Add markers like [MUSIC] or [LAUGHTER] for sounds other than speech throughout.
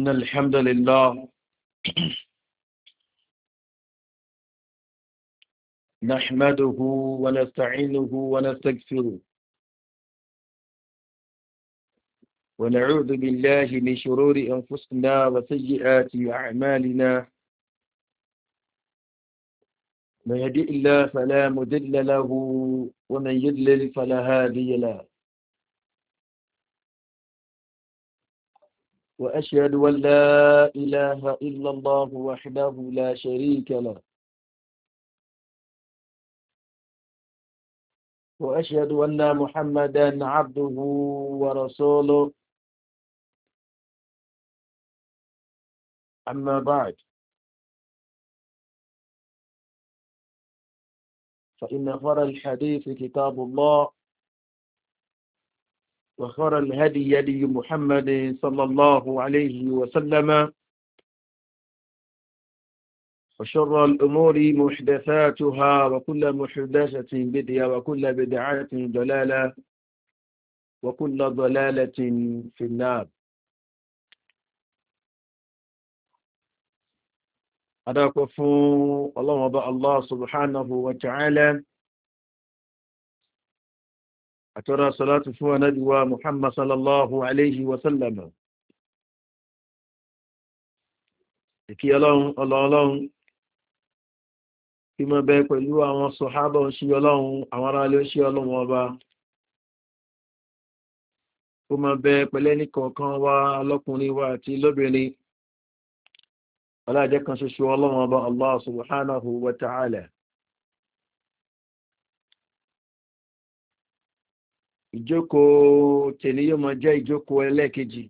إن الحمد لله نحمده ونستعينه ونستغفره ونعوذ بالله من شرور أنفسنا وسيئات أعمالنا من يهدئ الله فلا مدل له ومن يدلل فلا هادي له وأشهد أن لا إله إلا الله وحده لا شريك له وأشهد أن محمدا عبده ورسوله أما بعد فإن خير الحديث كتاب الله وخير الهدي يدي محمد صلى الله عليه وسلم وشر الأمور محدثاتها وكل محدثة بدعة وكل بدعة ضلالة وكل ضلالة في النار أدعوكم الله وبأ الله سبحانه وتعالى àtọ́rọ sọ́látù fún anábíwá muhammad sallallahu alayhi wa sallam ìkí ọlọ́run ọlọ́run kí mọ́ bẹ pẹ̀lú àwọn sọ̀hábọ̀ ń ṣe ọlọ́run àwọn ará ilé ṣe ọlọ́run ọba ó mọ́ bẹ pẹ̀lẹ́ ní kọ̀ọ̀kan wá lọ́kùnrin wá àti lóbìnrin ọlájẹ́ ìjókòó tèmi yóò máa jẹ́ ìjókòó ẹlẹ́ẹ̀kejì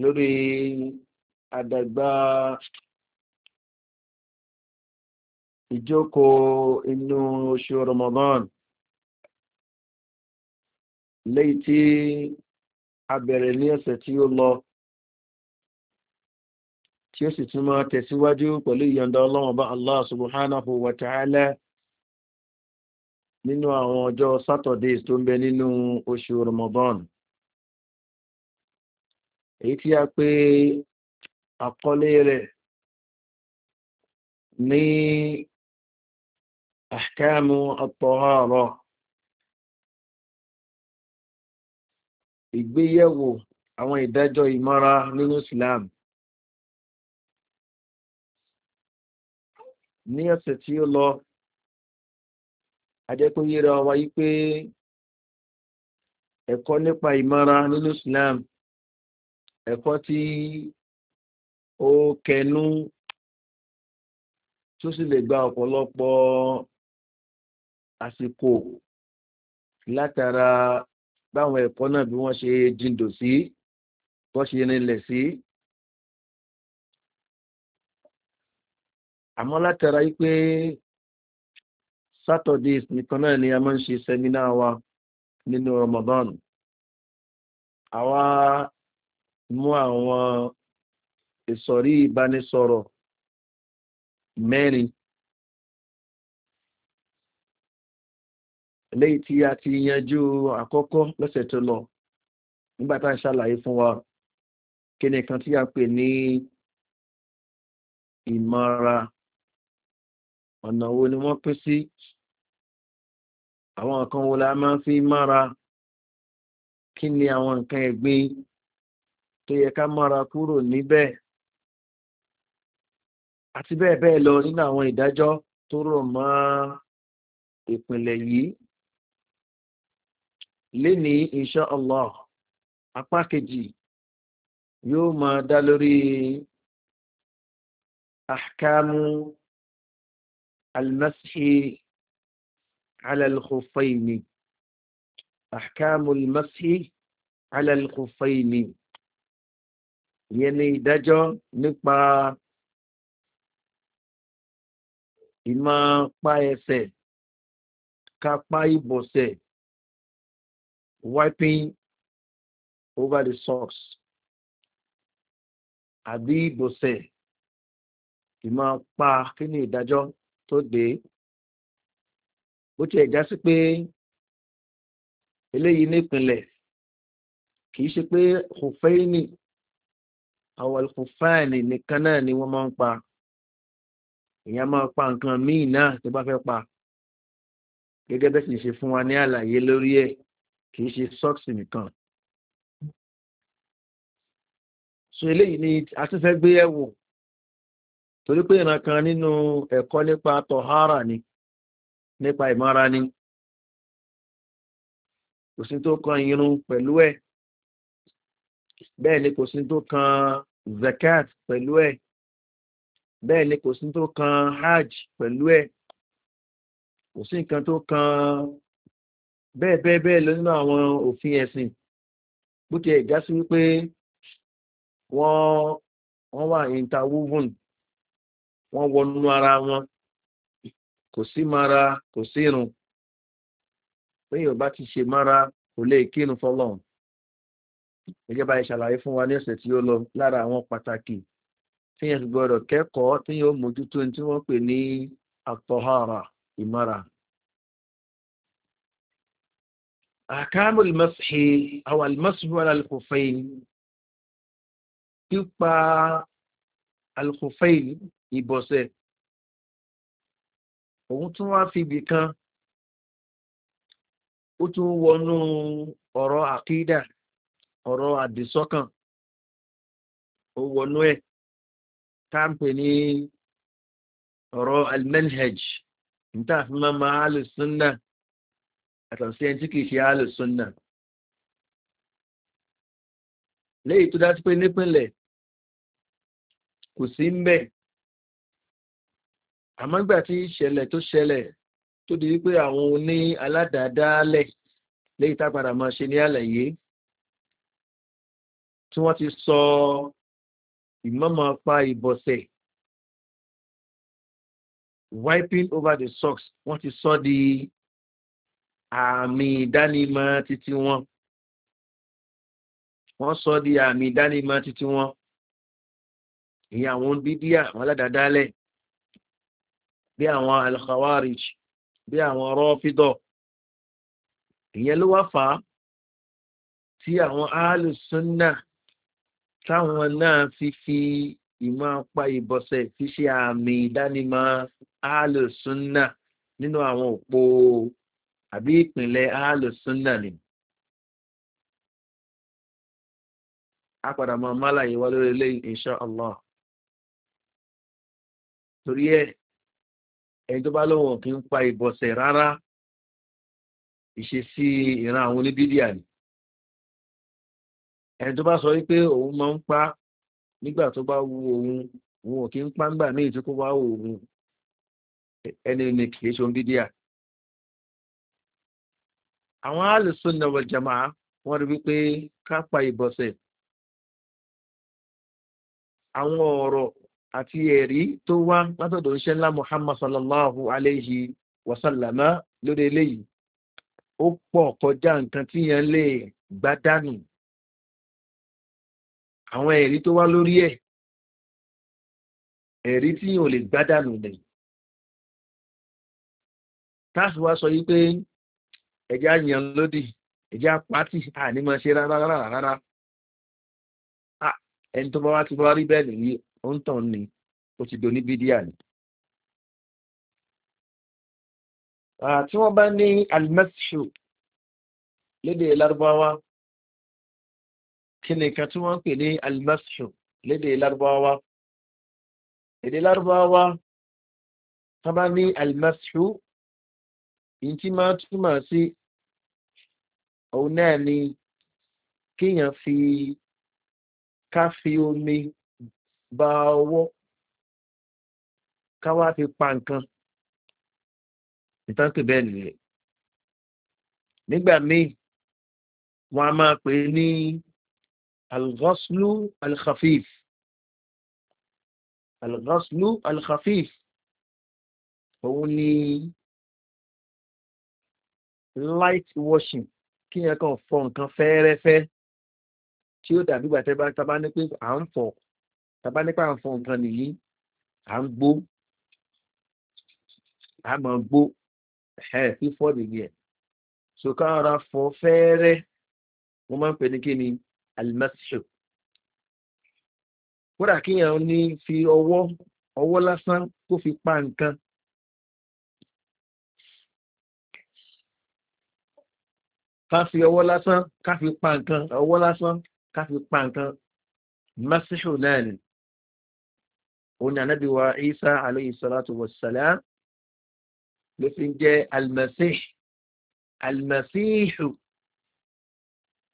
lórí àdàgbà ìjókòó inú oṣù ramadan léyìí tí a bẹ̀rẹ̀ ní ọ̀sẹ̀ tí ó lọ tí ó sì tún máa tẹ̀síwájú pẹ̀lú ìyọ̀ndà ọlọ́run bá allah subhanahu wa ta'ala nínú àwọn ọjọ́ saturdays tó ń bẹ nínú oṣù ramadan èyí tí a pé àkọlé rẹ̀ ní àkàmù àtọ̀hárọ̀ ìgbéyẹ̀wò àwọn ìdájọ́ ìmọ́ra islam ní ọ̀sẹ̀ tí ó lọ àjẹpẹ́ yíra wa yí pé ẹ̀kọ́ nípa ìmọ̀ra nínú islam ẹ̀kọ́ tí ó kẹnu tó sì lè gba ọ̀pọ̀lọpọ̀ àsìkò látara báwọn ẹ̀kọ́ náà bí wọ́n ṣe jindò sí bọ́ ṣe rinlẹ̀ sí. àmọ́ látara yí pé saturdays nìkan náà ni a máa ń ṣe sẹ́mínà wa nínú ramadan àwa mú àwọn ìsọ̀rí ìbánisọ̀rọ̀ mẹ́rin lẹ́yìn tí a ti yanjú àkọ́kọ́ lọ́sẹ̀ tó lọ nígbà tá a ṣàlàyé fún wa kí ni kan tí a pè ní ìmọ̀-ara ọ̀nà wo ni wọ́n pín sí àwọn nǹkan wo la máa fi mára kí ni àwọn nǹkan ẹ̀gbin tó yẹ ká mára kúrò níbẹ̀ àti bẹ́ẹ̀ bẹ́ẹ̀ lọ nínú àwọn ìdájọ́ tó rọ̀ mọ́ ìpìlẹ̀ yìí léni iṣẹ́ allah apá kejì yóò máa dá lórí àkàmú almasihi على الخفين أحكام المسح على الخفين يعني دجو نقبا ìmọ̀ pa ẹsẹ̀ ká wiping over the socks àbí ìbọ̀sẹ̀ ìmọ̀ pa kí ni ìdájọ́ tó dé bó tiẹ̀ já sí pé eléyìí nípìnlẹ̀ kì í ṣe pé kòfẹ́ẹ́nì àwọn nìkan náà ni wọ́n máa ń pa èèyàn máa pa nǹkan míì náà tó bá fẹ́ pa gẹ́gẹ́ bẹ́ẹ̀ sì ṣe fún wa ní àlàyé lórí ẹ̀ kì í ṣe sọ́ọ̀sì nìkan. so eléyìí ni a tún fẹ́ gbé yẹ̀wò torí pé ìran kan nínú ẹ̀kọ́ nípa tọ̀hárà ni nípa ìmọ̀ra ni kò sí tó kan irun pẹ̀lú ẹ̀ bẹ́ẹ̀ kò sí tó kan zakat pẹ̀lú ẹ̀ bẹ́ẹ̀ ni kò sí tó kan hajj pẹ̀lú ẹ̀ kò sí nǹkan tó kan bẹ́ẹ̀ bẹ́ẹ̀ bẹ́ẹ̀ lọ nínú àwọn òfin ẹ̀sìn bó ti ẹ̀já sí wípé wọ́n wà interwoven wọ́n wọnú ara wọn kò sí mara kò sí irun péyìn ò bá ti ṣe mara kò lè kírun fọlọ́run gẹ́gẹ́ bá ìṣàlàyé fún wa ní ọ̀sẹ̀ tí ó lọ lára àwọn pàtàkì tí yẹn gbọ́dọ̀ kẹ́kọ̀ọ́ tí yóò mójútó tí wọ́n pè ní àtọ̀hárà ìmara. àkàmù ìmọ̀sí àwọn àlùmọ́sùn wọn alùpùpẹ́yìn pípa alùpùpẹ́yìn ìbọ̀sẹ̀ òun tún wá fi ibì kan ó tún wọnú ọ̀rọ̀ àkídà ọ̀rọ̀ àdìsọ́kàn ó wọnú ẹ̀ táǹpì ní ọ̀rọ̀ almenhej níta fi máa ma alùsùnà àtàwọn ẹni tí kìí ṣe alùsùnà léyìí tó dá sí pé nípìnlẹ̀ kò sí ń bẹ́ẹ̀ àmọ́gbà tí ìṣẹ̀lẹ̀ tó ṣẹlẹ̀ tó di wípé àwọn oní aládàádáálẹ̀ léyìí tápadà máa ṣe ní àlàyé tí wọ́n ti sọ ìmọ̀mọ̀ pa ìbọ̀sẹ̀ wiping over the socks wọ́n ti sọ di àmì ìdánimọ̀ títí wọn wọ́n sọ di àmì ìdánimọ̀ títí wọn ìyẹn àwọn bíbíà wọn aládàádáálẹ̀ bí àwọn alkhawarij bí àwọn rọ́fídọ̀ ìyẹn ló wá fà á tí àwọn alùsùnà táwọn náà fi fi ìmọ̀ apá ìbọ̀sẹ̀ fi ṣe àmì ìdánimọ̀ alùsùnà nínú àwọn òpó àbí ìpìlẹ̀ alùsùnà ni. a padà mọ mọ́láyé wá lórí eléyìí inṣọ́ allah torí ẹ̀ ẹni tó bá lóhun kí ń pa ìbọ̀sẹ̀ rárá ìṣesí ìran àwọn oníbídíà ni ẹni tó bá sọ wípé òun máa ń pa nígbà tó bá wu òun òun ò kí ń pa ńgbà míì tí kò bá òun ẹni ni kì í ṣe oníbídíà àwọn alùsùn nàwọ̀ jama wọ́n rí wípé ká pa ìbọ̀sẹ̀ àwọn ọ̀rọ̀ àti ẹ̀rí tó wá látọ̀dọ̀ iṣẹ́ ńlá muhammad sallallahu alayhi wa sallama lórí eléyìí ó pọ̀ kọjá nǹkan tí yẹn lè gbá dànù àwọn ẹ̀rí tó wá lórí ẹ̀ ẹ̀rí tí yẹn ò lè gbá dànù lẹ̀ táàsì wá sọ yí pé ẹ̀já yẹn lódì ẹ̀já pàtì àní máa ṣe rárá rárá rárá ẹni tó bá wá ti bá rí bẹ́ẹ̀ nìyí ó ń tàn ní ó ti doni bídíà ni. tí wọ́n bá ní alimẹ́sìṣù lédè lárúbáwá kí nìkan tí wọ́n ń pè ní alimẹ́sìṣù lédè lárúbáwá èdè lárúbáwá tá bá ní alimẹ́sìṣù yìí tí máa túmọ̀ sí òun náà ni kíyàn fi ká fi omi ba ọwọ́ ká wá fi pa nǹkan ìtànkì bẹ́ẹ̀ nìyẹn nígbà míì wọn a máa pè é ní alghoslu alkhafif alghoslu alkhafif òun ni light washing kí yẹn kàn fọ nǹkan fẹ́ẹ́rẹ́fẹ́ tí ó dàbí gbàtẹ́ bá tábá ní pé à ń fọ̀ tàbá nípa ń fún nǹkan nìyí à ń gbó a máa gbó fífọ́ nìyí ẹ̀ so ká ara fọ fẹ́ẹ́rẹ́ wọ́n máa ń pè ní kí ni alimẹ́sìṣò kódà kíyàn ní fi ọwọ́ ọwọ́ lásán tó fi pa nǹkan ká fi ọwọ́ lásán ká fi pa nǹkan ọwọ́ lásán ká fi pa nǹkan mẹ́sìṣò náà nìyí òun ni ànábì wa isa alayhi salatu wa salam ló fi ń jẹ́ almasih almasihu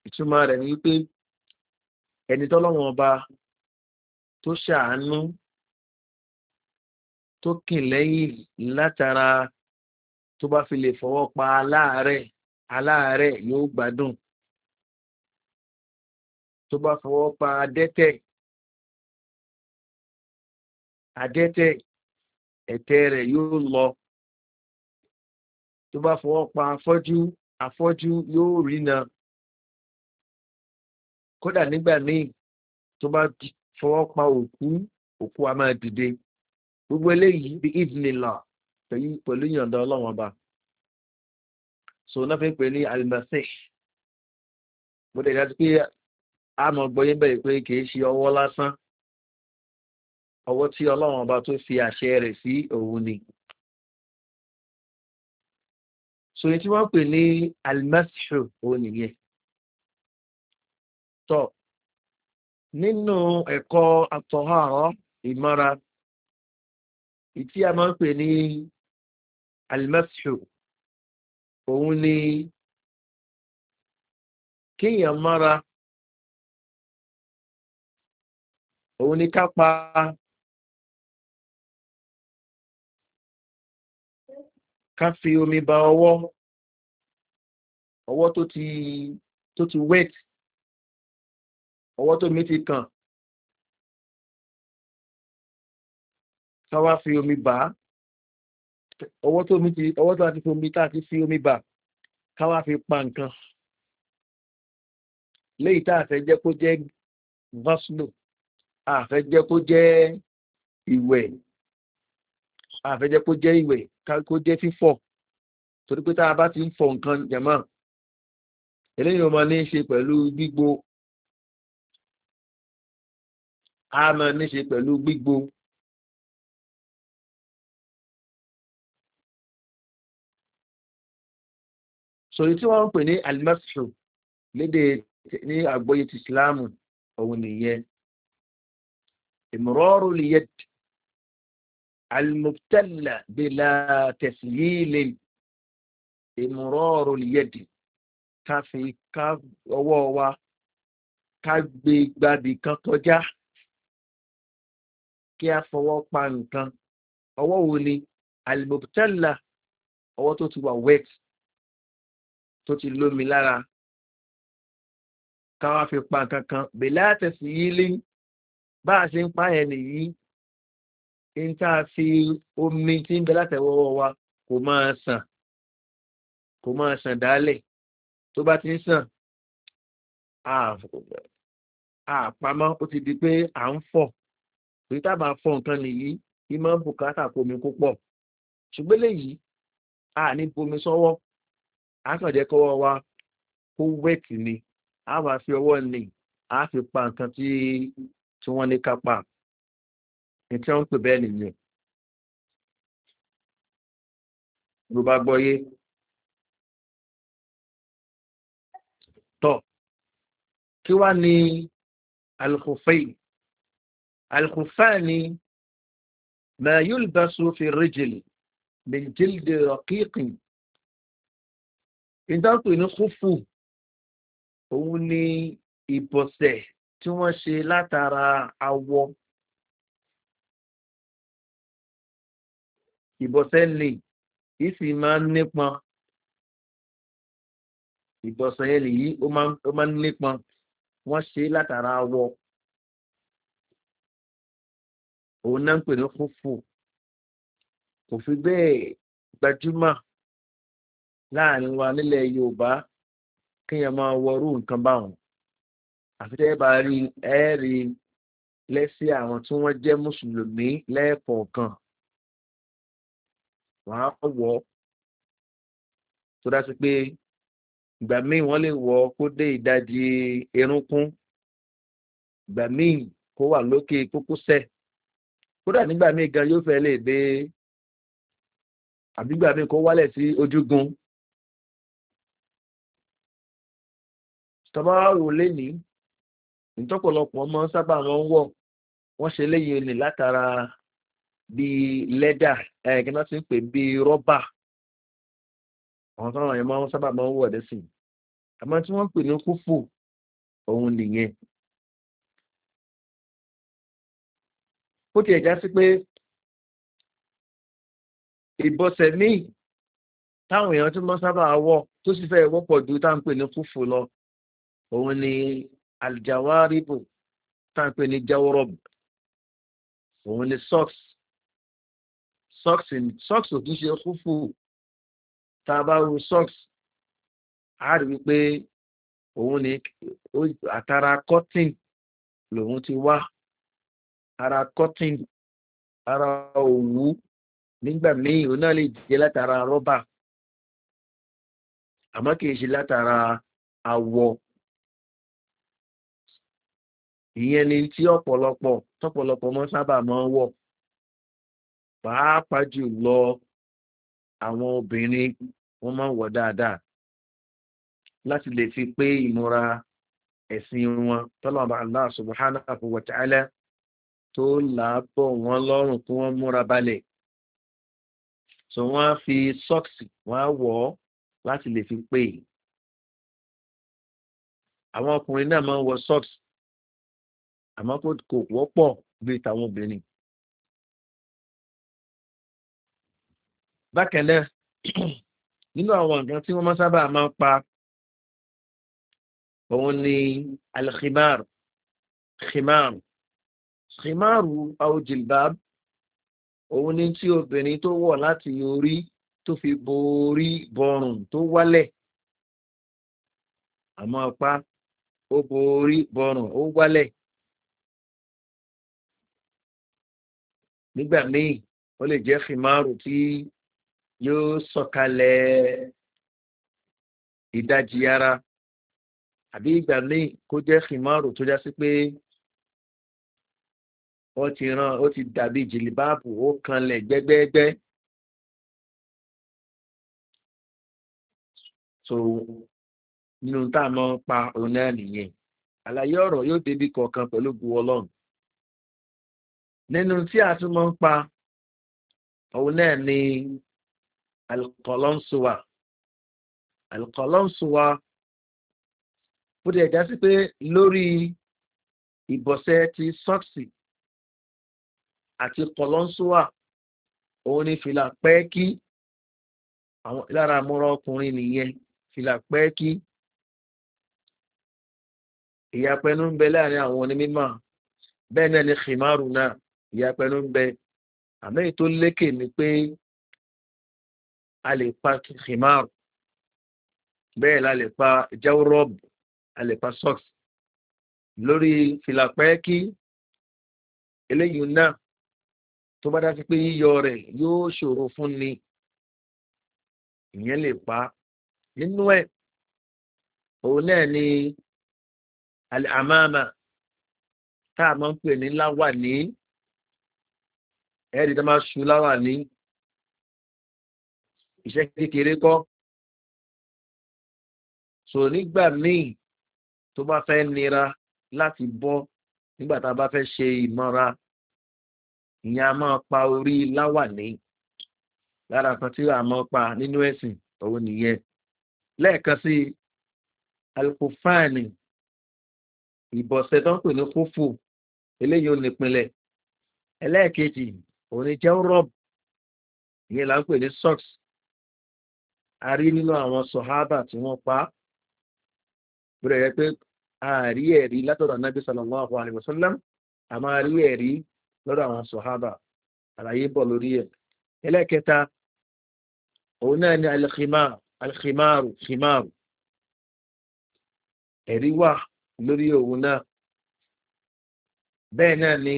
ìtumọ̀ rẹ̀ ni wípé ẹni tọ́lọ́wọ́n ọba tó ṣàánú tó kìn lẹ́yìn látara tó bá fi lè fọwọ́ pa aláàárẹ̀ aláàárẹ̀ yóò gbádùn tó bá fọwọ́ pa adẹ́tẹ̀ adẹ́tẹ̀ etere rẹ̀ yóò lọ tó bá fọwọ́ pa afọ́jú afọ́jú yóò rínà kódà nígbà míì tó bá fọwọ́ pa òkú òkú a gbogbo eléyìí bí la, pẹ̀lú ìyọ̀ǹda ọlọ́wọ́n so náà fi ń pè ní alimasish mo dẹ̀ dájú pé a mọ̀ gbọ́yé bẹ́ẹ̀ pé kì í ọwọ́ tí ọlọ́run ọba tó fi àṣẹ rẹ̀ sí òun ni. so èyí tí wọ́n pè ní almashu òun nìyẹn. tọ́ nínú ẹ̀kọ́ àtọ̀hárọ̀ ìmọ̀ra èyí tí a máa ń pè ní almashu òun ni kéèyàn mọ́ra òun ni ká pa ká fi omi ba ọwọ́ ọwọ́ tó ti tó ti wet ọwọ́ tó mi ti kàn ká wá fi omi bà á ọwọ́ tó mi ti ọwọ́ tó ti fi omi tá a ti fi omi bà ká wá fi pa nǹkan léyìí tá a fẹ́ jẹ́ kó jẹ́ vaslo a fẹ́ jẹ́ kó jẹ́ ìwẹ̀ a fẹ́ jẹ́ kó jẹ́ ìwẹ̀ kó jẹ́ fífọ̀ torí pé tá a bá ti ń fọ nǹkan jẹ̀mọ́ eléyìí ó máa ní í ṣe pẹ̀lú gbígbó a máa ní í ṣe pẹ̀lú gbígbó. sòrí tí wọ́n ń pè ní alimọ́sù léde ní àgbóyè ti islam òun nìyẹn ìmọ̀rọ̀rù lìyẹ́dì المبتلى بلا تسييل امرار اليد ká fi ká ọwọ́ wa ká gbé gbàdì kan kọjá kí a fọwọ́ pa nǹkan ọwọ́ wo ni alimobitella ọwọ́ tó ti wà wet tó ti lómi lára ká wá fi pa nǹkan kan bèlá àtẹ̀sí bá a ṣe ń pa yẹn nìyí n tá a fi omi tí ń bẹ látẹ̀wọ́wọ́ wa kò máa sàn kò máa sàn dálẹ̀ tó bá ti ń sàn àpamọ́ ó ti di pé à ń fọ̀ pé tábà fọ nǹkan nìyí ìmọ̀ bùkátà pomi púpọ̀ ṣùgbọ́n léyìí a ní pomi sọ́wọ́ a kàn jẹ́ kọ́wọ́ wa kó wẹ́ẹ̀tì ni a wá fi ọwọ́ ni a fi pa nǹkan tí wọ́n ní ká pa ìtí wọ́n ń pè bẹ́ẹ̀ nìyẹn ló bá gbọ́yé tọ́ kí wá ní alkùfẹ́ alkùfẹ́ ni ma yúlbẹ̀sù fi ríjìlì méjìlì rọ̀kíkì ìdánkù ní kúfù òun ni ìbọ̀sẹ̀ tí wọ́n ṣe látara awọ ìbọ̀sẹ̀ lè yìí sì máa ń nípọn ìbọ̀sẹ̀ yẹn lè yìí ó máa ń nípọn wọ́n ṣe látara wọ òun náà ń pè ní fúfú kò fi bẹ́ẹ̀ gbajúmọ̀ láàrin wa nílẹ̀ yorùbá kéèyàn máa wọrú nǹkan báwọn àfi tẹ́ bá rí ẹ́ẹ̀rí lẹ́sí àwọn tí wọ́n jẹ́ mùsùlùmí lẹ́ẹ̀kọ̀ọ̀kan wọ́n á wọ̀ tó dá sí pé ìgbà míì wọ́n lè wọ̀ kó dé ìdajì erunkún ìgbà míì kó wà lókè kókósẹ̀ kódà nígbà míì gan yóò fẹ́ lè dé àbígbà míì kó wálẹ̀ sí ojúgun. tọ́ba wò lénìí ìtọ́pọ̀lọpọ̀ ọmọ sábà wọn wọ̀ wọ́n ṣe léyìn olè látara bíi lẹ́dà ẹ̀ kí n bá ti ń pè bí rọ́bà àwọn tó ràn yẹn máa ń sábà máa ń wọ̀ ẹ́ sí àmọ́ tí wọ́n pè ní kúfù òun nìyẹn. ó ti ẹ̀já sí pé ìbọ̀sẹ̀ míì táwọn èèyàn tó máa sábà wọ̀ tó sì fẹ́ wọ́pọ̀ ju tá pè ní kúfù lọ òun ni aljawaribu tá pè ní jaworub òun ni socks socks in socks o kí ṣe kúfù tá a ru socks a rí wípé òun ni àtàrà cotton lòun ti wá ara cotton ara òwú nígbà míì òun náà lè jẹ látara rọ́bà àmọ́ kìí ṣe látara awọ ìyẹn ni tí ọ̀pọ̀lọpọ̀ tọ́pọ̀lọpọ̀ mọ́ sábà máa ń wọ̀ pàápàá jù lọ àwọn obìnrin wọ́n máa ń wọ̀ dáadáa láti lè fi pé ìmúra ẹ̀sìn wọn tọ́lọ́mọba allah subhanahu wa ta'ala tó làápọ̀ wọn lọ́rùn kí wọ́n múra balẹ̀ so wọ́n á fi sọ́ọ̀sì wọ́n á wọ̀ ọ́ láti lè fi pé àwọn ọkùnrin náà máa ń wọ sọ́ọ̀sì àmọ́ kò wọ́pọ̀ bíi tàwọn obìnrin bákẹ́lẹ́ [CLEARS THROAT] nínú àwọn nǹkan tí wọ́n máa sábà máa ń pa òun ni alkhimar khimar khimaru aujilbab òun ni tí obìnrin tó wọ̀ láti orí tó fi borí bọrùn tó wálẹ̀ àmọ́ pa ó borí bọrùn ó wálẹ̀ nígbà míì ó lè jẹ́ khimaru tí yóò sọ̀kalẹ̀ ìdajì ara àbí ìgbà míì kó jẹ́ khimaru tó já sí pé ó ti ran ó ti dàbí jìlìbáàbù ó kanlẹ̀ gbẹ́gbẹ́gbẹ́. so nínú tá a máa ń pa òun náà nìyẹn àlàyé ọ̀rọ̀ yóò débi kọ̀ọ̀kan pẹ̀lú gu ọlọ́run nínú tí a tún máa pa òun náà ni alkọlọ́nsuwa alkọlọ́nsuwa bó ti ẹ̀já sí pé lórí ìbọ̀sẹ̀ ti sọ́ọ̀sì àti kọlọ́nsuwa òun ni fìlà pẹ́ẹ́kì àwọn lára àmúra ọkùnrin nìyẹn fìlà pẹ́ẹ́kì ìyapẹnu ń bẹ láàrin àwọn onímọ̀ bẹ́ẹ̀ náà ni khimaru náà ìyapẹnu ń bẹ àmì tó lékè ni pé a lè pa khimar bẹ́ẹ̀ la lè pa jawrob a lè pa socks lórí filapẹ́ẹ́kì eléyìí náà tó bá dájú pé yíyọ rẹ̀ yóò ṣòro fún ni ìyẹn lè pa nínú ẹ̀ òun náà ni àmàmà tá a máa ń pè ní láwà ní ẹ̀ẹ́dì tó máa ṣu láwà iṣẹ́ kékeré kọ́ so nígbà míì tó bá fẹ́ nira láti bọ́ nígbà tá a bá fẹ́ ṣe ìmọ̀ra ìyẹn a máa pa orí láwàní lára kan tí a máa pa nínú ẹ̀sìn òun nìyẹn lẹ́ẹ̀kan sí alukófáàní ìbọ̀sẹ̀ tó ń pè ní fúfú eléyìí ò nípìnlẹ̀ ẹlẹ́ẹ̀kejì òun ni jẹ́ rọ́ọ̀bù ìyẹn là ń pè ní socks a rí nínú àwọn sọ̀hábà tí wọ́n pa bẹ̀rẹ̀ rẹ̀ pé a rí ẹ̀rí látọ̀dọ̀ anábì sallallahu alayhi wa sallam a máa rí ẹ̀rí lọ́dọ̀ àwọn sọ̀hábà àlàyé bọ̀ lórí ẹ̀ ẹlẹ́kẹta òun náà ni alkhimaru khimaru ẹ̀rí wà lórí òun náà bẹ́ẹ̀ náà ni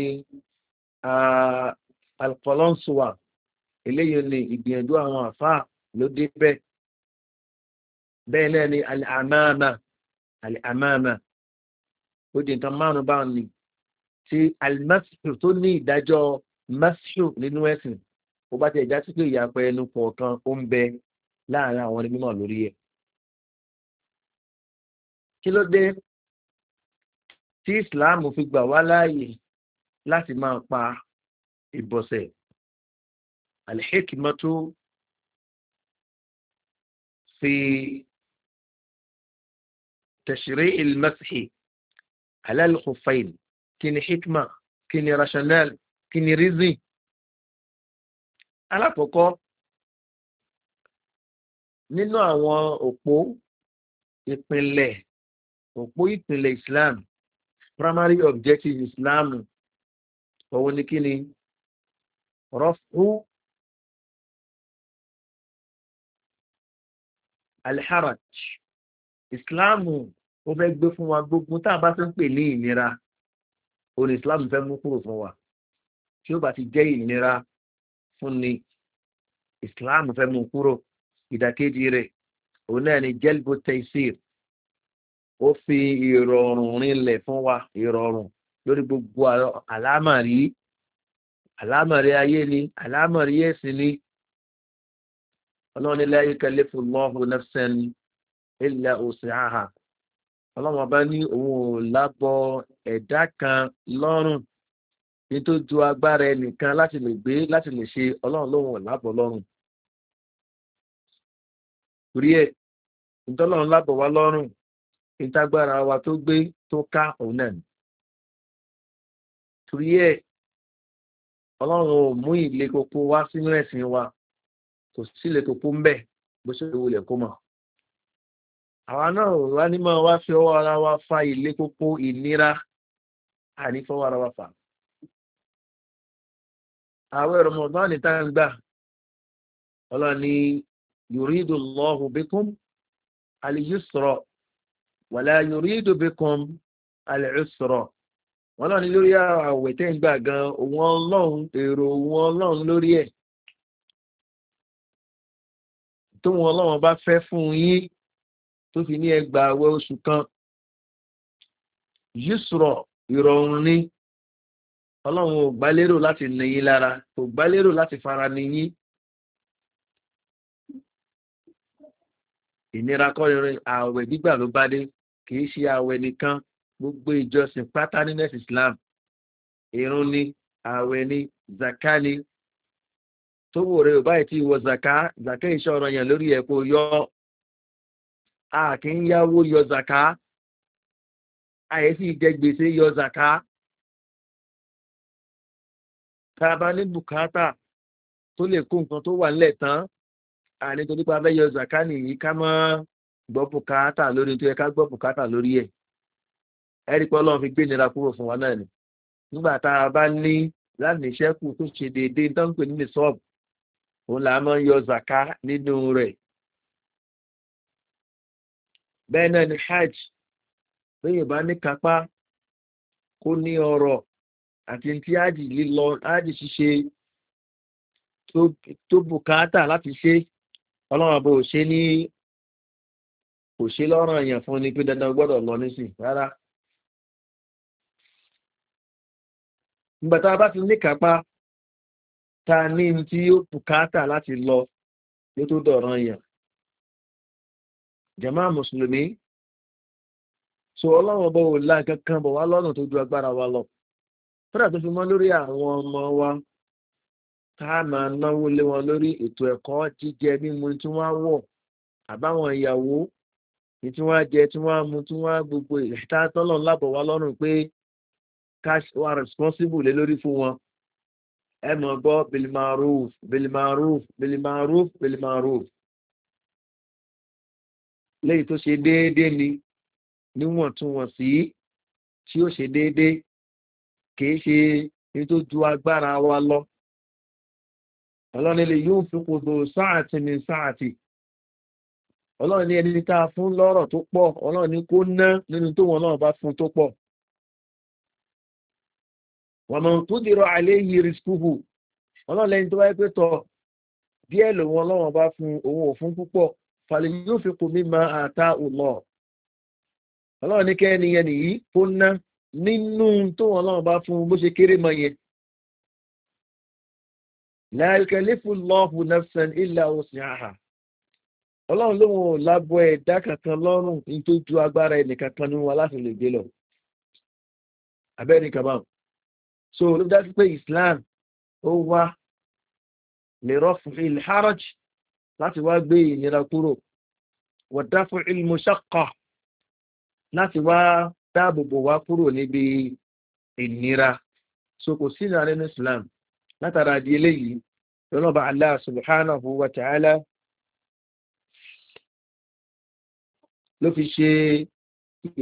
alkọlọ́nsuwa eléyìí ni ìgbìyànjú àwọn àfáà ló dé bẹ́ẹ̀ bẹ́ẹ̀ náà ni àmàmà àmàmà ó di nǹkan márùn báwọn ni tí alimasiru tó ní ìdájọ́ masiru nínú ẹ̀sìn ó bá ti ẹ̀já sí pé ìyàpẹ̀ ẹnu kọ̀ọ̀kan ó ń bẹ láàrin àwọn ẹni mímọ̀ lórí ẹ̀. kí ló dé tí islam fi gbà wá láàyè láti máa pa ìbọ̀sẹ̀ alhikimatu fi. تشريع المسح على الخفين كن حكمة كن راشنال كن ريزي alákọ̀ọ́kọ́ nínú àwọn òpó ìpìlẹ̀ òpó ìpìlẹ̀ islam primary objective islam òun ni kí ni rọ́fù alharaj islamu ó fẹ́ gbé fún wa gbogbo tá a bá fẹ́ pè ní ìnira òní islam fẹ́ mú kúrò fún wa tí ó bá ti jẹ́ ìnira fún ni islam fẹ́ mú kúrò ìdàkejì rẹ̀ òun náà ni jelbo taysir ó fi ìrọ̀rùn rinlẹ̀ fún wa ìrọ̀rùn lórí gbogbo àlámàrí àlámàrí ayé ni àlámàrí ẹ̀sìn ni ọlọ́run ilé ayé kẹlẹ́ fún lọ́hùn nẹ́fṣẹ́ni ilẹ̀ òsì àhà ọlọ́run ọba ní òun ò lábọ ẹ̀dá kan lọ́rùn ní tó ju agbára ẹnìkan láti lè gbé láti lè ṣe ọlọ́run lóhun ò lábọ lọ́rùn torí ẹ̀ ìtọ́lọ́run lábọ̀ wá lọ́rùn ìtagbára wa tó gbé tó ká òun náà ni torí ẹ̀ ọlọ́run ò mú ìlé koko wá sínú ẹ̀sìn wa kò sí ìlé koko ń bẹ̀ bó ṣe wulẹ̀ kó mọ̀ àwa náà wá ní máa wá fi ọwọ́ ara wa fa ilé kókó ìnira àní fọwọ́ ara wa fà àwọn ẹ̀rọ mọ̀tán ní tá à ń gbà ọlọ́ni yòrídù lọ́hù bíkún àlìyúsọ̀rọ̀ wàlá yòrídù bíkún àlìyúsọ̀rọ̀ wọn náà ní lórí àwẹ̀ tẹ́ ń gbà gan òun ọlọ́run èrò òun ọlọ́run lórí ẹ̀ tó wọn ọlọ́run bá fẹ́ fún yín tó fi ní ẹgbà àwẹ oṣù kan yusrọ ìrọ̀rùn ni ọlọ́run ò gbálérò láti nìyí lára kò gbálérò láti fara nìyí ìnira kọrin ààwẹ̀ gbígbà ló bá dé kìí ṣe ààwẹ̀ nìkan gbogbo ìjọsìn pátá ní next islam irun ni ààwẹ̀ ni zaka ni tó wò rẹ ò báyìí tí ìwọ zaka zaka iṣẹ́ ọ̀rọ̀ yẹn lórí ẹ̀kọ́ yọ a kì ń yáwó yọ zàká àyẹ̀sí jẹ gbèsè yọ zàká tá a bá ní bùkátà tó lè kó nǹkan tó wà nílẹ̀ tán àní tó nípa abẹ́yọ zàká nìyí ká mọ́ gbọ́ bùkátà lórí tó yẹ ká gbọ́ bùkátà lórí ẹ̀ ẹ̀rí pé ọlọ́run fi gbé nira kúrò fún wa náà ni nígbà tá a bá ní láti ṣẹ́kù tó ṣe déédéé tó ń pè ní nìṣọ́ọ̀bù òun là á mọ́ yọ zàká nínú rẹ̀ bẹ́ẹ̀ náà ni hajj lóyìn bá ní kápá kó ní ọrọ̀ àti tí hajj lílọ hajj ṣíṣe tó bùkátà láti ṣe ọlọ́run àbò ṣe ní kò ṣe lọ́rọ̀ èèyàn fún ni pé dandan gbọ́dọ̀ lọ nísìn rárá nígbàtá bá ti ní kápá ta ní tí ó bùkátà láti lọ ló tó dọ̀rọ̀ èèyàn jẹ̀má mùsùlùmí so ọlọ́run ọba ò la kankan bọ̀ wá lọ́nà tó ju agbára wa lọ fúnra tó fi mọ́ lórí àwọn ọmọ wa tá a máa náwó lé wọn lórí ètò ẹ̀kọ́ jíjẹ mímu tí wọ́n á wọ̀ àbáwọn ìyàwó ní tí wọ́n á jẹ tí wọ́n á mu tí wọ́n á gbogbo ìta tọ́lọ̀ lábọ̀ wá lọ́rùn pé cash wa responsible lé lórí fún wọn ẹ mọ̀ gbọ́ bilimaroof bilimaroof bilimaroof bilimaroof léyìí tó ṣe déédéé ni níwọ̀ntúnwọ̀nsí tí ó ṣe déédéé kìí ṣe ní tó ju agbára wa lọ ọlọ́nilẹ̀ yóò fi kòtò sáàtì ní sáàtì ọlọ́ni ẹni tá a fún lọ́rọ̀ tó pọ̀ ọlọ́ni kó ná nínú tó wọn náà bá fún tó pọ̀ wọ́n mọ̀ tó dìrọ̀ àlẹ́ yìí rìskúhù ọlọ́lẹ́ni tó wáyé pé tọ̀ díẹ̀ lòun ọlọ́wọ́n bá fún òun òfún púpọ̀ fàlẹ̀ yóò fi kù mí máa àtà òlọ́ ọlọ́run ní kẹ́ni yẹn nìyí kó ná nínú tó wọn ọlọ́run bá fún un bó ṣe kéré mọ yẹn. láìkẹ́lẹ́fù lọ́ọ̀fù nẹ́fṣẹ̀n ilẹ̀ òsì àhà ọlọ́run lóun ò lábọ̀ ẹ̀dá kankan lọ́rùn ní agbára ẹnìkan kan ní wọn láti lè gbé lọ abẹ́ni kàbáwọn so ló dájú pé islam ó wá lè rọ́fù ilẹ̀ haraj láti wá gbé ìnira kúrò wọ̀dáfù ilmu ṣakọ̀ láti wá dáàbòbò wá kúrò níbi ìnira so kò sí ìnira nínú islam látara di eléyìí lọ́nàbà allah subhanahu wa ta'ala ló fi ṣe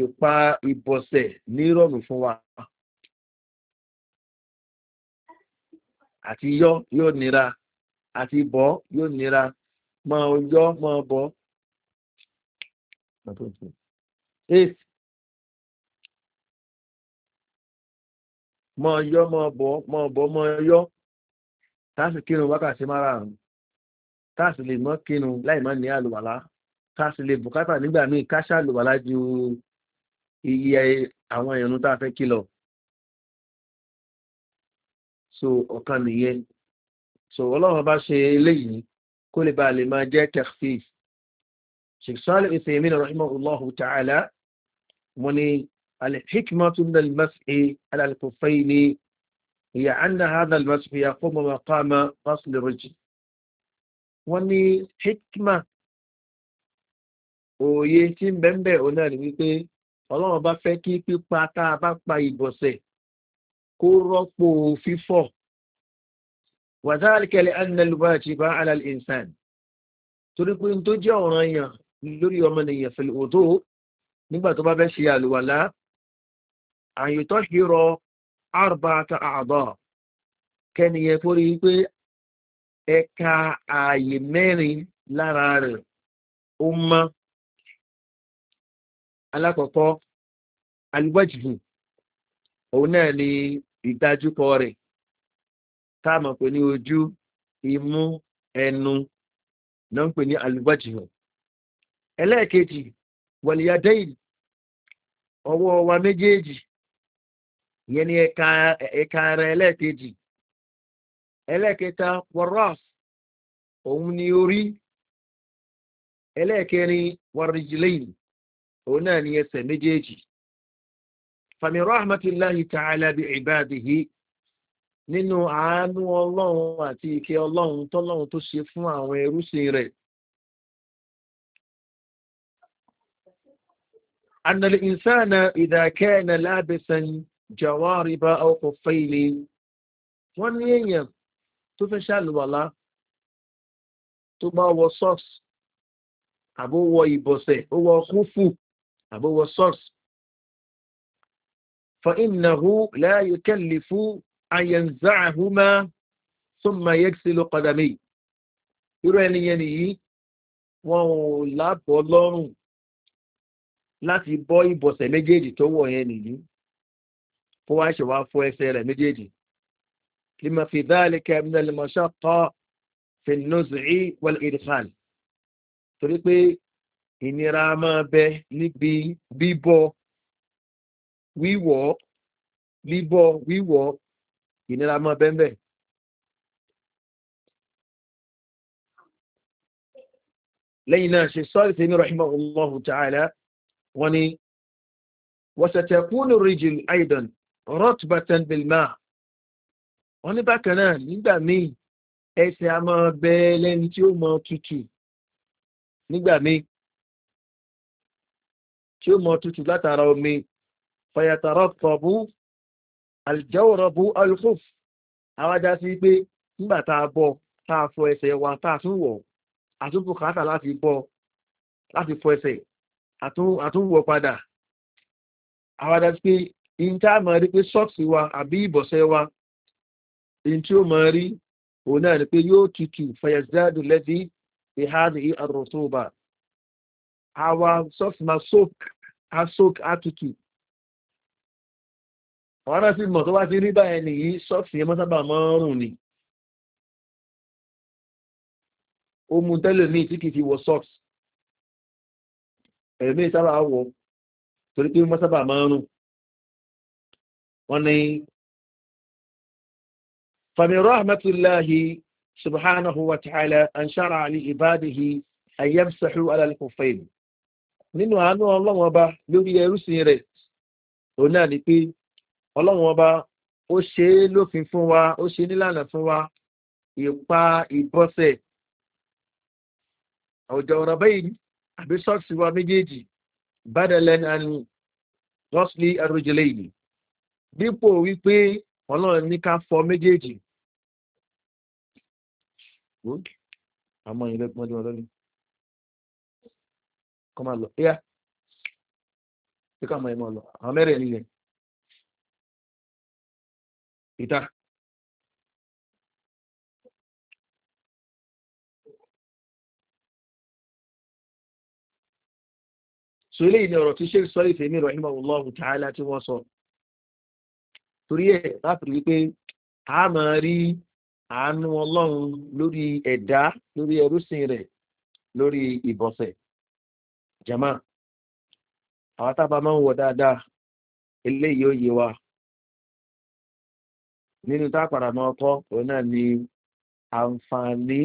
ìpa ìbọ̀sẹ̀ ní rọrùn fún wa àti yọ yóò nira àti bọ́ yóò nira mọ yọ mọ bọ. eight mọ yọ mọ bọ mọ bọ mọ yọ táàsì kírun wákàtí márààrún táàsì lè mọ kírun láì má ní àlùwàlá táàsì lè bùkátà nígbà míì káṣá àlùwàlá ju iye àwọn ìrún tá a fẹ́ kí lọ so ọ̀kan nìyẹn so ọlọ́run bá ṣe eléyìí kó lè bá lè máa jẹ́ takhfif sheikh salih isaimin rahimahullahu ta'ala wọ́n ní alhikmatu min almasi alalkufaini hiya anna hadha almasi yaqumu maqama ghasl rijl wọ́n ní hikma òye tí ń bẹ́ńbẹ́ òun náà ni wípé ọlọ́run bá fẹ́ kí pípa tá bá pa ìbọ̀sẹ̀ kó rọ́pò fífọ̀ wàzáàlì kẹlẹ̀ ànàlùbáàtì bá alàlì ìsàn torí pé n tó jẹ́ ọ̀ràn yàn lórí ọmọ nìyẹn fẹ̀lẹ̀ òtó nígbà tó bá fẹ́ ṣe àlùwàlá àyètọ́ ṣe rọ àrùbáta àbọ̀ kẹ́niyẹn kó rí pé ẹ̀ka ààyè mẹ́rin lára rẹ̀ ó mọ́ alákọ̀ọ́kọ́ alùbájìbù òun náà ni ìdájúkọ rẹ̀ táàmù pé ní ojú imú ẹnu náà ń pè ní alùbájìhàn ẹlẹ́ẹ̀kejì wọ̀lìyàdẹ́yìn ọwọ́ wa méjèèjì ìyẹn ni ẹ̀ka ara ẹlẹ́ẹ̀kejì ẹlẹ́ẹ̀kẹta wọ́rọ́s òun ni orí ẹlẹ́ẹ̀kẹrin wọ́rìjìlẹ́yìn òun náà ni ẹsẹ̀ méjèèjì fàmì rahmatulahi ta'ala bi ibadihi nínú àánú ọlọ́run àti ike ọlọ́run tọ́lọ́run tó ṣe fún àwọn ẹrúsìn rẹ̀. Annàlì ìsáàna ìdàkẹ́ ẹ̀nà lábẹ́sàn jàwárí bá ọkọ̀ fẹ́ilé. Wọ́n ní èèyàn tó fẹ́ ṣàlùwàlá tó bá wọ sọ́ọ̀sì, àbó wọ ìbọ̀sẹ̀, ó wọ kúfù, àbó wọ sọ́ọ̀sì. Fa ìnàhú kẹ́lì fún àyẹ̀nzáàhúmá súnmọ́ yẹ́kìsílò kọ́dàmì irú ẹniyẹn nìyí wọn ò lábọ̀ lọ́rùn láti bọ́ ìbọ̀sẹ̀ méjèèjì tó wọ̀ yẹn nìyí kó wá ṣe wá fọ ẹsẹ̀ rẹ̀ méjèèjì lima fi dáàlì kẹ́mínà lè mọ̀ṣá kọ́ fìnnúzìí wọlé ìdíkàlì torí pé ìnira máa bẹ níbi bíbọ wíwọ bíbọ wíwọ ìnira mọ́ bẹ́ńbẹ́. lẹ́yìn náà ṣe sọ́ọ̀lì tí ní rọ̀hìmọ̀ ọlọ́hùn tààlà wọ́n ni wọ́sẹ̀tẹ̀kúnù ríjìl aidan rọ́tbatan bilma wọ́n ní bákan náà nígbà míì ẹsẹ̀ a máa bẹ lẹ́ni tí ó mọ tutù nígbà míì tí ó mọ tutù látara omi fàyàtàrọ̀ aljawrabu alkhuf àwájá sí pé nígbà tá a bọ́ tá a fọ ẹsẹ̀ wa tá a tún wọ̀ àtúntò kàtà láti bọ́ láti fọ ẹsẹ̀ àtúnwọ̀ padà àwájá sí pé in tá a máa rí pé sọ́ọ̀sì wa àbí ìbọ̀sẹ̀ wa in tí ó máa rí òun náà ni pé yóò tutù fayazadu lẹ́dí ìhádìí àrùn tó bá àwa sọ́ọ̀sì máa soak àwọn náà sì mọ̀ tó bá ti rí báyẹn nìyí sọ́ọ̀sì yẹn mọ́sábà mọ́rùn ni ó mú tẹ́lẹ̀ míì tí kìí fi wọ sọ́ọ̀sì ẹ̀mí sábà wọ torí pé mọ́sábà mọ́rùn wọ́n ní fàmì rahmatulahi subhanahu wa ta'ala an ṣára àlè ìbádìí ayyamsahu alálẹ́kùnfẹ́ nínú àánú ọlọ́wọ́n ọba lórí ẹrúsìn rẹ̀ òun náà ni pé ọlọ́run ọba ó ṣe é lófin fún wa ó ṣe é nílànà fún wa ìpa ìbọ́sẹ̀ ọ̀jọ̀ ọ̀rọ̀ báyìí àbí sọ́ọ̀sì wa méjèèjì bádẹ́lẹ́n àni rọ́ṣlì àròjìlẹ̀ yìí dípò wípé ọlọ́run ní ká fọ méjèèjì àmọ́ ìlẹ́ pọ́n díwọ́n lọ́lẹ́ kọ́ máa lọ ẹ̀yà tí ká mọ̀ ẹ̀mọ́ lọ àwọn mẹ́rẹ̀ẹ́rin yẹn ìta so ilé ìní ọ̀rọ̀ tí ṣe sọ ìfẹ́ mi rọ̀hìmọ̀ ọlọ́run tààlà tí wọ́n sọ torí ẹ̀ láti rí pé a máa rí àánú ọlọ́run lórí ẹ̀dá lórí ẹrúsìn rẹ̀ lórí ìbọ̀sẹ̀ jama àwọn máa ń wọ dáadáa eléyìí ó yé wa nínú tá a padà máa kọ́ òun náà ni àǹfààní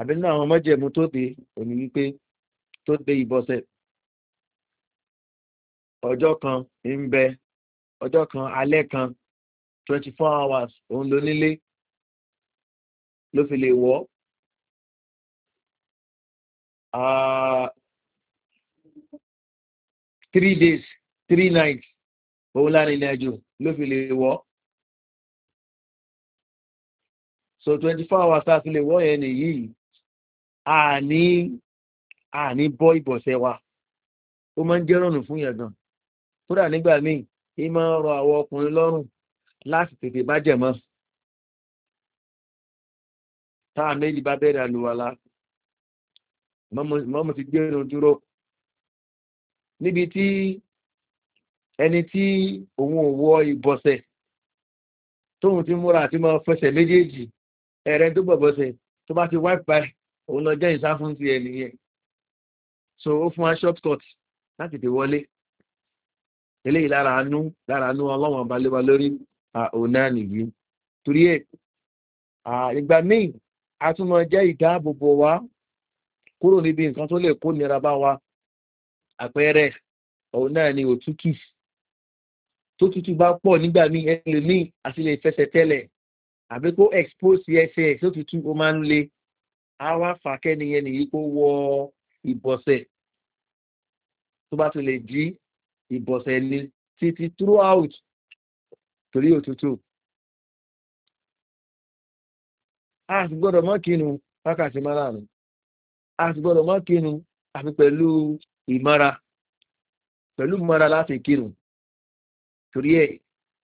àbí nínú àwọn ọmọjẹ̀mú tó dé òní wípé tó dé ìbọ̀sẹ̀ ọjọ́ kan ń bẹ ọjọ́ kan alẹ́ kan twenty four hours òun ló nílé ló fi lè wọ́ ah, three days three nights òun láàrin ìrìnàjò ló fi lè wọ́. so twenty four hours tá fi lè wọ́ yẹn nìyí àní bọ́ ìbọ̀sẹ̀ wa ó máa ń jẹ́ rọrùn fún yẹn gan kódà nígbà míì ì máa ń rọ àwọn ọkùnrin lọ́rùn láti tètè bá jẹ̀mọ́ tá a méjì bá bẹ̀rẹ̀ àlùwàlà mọ́mọ́ ti gbé irun dúró níbi tí ẹni tí òun ò wọ ìbọ̀sẹ̀ tóun ti múra àti máa fẹsẹ̀ méjèèjì ẹ̀rẹ́ tó bọ̀ bọ́sẹ̀ tó bá ti wipe by òun lọ jẹ́ ìsá ti ẹ̀ nìyẹn so ó fún wa short cut láti fi wọlé eléyìí lára anú lára anú ọlọ́wọ̀n balẹ̀wà lórí ọ̀nà nìyí torí ẹ̀ ìgbà míì a tún mọ jẹ́ ìdáàbòbò wa kúrò níbi nǹkan tó lè kó nira bá wa àpẹẹrẹ ọ̀hún náà ni òtútù tó tútù bá pọ̀ nígbà míì ẹ lè ní àti lè fẹsẹ̀ tẹ́lẹ̀ àbí kó expose ẹsẹ̀ ẹ̀ tó fi tún ó máa ń le á wá fà kẹ́niyẹn nìyí kó wọ ìbọ̀sẹ̀ tó bá ti lè jí ìbọ̀sẹ̀ ni títí throughout torí òtútù. a sì gbọ́dọ̀ mọ́ kínu wákàtí márùn-ún a sì gbọ́dọ̀ mọ́ kínu àfi pẹ̀lú ìmọ́ra pẹ̀lú ìmọ́ra láti kírun torí ẹ̀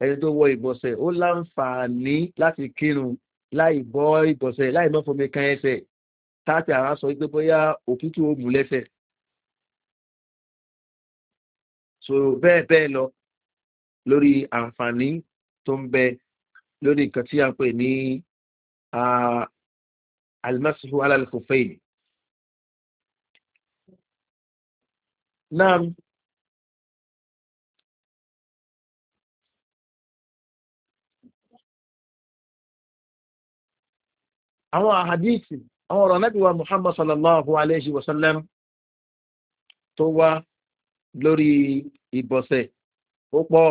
ẹni tó wọ ìbọ̀sẹ̀ ó láǹfààní láti kírun láì bọ́ ìbọ̀sẹ̀ láì mọ́ fomi kan ẹsẹ̀ táàtì àrà sọ pé bóyá òtútù ó mú lẹ́sẹ̀. so bẹ́ẹ̀ bẹ́ẹ̀ lọ lórí àǹfààní tó ń bẹ lórí nǹkan tí a ń pè ní alimasihu alalifofeyi. Naam. àwọn àhàdíìsì àwọn ọ̀rọ̀ nẹ́bíwá muhammad sallallahu alayhi wa sallam tó wá lórí ìbọ̀sẹ̀ ó pọ̀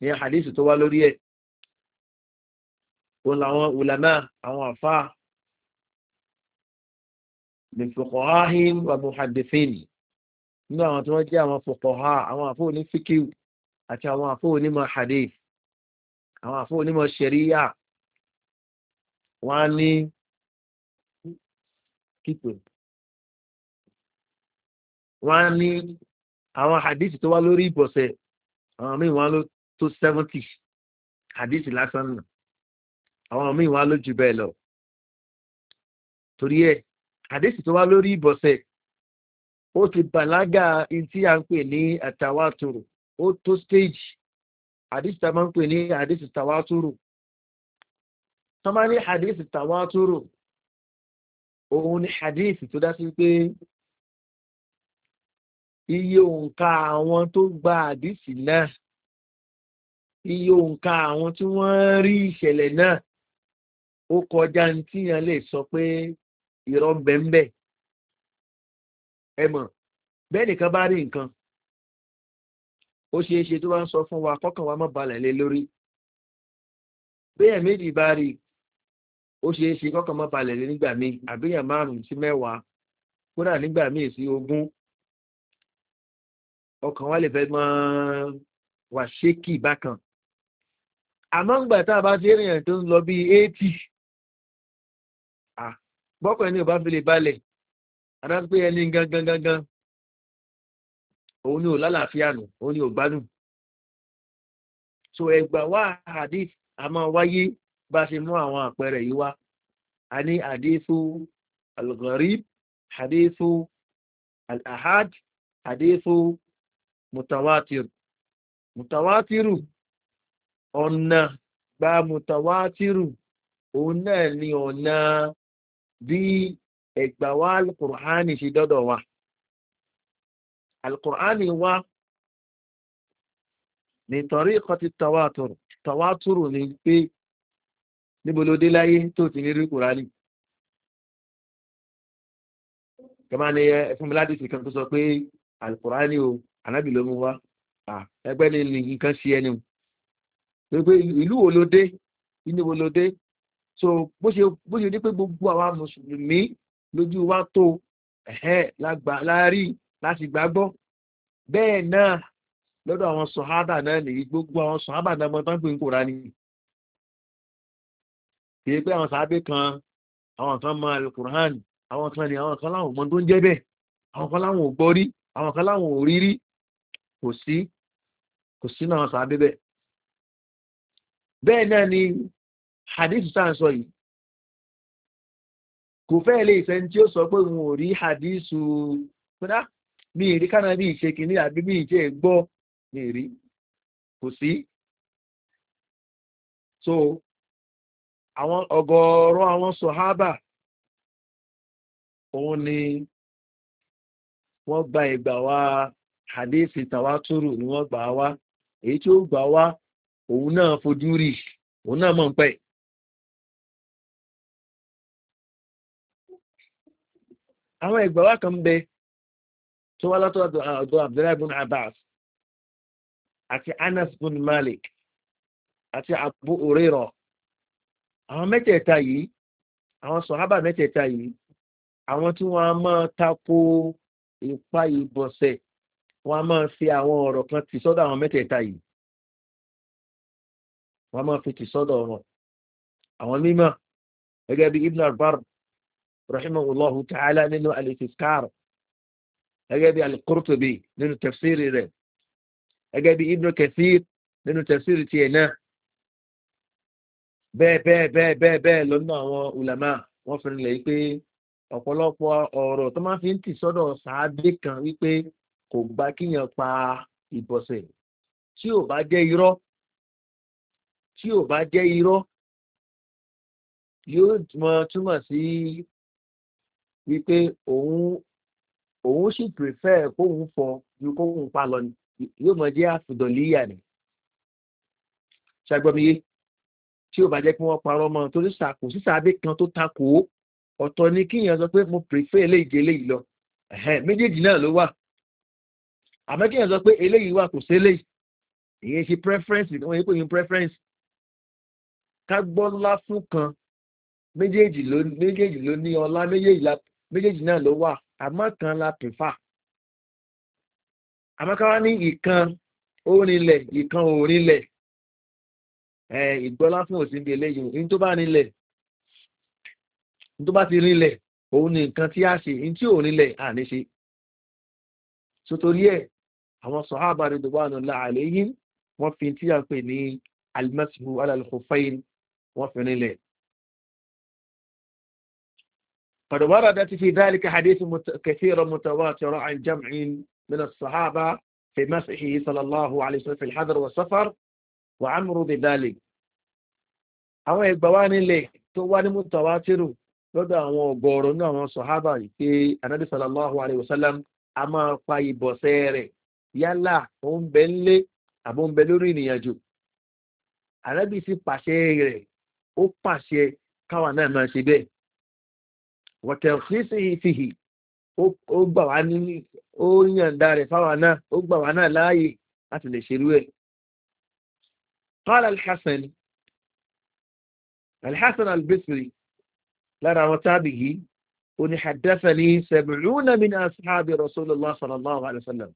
ní àhàdíìsì tó wá lórí ẹ̀ òun làwọn ulama àwọn àfa lè fòkòháhìn wà muhaddifin nínú àwọn tí wọ́n jẹ́ àwọn fòkòhá àwọn àfó oní fíkìw àti àwọn àfó onímọ̀ hadith àwọn àfó onímọ̀ shari'a wọ́n ní kíkò wọ́n ní àwọn hadith tó wá lórí ìbọ̀sẹ̀ àwọn míì wọ́n ló tó hadith lásán àwọn míì wọ́n ló jù bẹ́ẹ̀ lọ torí ẹ̀ hadith tó wá lórí ìbọ̀sẹ̀ ó ti bàlágà tí a ń pè ní àtàwátòrò ó tó stage hadith ń tó bá ní hadith tàwátúrò òun ni hadith tó dá sí pé iye òǹkà àwọn tó gba àdìsí náà iye òǹkà àwọn tí wọ́n rí ìṣẹ̀lẹ̀ náà ó kọjá ní tíyan lè sọ pé ìrọ̀ bẹ́ńbẹ́ ẹ bẹ́ẹ̀ nìkan bá rí nǹkan ó ṣeé tó bá ń sọ fún wa kọ́kàn wa lé lórí bẹ́ẹ̀ méjì bá rí ó ṣeé ṣe kọ́kàn mọ́ balẹ̀ lé nígbà míì àbíyàn márùn-ún sí mẹ́wàá kódà nígbà míì sí ogún ọkàn wa lè fẹ́ mọ́ wà ṣékì bákan àmọ́ ń gbà tá a bá ti rìnrìn tó ń lọ bí eighty bọ́kàn ẹni ò bá fi lè balẹ̀ adágbé ẹni gangan gangan òun ni ò lálàáfíà nù òun ni ò gbádùn so ẹgbà wá àdí àmọ́ wáyé bá ṣe mú àwọn àpẹẹrẹ yìí wá a ní àdéṣù algharib àdéṣù al'ahad àdéṣù mutawatir mutawatiru ọ̀nà gba mutawatiru òun náà ni ọ̀nà bí ẹgbàwá alkùrhánì ṣe dọ́dọ̀ wa alkùrhánì wa nítorí ìkọtí tawátùrù tawátùrù ni pé níbo ló dé láyé tó ti ní rí kùránì kẹmà ni ẹ fún mi láti fi kan tó sọ pé alukùránì o anábì ló mú wá ẹgbẹ́ ni nǹkan sí ẹni pé ìlú wo ló dé inú wo ló dé so bó ṣe bó ṣe dé pé gbogbo àwa mùsùlùmí lójú wa tó ẹ̀hẹ́ lárí láti gbàgbọ́ bẹ́ẹ̀ náà lọ́dọ̀ àwọn sọ̀hábà náà nìyí gbogbo àwọn sọ̀hábà náà mọ́ pé ń kóra nìyí kì í pé àwọn sàábé kan àwọn kan mọ alukur'an àwọn kan ní àwọn kan láwọn ọmọ tó ń jẹ́ bẹ́ẹ̀ àwọn kan láwọn ò gbọ́ rí àwọn kan láwọn ò rí rí kò sí kò sí náà sàábé bẹ́ẹ̀. bẹ́ẹ̀ náà ni hadith sáà sọ yìí kò fẹ́ lè sẹ́ni tí ó sọ pé òun ò rí hadithu kúndá mi ìrí kánà bí ìṣe kìíní àbí mi ìṣe gbọ́ mi ìrí kò sí. so àwọn ọgọ́rọ̀ àwọn sọ̀hábà òun ni wọ́n gba ìgbà wa hadithi tawaturu ni wọ́n gbà wá èyí tí ó gbà wá òun náà fojú rí òun náà mọ̀ ń pẹ́. àwọn ìgbà wa kan bẹ tó wá látọ̀ ọ̀dọ̀ abdullahi abbas àti anas bin malik àti abu orero àwọn mẹ́tẹ̀ẹ̀ta yìí àwọn sọ̀hábà mẹ́tẹ̀ẹ̀ta yìí àwọn tí wọ́n á máa tako ipa ìbọ̀sẹ̀ wọ́n á máa fi àwọn ọ̀rọ̀ kan tì sọ́dọ̀ àwọn mẹ́tẹ̀ẹ̀ta yìí wọ́n á máa fi tì sọ́dọ̀ wọn àwọn mímọ́ gẹ́gẹ́ bí ibn albar rahimahullahu ta'ala nínú alifiskar gẹ́gẹ́ bí alikurtubi nínú tafsiri rẹ̀ gẹ́gẹ́ bí ibn kathir nínú tafsiri tiẹ̀ náà bẹ́ẹ̀ bẹ́ẹ̀ bẹ́ẹ̀ bẹ́ẹ̀ bẹ́ẹ̀ lọ́nà àwọn ulama wọ́n fi rinlẹ̀ wípé ọ̀pọ̀lọpọ̀ ọ̀rọ̀ tó máa fi ń tì sọ́dọ̀ sàádé kan wípé kò gba kíyàn pa ìbọ̀sẹ̀ tí ò bá jẹ́ irọ́ tí ò bá jẹ́ irọ́ yóò mọ túmọ̀ sí wípé òun òun sì prefer kóun fọ ju kóun pa lọ yóò mọ jẹ́ àfùdọ̀líyà ni ṣàgbọ́miyé tí ò bá jẹ́ kí wọ́n parọ́ mọ́ torí sàkó sísàbẹ̀ kan tó takò ó ọ̀tọ̀ ni kíyàn sọ pé mo prefer eléyìí jẹ eléyìí lọ méjèèjì náà ló wà àmọ́ kíyàn sọ pé eléyìí wà kò sélé ìyẹn ṣe preference wọ́n yẹ kó yín preference ká gbọ́ ńlá fún kan méjèèjì ló méjèèjì ló ní ọlá méjèèjì la méjèèjì náà ló wà àmọ́ kan la prefer àmọ́ ká wá ní ìkan orin lẹ̀ ìkan orin lẹ̀ ìgbọ́lá fún òsì níbi eléyìí ní tó bá nílẹ̀ ní tó bá ti rinlẹ̀ òun ni nǹkan tí a ṣe ní tí ò rinlẹ̀ à ní ṣe sotori ẹ̀ àwọn sọ̀hábà rẹ̀ dùgbà nù láàlẹ́ yìí wọ́n fi tí a pè ní alimẹ́sìmù nu fẹ́yìn wọ́n fi rinlẹ̀ قد وردت في ذلك حديث كثيرة متواترة عن جمع من الصحابة في مسحه صلى الله عليه وسلم في الحذر والسفر wà á múrú bí dálì àwọn ẹgbà wá nílẹ̀ tó wá ní mútàwá tírù lọ́dọ̀ àwọn ọgọ́rùn ní àwọn sọ̀hábà yìí pé anábì sallallahu alayhi wa sallam a máa pa ìbọ̀sẹ̀ rẹ̀ yálà ó ń bẹ ńlé àbó ń bẹ lórí ìrìnàjò anábì sì pàṣẹ rẹ̀ ó pàṣẹ káwa náà máa ṣe bẹ́ẹ̀ wọ̀tẹ̀ọ̀sí sí ìfihì ó gbà wá ní ó yànda rẹ̀ fáwa náà ó gbà wá náà láàyè láti lè ṣerú ẹ̀ قال الحسن الحسن البصري لنا وتابه أن حدثني سبعون من أصحاب رسول الله صلى الله عليه وسلم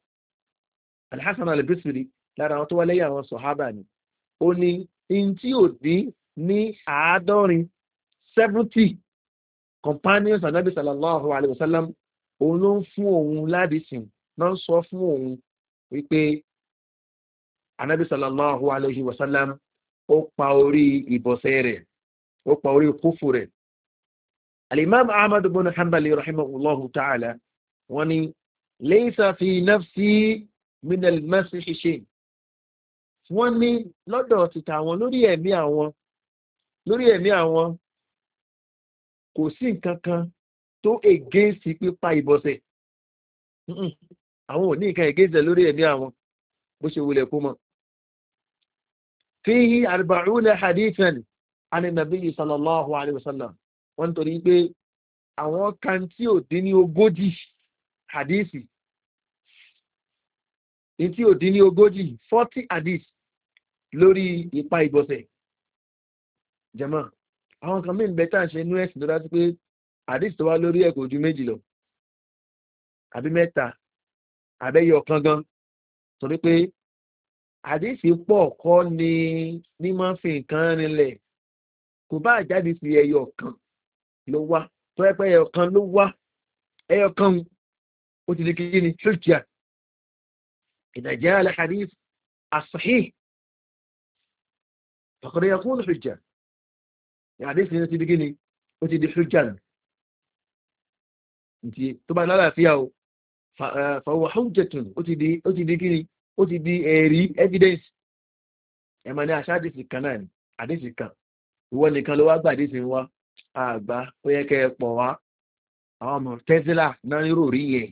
الحسن البصري لنا وتولي وصحاباني أني انتي ودي ni àádọ́rin seventy companions anabi sallallahu alayhi wa sallam òun ló ń fún òun ládìsìn náà ń sọ fún òun wípé anabi sallallahu alayhi wa sallam ó pa orí ìbọ̀sẹ̀ rẹ̀ ó pa orí kúfù rẹ̀ alimam ahmad bin hanbali rahimahullahu ta'ala wọ́n ni leisa fi nafsi minal masihi shin wọ́n ní lọ́dọ̀ títà àwọn lórí ẹ̀mí àwọn lórí ẹ̀mí àwọn kò sí nǹkan kan tó ègéǹsì pípa ìbọ̀sẹ̀ àwọn ò ní nǹkan ègéǹsì lórí ẹ̀mí àwọn bó ṣe wulẹ̀ kú mọ́ فيه àrùbàrúnlẹ̀ hadithan عن النبي صلى الله عليه وسلم torí pé àwọn kan tí ò dín ní ogójì hadithi ní tí ò dín ní ogójì forty hadith lórí ipa ìbọ̀sẹ̀ jẹ̀mọ́ àwọn kan mí bẹ́tà ṣe inú ẹ̀sìn tó dájú pé hadith tó wá lórí ẹ̀ kò méjì lọ àbí mẹ́ta àbẹ́yẹ ọ̀kan gan torí pé àdìsí pọ̀ kọ́ ni ní máa ń fi nǹkan rinlẹ̀ kò bá àjáde sí ẹyọ kan ló wá tó ẹ pé ẹyọ kan ló wá ẹyọ kan ó ti di kí ni ṣùjà ìdàjẹ́ alẹ́ hadith àṣàhí fàkọ̀rẹ́ yẹ kún ṣùjà àdìsí ó ti di kí ni ó ti di ṣùjà nìtì tó bá lálàáfíà o fàwọ̀ eh, hujjatun ó ti di kí ni ó ti di ẹ̀rí evidence ẹ̀mọ ní aṣáàdìsì kan náà ni àdìsì kan ìwọ nìkan ló wá gbà àdìsì ń wá àgbà ó yẹ kẹ́ ẹ pọ̀ wá àwọn ọmọ tesla náà rò rí yẹn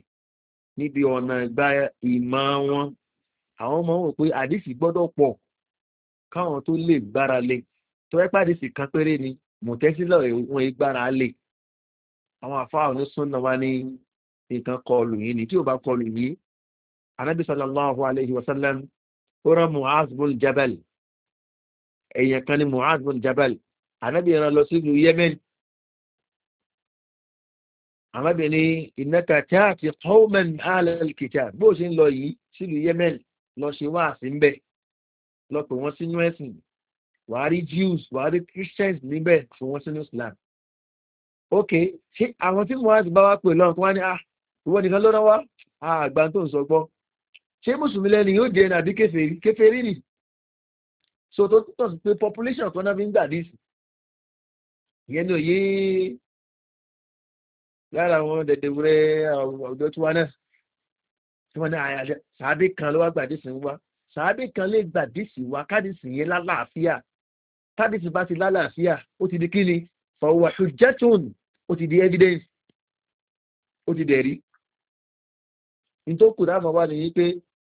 níbi ọ̀nà ìgbà ìmọ̀ wọn àwọn ọmọ wò pé àdìsì gbọ́dọ̀ pọ̀ káwọn tó lè gbára lé tó ẹ pàdìsì kan péré ni mọ̀tẹ́sílẹ̀ òun ìgbára lè àwọn àfáà onísùn náà wá ní nǹkan kọlù yìí ni tí ò bá kọlù yìí anabi sallallahu alayhi wa sallam kóra muaz bol jabal èèyàn kan ní muaz bol jabal anabi ìran lọ sí ìlú yemen anabi ní ìnáka tíáàtì qawman alal kìtà bó ṣe ń lọ yìí sí ìlú yemen lọ ṣe wá sí ń bẹ lọ pè wọn sínú ẹsìn wàá rí jews wàá rí christians níbẹ̀ fún wọn sínú islam ok àwọn tí muaz bá wá pè lọ́nà tó wá ah ìwọ nìkan ló rán wá ah, àgbà tó ń sọ gbọ́ ṣé mùsùlùmí lẹ́ni yóò jẹ́ ẹni àbí kẹfẹ́rí kẹfẹ́rí nì so tó tọ̀ sí pé population kan náà fi ń gbà dí sí ìyẹn ní òye lára àwọn dẹ̀dẹ̀wúrẹ́ ọ̀dọ́ tí wọn náà tí wọn náà àyàjẹ sàábì kan ló wá gbà dí sí wa sàábì kan lè gbà dí sí wa kádìsì yẹn lálàáfíà kádìsì bá ti lálàáfíà ó ti di kí ni fọwọ́ ṣùjẹ́tùn ó ti di evidence ó ti dẹ̀rí ní tó kù wa nìyí pé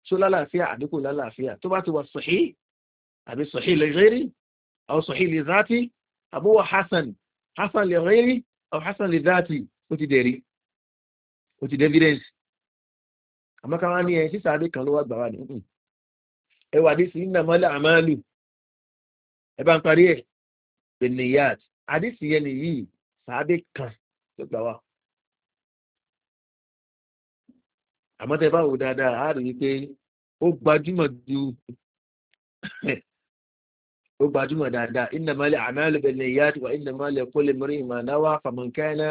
ṣó lálàáfíà àbí kò lálàáfíà tó bá ti wà sọ̀hí àbí sọ̀hí lè rẹ́rí àwọn sọ̀hí lè záàtì àbúwà hassan hassan lè rẹ́rí àwọn hassan lè záàtì ó ti dẹ̀rí ó ti dẹ́vidẹ́nsì àmọ́ káwá ní ẹ̀ sísà àbí kan ló wà gbà wà ní ẹwà àdísì ní àmọ́lẹ̀ àmọ́lù ẹ bá ń parí ẹ̀ beniyat àdísì yẹn nìyí sàábì kan ló gbà àmọ́ tẹ bá wò dáadáa á rí i pé ó gbajúmọ̀ ju [CLEARS THROAT] ó gbajúmọ̀ dáadáa iná malẹ̀ àmàlẹ̀ bẹ̀rẹ̀ ìyá wa iná malẹ̀ kó lè mọ̀rí ìmọ̀láwà fàmọ̀kánà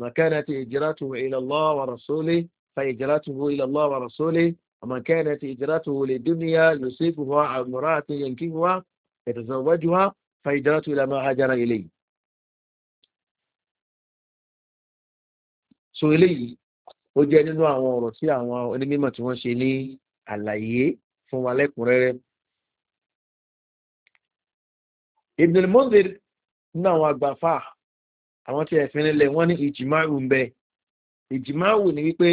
mọ̀kánà ti ìjìrá tó ìlọ́lọ́ wa rasúlẹ̀ fa ìjìrá tó ìlọ́lọ́ wa rasúlẹ̀ ọmọkánà ti ìjìrá tó lè dúnìyà yòsífù wa àmúrà àti yankí ìjìrá tó ìlàmọ́ hajara ilé so eléyìí ó jẹ́ nínú àwọn ọ̀rọ̀ tí àwọn onímọ̀ tí wọ́n ṣe ní àlàyé fún wa lẹ́kùnrẹ́rẹ́. ibn al-mundir nínú àwọn àgbàfà àwọn tí ẹ̀fin nílẹ̀ wọ́n ní ìjìmáwù ń bẹ ìjìmáwù ni wípé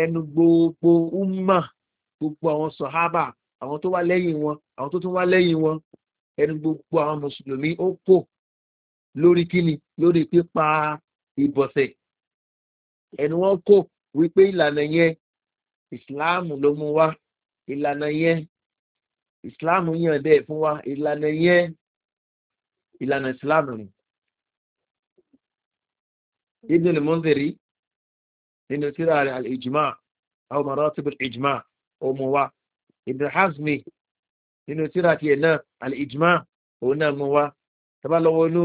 ẹnu gbogbo umma gbogbo àwọn sọ̀hábà àwọn tó wá lẹ́yìn wọn àwọn tó tún wá lẹ́yìn wọn ẹnu gbogbo àwọn mùsùlùmí ó kò lórí kíni lórí pípa ìbọ̀sẹ̀ ẹnu wọn kò wípé ìlànà yẹn ìsìláàmù ló mú wá ìlànà yẹn ìsìláàmù yàn dẹ́ fún wa ìlànà yẹn ìlànà ìsìláàmù ni. ibn al-mundiri nínú tíra rẹ̀ al-ijma àwọn ọmọ rọ́tìbù ijma ọmọ wa ibn hazmi nínú tíra tiẹ̀ náà al-ijma òun náà mú wa tabalọ́wọ́ inú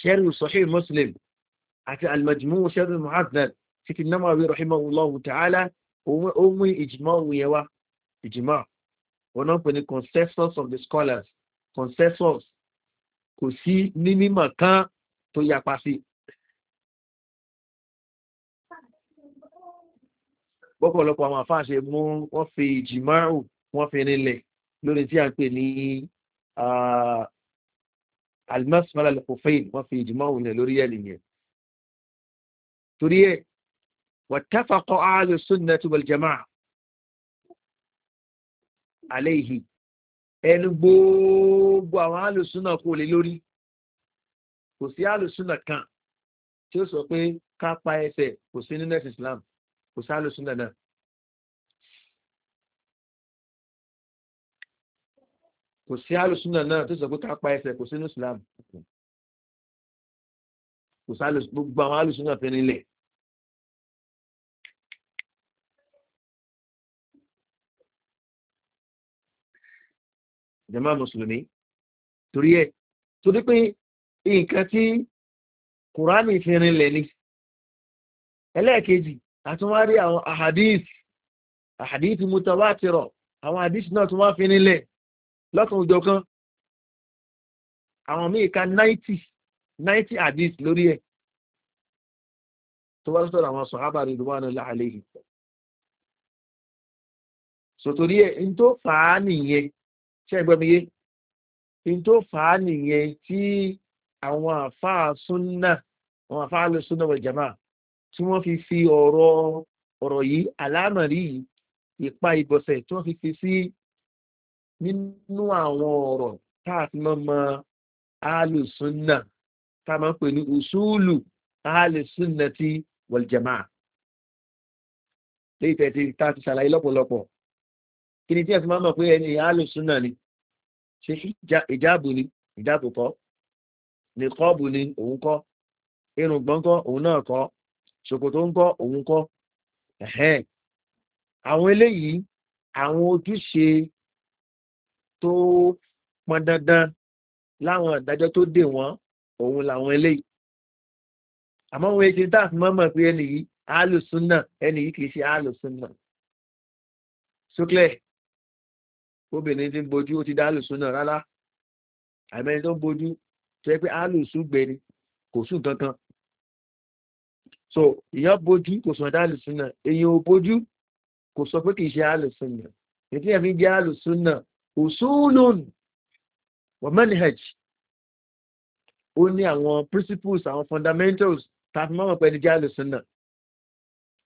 sẹ́rù sọ́hìn muslim àti al-majmu sẹ́rù muhammad títí námàwí rahimahullahu ta'ala ó mú ìjìmọ̀ òun yẹn wá ìjìmọ̀ wọn náà pè ní consensus of the scholars consensus kò sí ní mímọ̀ kan tó yapa sí. pọ́pọ̀lọpọ̀ àwọn àfáàṣe mú wọ́n fi ìjìmọ̀ òun wọ́n fi rinlẹ̀ lórí tí a pè ní almasmala lukufain wọ́n fi ìjìmọ̀ òun lórí ẹ̀ nìyẹn torí ẹ̀ واتفق أهل السنة والجماعة عليه ẹnu gbogbo àwọn alùsùnà kò lè lórí kò sí alùsùnà kan tí ó sọ pé ká pa ẹsẹ̀ kò sí nínú ẹ̀sìn islam kò sí alùsùnà náà. kò sí alùsùnà náà tó sọ pé ká pa ẹsẹ̀ kò sí nínú islam kò sí gbogbo àwọn alùsùnà fẹ́ nílẹ̀. jama musulumi torí ẹ tó dé pé nǹkan tí kùránì fi ni ẹlẹ́ẹ̀kejì àtúnwárí àwọn ahadith ahadith mutawatirọ̀ àwọn ahadith náà tún wá fi rinlẹ̀ lọ́kàn òjò kan àwọn míì ka 90 90 hadith lórí ẹ tó wá sọ́dọ̀ àwọn sọ̀hábà rẹ̀ yìí tó ṣe ẹgbẹ́ mi yé n tó fà á nìyẹn tí àwọn àfáà súnà àwọn àfáà lè súnà wọ̀ jàmá tí wọ́n fi fi ọ̀rọ̀ ọ̀rọ̀ yìí alámọ̀rí yìí ìpa ìbọ̀sẹ̀ tí wọ́n fi fi sí nínú àwọn ọ̀rọ̀ káàkiri mọ́ alùsùnà tá a máa ń pè ní usúlù alùsùnà ti wọ̀ljàmá léyìí tẹ̀sí tá a ti ṣàlàyé lọ́pọ̀lọpọ̀ kí ni tí ẹ̀sìn máa mọ̀ pé ẹni alùsùnà ni ṣe ìjáàbù ni ìjáàbù kọ́ ní kọ́ọ̀bù ni òun kọ́ irun gbọ́ngọ́ òun náà kọ́ ṣòkòtò ń kọ́ òun kọ́ àwọn eléyìí àwọn ojúṣe tó pọn dandan láwọn ìdájọ́ tó dè wọ́n òun làwọn eléyìí àmọ́ òun èjì tá a fi mọ́mọ́ pé ẹnì yìí àálùsùn náà ẹnì yìí kì í ṣe àálùsùn náà ṣúklẹ̀ obìnrin ti ń bojú ó ti dá àlùsùn náà rárá àìmẹ́ni tó ń bojú tó yẹ pé àlùsùn gbé ni kò sùn kankan so ìyàn bojú kò sùn àlùsùn náà èyàn ò bojú kò sọ pé kì í ṣe àlùsùn náà ètí ẹ̀mí jẹ́ àlùsùn náà òṣùlùn wọ́mẹ́nìhẹ̀j ó ní àwọn principles àwọn fundamentals tàbí mọ́mọ́ pẹ̀lú jẹ́ àlùsùn náà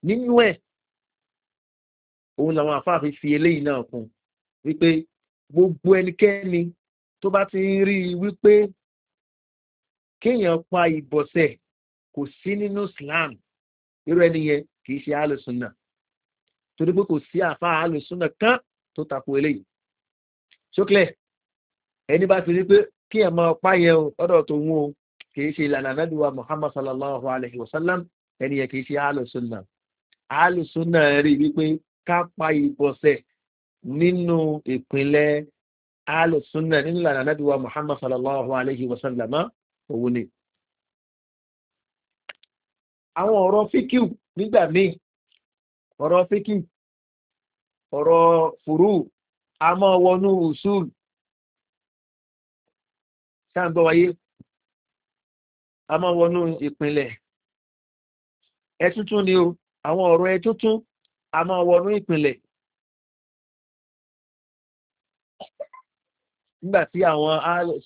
nínú ẹ̀ òun làwọn àfáàfin fi eléyìí náà kún un wípé gbogbo ẹnikẹ́ni tó bá ti ń rí i wípé kéèyàn pa ìbọ̀sẹ̀ kò sí nínú islam irú ẹni yẹn kì í ṣe alùsùnà torí pé kò sí àfa alùsùnà kan tó tako eléyìí ṣókìlẹ̀ ẹni bá ti rí pé kéèyàn máa pa yẹn o lọ́dọ̀ tó ń wo kì í ṣe ìlànà anáduwa muhammad sallallahu alayhi wa sallam ẹni yẹn kì í ṣe alùsùnà alùsùnà rí wípé ká pa ìbọ̀sẹ̀ nínú ìpínlẹ̀ alùsùnà nínú ìlànà anábíwá muhammad sallallahu alayhi wa sallam òun ni. àwọn ọ̀rọ̀ fíkìw nígbà míì ọ̀rọ̀ fíkìw ọ̀rọ̀ fùrù wọnú usul sáàgbọ́ wáyé àmọ́ wọnú ìpínlẹ̀ ẹtútún ni o àwọn ọ̀rọ̀ ẹtútún àmọ́ wọnú ìpínlẹ̀ nígbà tí àwọn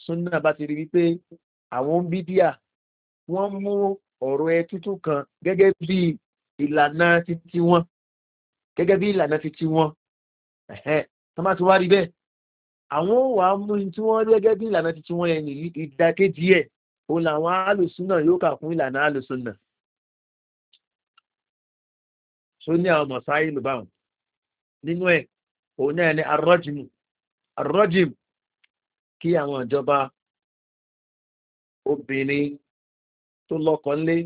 sunna bá ti rí wípé àwọn ń bí díà wọ́n mú ọ̀rọ̀ ẹ tútù kan gẹ́gẹ́ bí ìlànà títí wọn gẹ́gẹ́ bí ìlànà títí wọn tó má ti wá rí bẹ́ẹ̀ àwọn wà á mú tí wọ́n rí gẹ́gẹ́ bí ìlànà títí wọn yẹn nìyí ìdákéjì ẹ̀ òun làwọn alòsùn yóò kà fún ìlànà alòsùn tó ní àwọn mọ̀sáyìlú báwọn nínú ẹ̀ òun náà ni arọ́jìmù arọ́jìmù kí àwọn ìjọba obìnrin tó lọ́kọ ńlé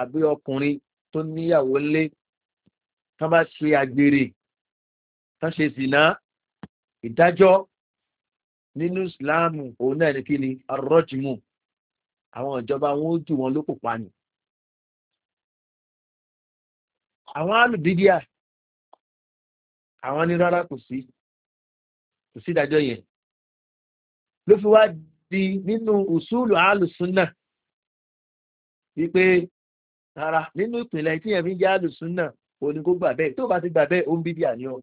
àbí ọkùnrin tó níyàwó ńlé tán bá ṣe àgbèrè tán ṣe sìnà ìdájọ́ nínú ìsìláàmù òun náà ní kí ni arọ́jìmù àwọn ìjọba wọn ó jù wọn lókò pa àwọn alùbídíà àwọn ní rárá kò sí kò sí ìdájọ́ yẹn ló fi wá di nínú òṣùlù àlùsùnà wípé rárá nínú ìpìlẹ̀ tí yẹn fi ń jẹ́ àlùsùnà òun ni kó gbà bẹ́ẹ̀ tó bá ti gbà bẹ́ẹ̀ ó ń bíbí àníyàn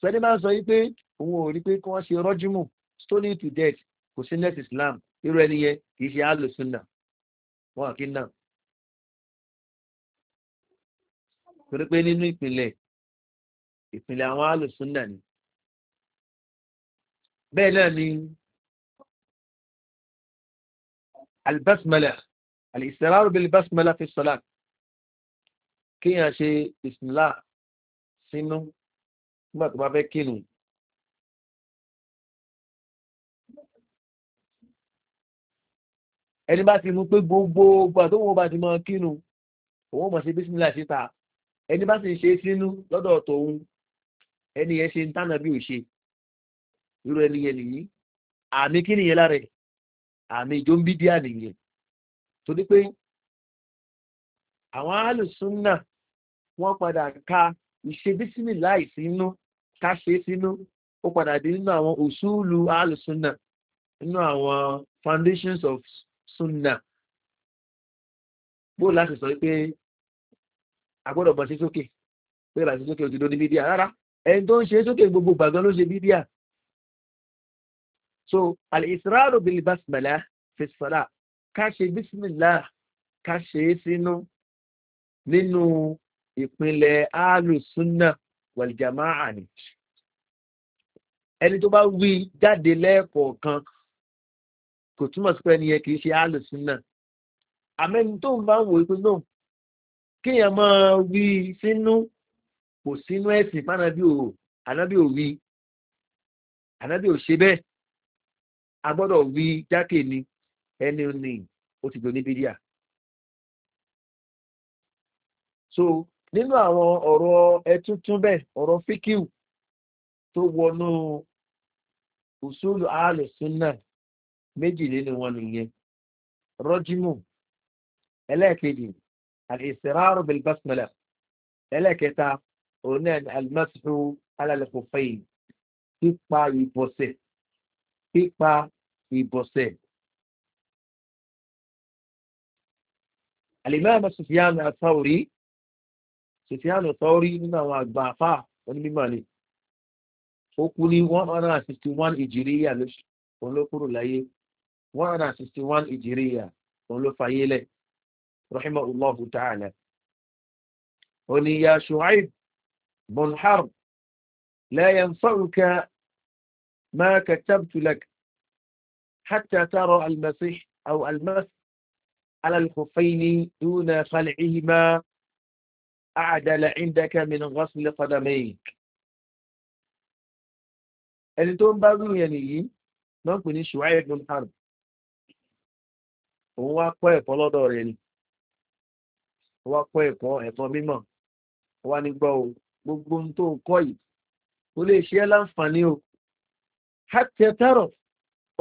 sọdí máa ń sọ wípé òun ò rí pé kí wọ́n ṣe rọ́júmù stoning to death kò sí net islam irú ẹni yẹn kì í ṣe àlùsùnà wọn kì í náà torí pé nínú ìpìlẹ̀ ìpìlẹ̀ àwọn àlùsùnà ni bẹ́ẹ̀ náà ni albasmala alìsàrárù bíi في الصلاة، sọlá kéèyàn ṣe ìsìnlá sínú nígbà tó bá fẹ́ kínu. ẹni bá ti mú pé gbogbo ọgbà tó wọ́n bá ti mọ kínu òun mọ̀ sí bísímìlá síta ẹni bá sì ń ṣe sínú lọ́dọ̀ tòun ẹni yẹn ṣe ń tánà bí ò ṣe irú ẹni yẹn nìyí àmì kí nìyẹn lára ẹ̀ àmì ìjó ń bí díà nìyẹn torí pé àwọn alùsùnà wọ́n padà ka ìṣe bísímì láì sínú ká ṣe sínú ó padà dé nínú àwọn òṣùlù alùsùnà nínú àwọn foundations of sunna bó láti sọ pé agbọ́dọ̀ bọ̀ sí sókè pé láti sókè òtítọ́ ní bídíà rárá ẹni tó ń ṣe sókè gbogbo gbàgbọ́ ló ṣe bídíà so alìsirárò bíi basmala fèsìfàlà ká ṣe bísímìlá ká ṣe é sínú nínú ìpínlẹ̀ alùsùnà wàlìjàmáà ni ẹni tó bá wí jáde lẹ́ẹ̀kọ̀ọ̀kan kò túmọ̀ sí pé ẹni yẹn kì í ṣe alùsùnà àmẹ́ni tó ń bá ń wò ó pé náà kéèyàn máa wí sínú kò sínú ẹ̀sìn fánábí ò ànábí ò wí ànábí ò ṣe bẹ́ẹ̀ a gbọ́dọ̀ wí jákè ni ẹni ní o ti gbé ní bídíà. so nínú àwọn ọ̀rọ̀ ẹtúntún bẹ́ẹ̀ ọ̀rọ̀ fíkìw tó wọnú òṣùlù àlùsùn náà méjì nìyẹn rọ́jímù ẹlẹ́ẹ̀kejì àìsèrárò bilbasmala ẹlẹ́ẹ̀kẹta òun náà alimasifu alálẹ́kọ̀ọ́fẹ́yì pípa ìbọ̀sẹ̀ pípa ìbọ̀sẹ̀. Àlèmáàmà Sùfìyànù Àtàórí, Sùfìyànù Àtàórí nínú àwọn àgbà àfà onímọ̀ ni. Ó kú ní 161 Ìjìríyà òun ló kúrò láyé, 161 Ìjìríyà òun ló fayé lẹ̀, Rahimah Allah Ta'ala. Ó ní Yá Ṣùháìb, Bùnhárb, lẹ́yìn sọ́rùkẹ́ ما كتبت لك حتى ترى المسيح أو المس على الخفين دون خلعهما أعدل عندك من غسل قدميك ẹni tó ń bá rú yẹn nìyí náà kò ní ṣùwá ẹ̀gbọ́n harb òun wá kọ́ ẹ̀kọ́ lọ́dọ̀ rẹ̀ ni òun wá kọ́ ẹ̀kọ́ ẹ̀kọ́ mímọ̀ wá nígbà o gbogbo tó kọ́ yìí ó lè ṣe é láǹfààní o hàtẹ́tẹ́rọ̀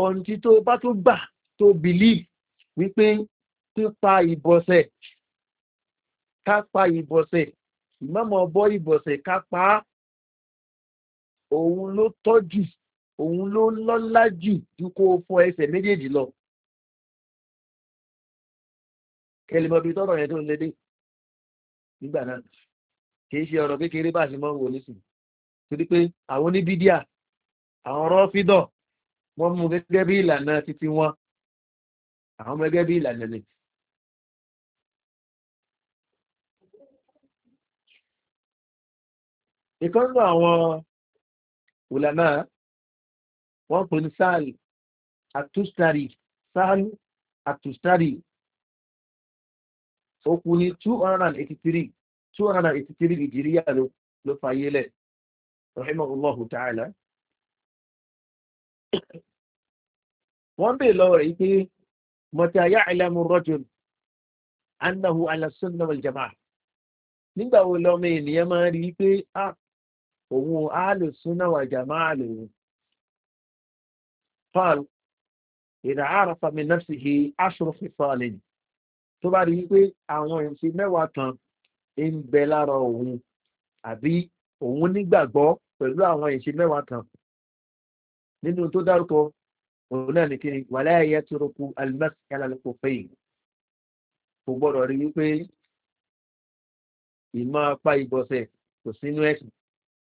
ọ̀ǹtí tó bá tó gbà tó bìlí wípé pípa ìbọ̀sẹ̀ ká pa ìbọ̀sẹ̀ ìmọ̀mọ̀ bọ́ ìbọ̀sẹ̀ ká pa á òun ló tọ́jú òun ló lọ́lá jù ju kó fọ ẹsẹ̀ méjèèjì lọ. kẹlẹ́mọ̀ bíi tọ́rọ̀ yẹn tó ń lédè nígbà náà kì í ṣe ọ̀rọ̀ kékeré bá a ṣe mọ́ wò nísìnyí torí pé àwọn oníbídíà àwọn rọ́fídọ̀ wọ́n mú gẹ́gẹ́ bí ìlànà títí wọn àwọn ọmọ gẹ́gẹ́ bí ìlànà ni ìkọ́nà àwọn ìlànà wọ́n pè ní sáàlì àtústàrí sáàlì àtústàrí okùn ní 283 283 ìjìríyà ló fayé lẹ̀ rahimahullahu ta'ala wọ́n bèèrè lọ́wọ́ rẹ̀ pé mọ̀tí ayá ìlàmù rọ́jùn annahu alasunna waljama nígbà wo lọ́mọ ènìyàn máa rí pé òun alùsúnà waljama lòun paul ìdá àràfà mi náà sì he aṣòfin fọ́ọ̀lì tó bá rí pé àwọn ìṣe mẹ́wàá kan ń bẹ lára òun àbí òun nígbàgbọ́ pẹ̀lú àwọn ìṣe mẹ́wàá kan nínú tó dárúkọ òun náà ní kíni wàlẹ́ ẹ̀yẹ tí ó kú alimẹ́sìkálà lọ́pọ̀ fẹ́yìn kò gbọ́dọ̀ rí wípé ìmọ̀ apá ìbọ̀sẹ̀ kò sínú ẹ̀sìn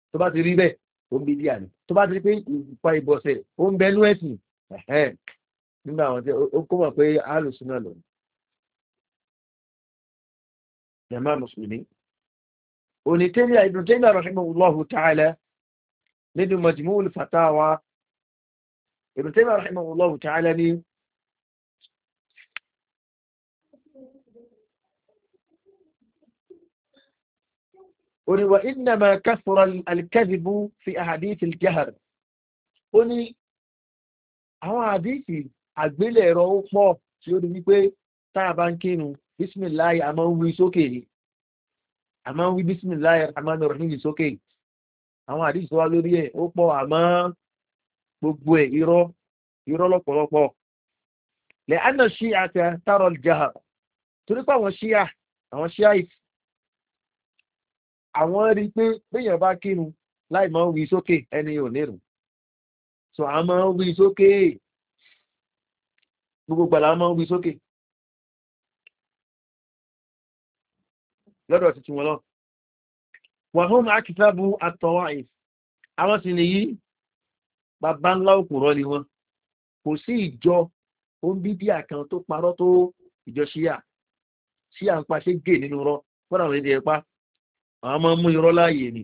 tó bá ti rí bẹ́ẹ̀ ó ń bí díà ní tó bá ti rí pé ìpa ìbọ̀sẹ̀ ó ń bẹnú ẹ̀sìn nígbà àwọn tí ó kó mọ̀ pé alùsùn náà lòun jama onítẹ́lẹ̀ ìdùntẹ́lẹ̀ rọ̀ṣẹ́mọ̀ lọ́hùn tààlẹ̀ nínú mọ̀jìmọ́ olùfàtàwà ibn taymiyyah rahimahullahu ta'ala ni ó ní wa innama kathura al-kadhibu fi ahadith al-jahr ó ní àwọn àdíìsì àgbélẹ̀ ẹ̀rọ ó pọ̀ tí ó di wípé táà bá ń kírun bísmìláì ni a máa ń wí bísmìláì a máa ń rọ̀ níyì sókè àwọn àdíìsì tó wá lórí gbogbo ẹ̀ irọ́ irọ́ lọ́pọ̀lọpọ̀ lẹ́ anna ṣíà tẹ tààrọ̀ jahar torí pé àwọn ṣíà àwọn ṣíà ìtì àwọn rí pé béèyàn bá kírun láì máa ń wí sókè ẹni ò nírun so a máa ń wí sókè gbogbo gbàlá máa ń wí sókè lọ́dọ̀ tuntun wọn lọ wàhùn akitabu àtọwà ìf àwọn sì nìyí bàbá ńlá òpòrọ́ ni wọn kò sí ìjọ ombídíà kan tó parọ́ tó ìjọ ṣíà ṣíà ń paṣẹ gé nínú rọ fọ́nà àwọn èdè ẹ̀pá àwọn ọmọ mú irọ́ láàyè ni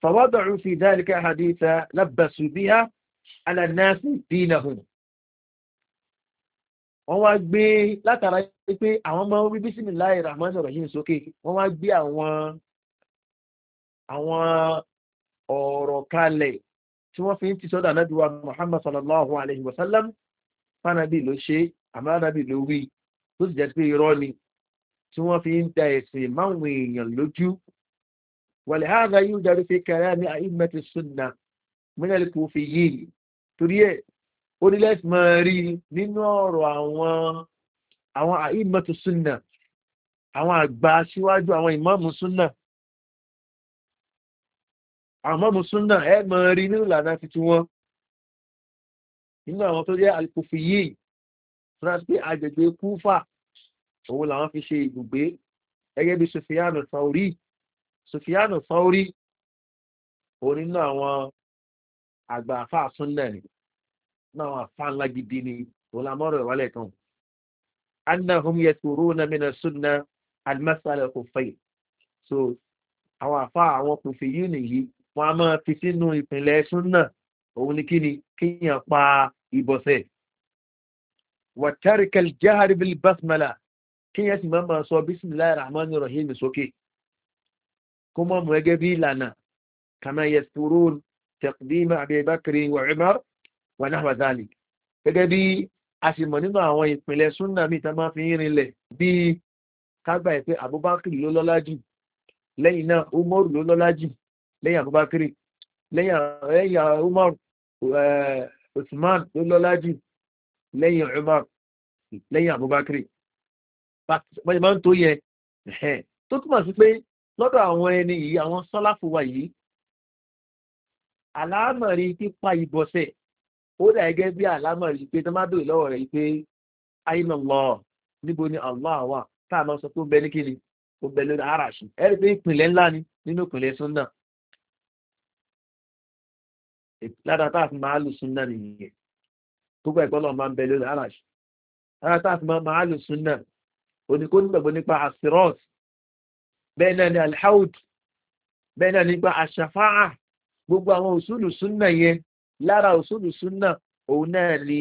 fàwádọ̀rù fi dáríkà àdíta lábàṣù bí á alànàṣì dínà hùn wọ́n wá gbé látara pé àwọn ọmọ orí bísímìláì rahman sọ̀rọ̀ yìí sókè wọ́n wá gbé àwọn àwọn ọ̀rọ̀ kalẹ̀ tí wọ́n fi ń ti sọ́dọ̀ anábì wa muhammad sallallahu alayhi wa sallam fanabi ló ṣe amanabi ló wí tó sì jẹ́ pé irọ́ ni tí wọ́n fi ń da ẹ̀sìn máwọn èèyàn lójú wàlẹ̀ hàdà yóò jáde fi kẹrẹ́ ní àìmẹ́tì sunna mílẹ̀lì kò fi yí torí ẹ̀ ó máa rí nínú ọ̀rọ̀ àwọn àwọn sunna àwọn àgbà síwájú àwọn ìmọ̀ọ́mù sunna àmọ́ mùsùlùmí ẹ mọ̀ rí nínú ìlànà titi wọn nínú àwọn tó jẹ́ alikofi yìí france pé agbègbè kúfà òun làwọn fi ṣe ibùgbé gẹ́gẹ́ bí sofiano sauri sofiano sauri òun nínú àwọn àgbà àfa àsúnnà ni nínú àwọn àfa gidi ni òun làmọ́ kan annahum yasuruna min as-sunna al-mas'ala kufay so àwọn àfa àwọn kufiyun yìí wọn a máa fi sínú ìpìnlẹ̀ súnà òun ni kí ni kíyàn pa ìbọ̀sẹ̀ wàtárikẹl jáhari bíi basmala kíyàn sì máa sọ bisimilayi rahman rahim sókè kó mọ́ mú ẹgẹ́ bí ìlànà kàmá yẹsùrún tẹ̀kùdímà àbẹ̀bákiri wà ẹ̀mọ́r wà náà wà zálì gẹ́gẹ́ bí a sì mọ̀ nínú àwọn ìpìnlẹ̀ súnà mi tá máa fi ń rinlẹ̀ bíi kágbà ẹ̀ pé abubakar ló lọ́lá jù lẹ́yìn náà umar ló lọ́lá jù lẹ́yìn àbúbákiri lẹ́yìn umar usman ló lọ́lá jù lẹ́yìn umar lẹ́yìn àbúbákiri bọ́jẹ̀ máa ń tó yẹ tó túmọ̀ sí pé lọ́dọ̀ àwọn ẹni yìí àwọn sọ́láfù wa yìí àlámọ̀rí pípa ìbọ̀sẹ̀ ó dà gẹ́gẹ́ bí àlámọ̀rí pé tó má dòwe lọ́wọ́ rẹ̀ pé àyínà lọ níbo ni allah wà tá a máa sọ pé ó bẹ ní kíni ó bẹ lórí araṣi ẹ̀rí pé ìpìlẹ̀ ńlá ni nínú ìpìlẹ̀ sún lára tá a fi máa lù súnà nìyẹn gbogbo ẹ̀kọ́ náà máa ń bẹ lórí aláṣẹ lára tá a fi máa lù súnà oníkó nígbàgbọ́ nípa asirọ́t bẹ́ẹ̀ náà ni alhaud bẹ́ẹ̀ náà nípa aṣàfáà gbogbo àwọn òṣùlù súnà yẹn lára òṣùlù súnà òun náà ni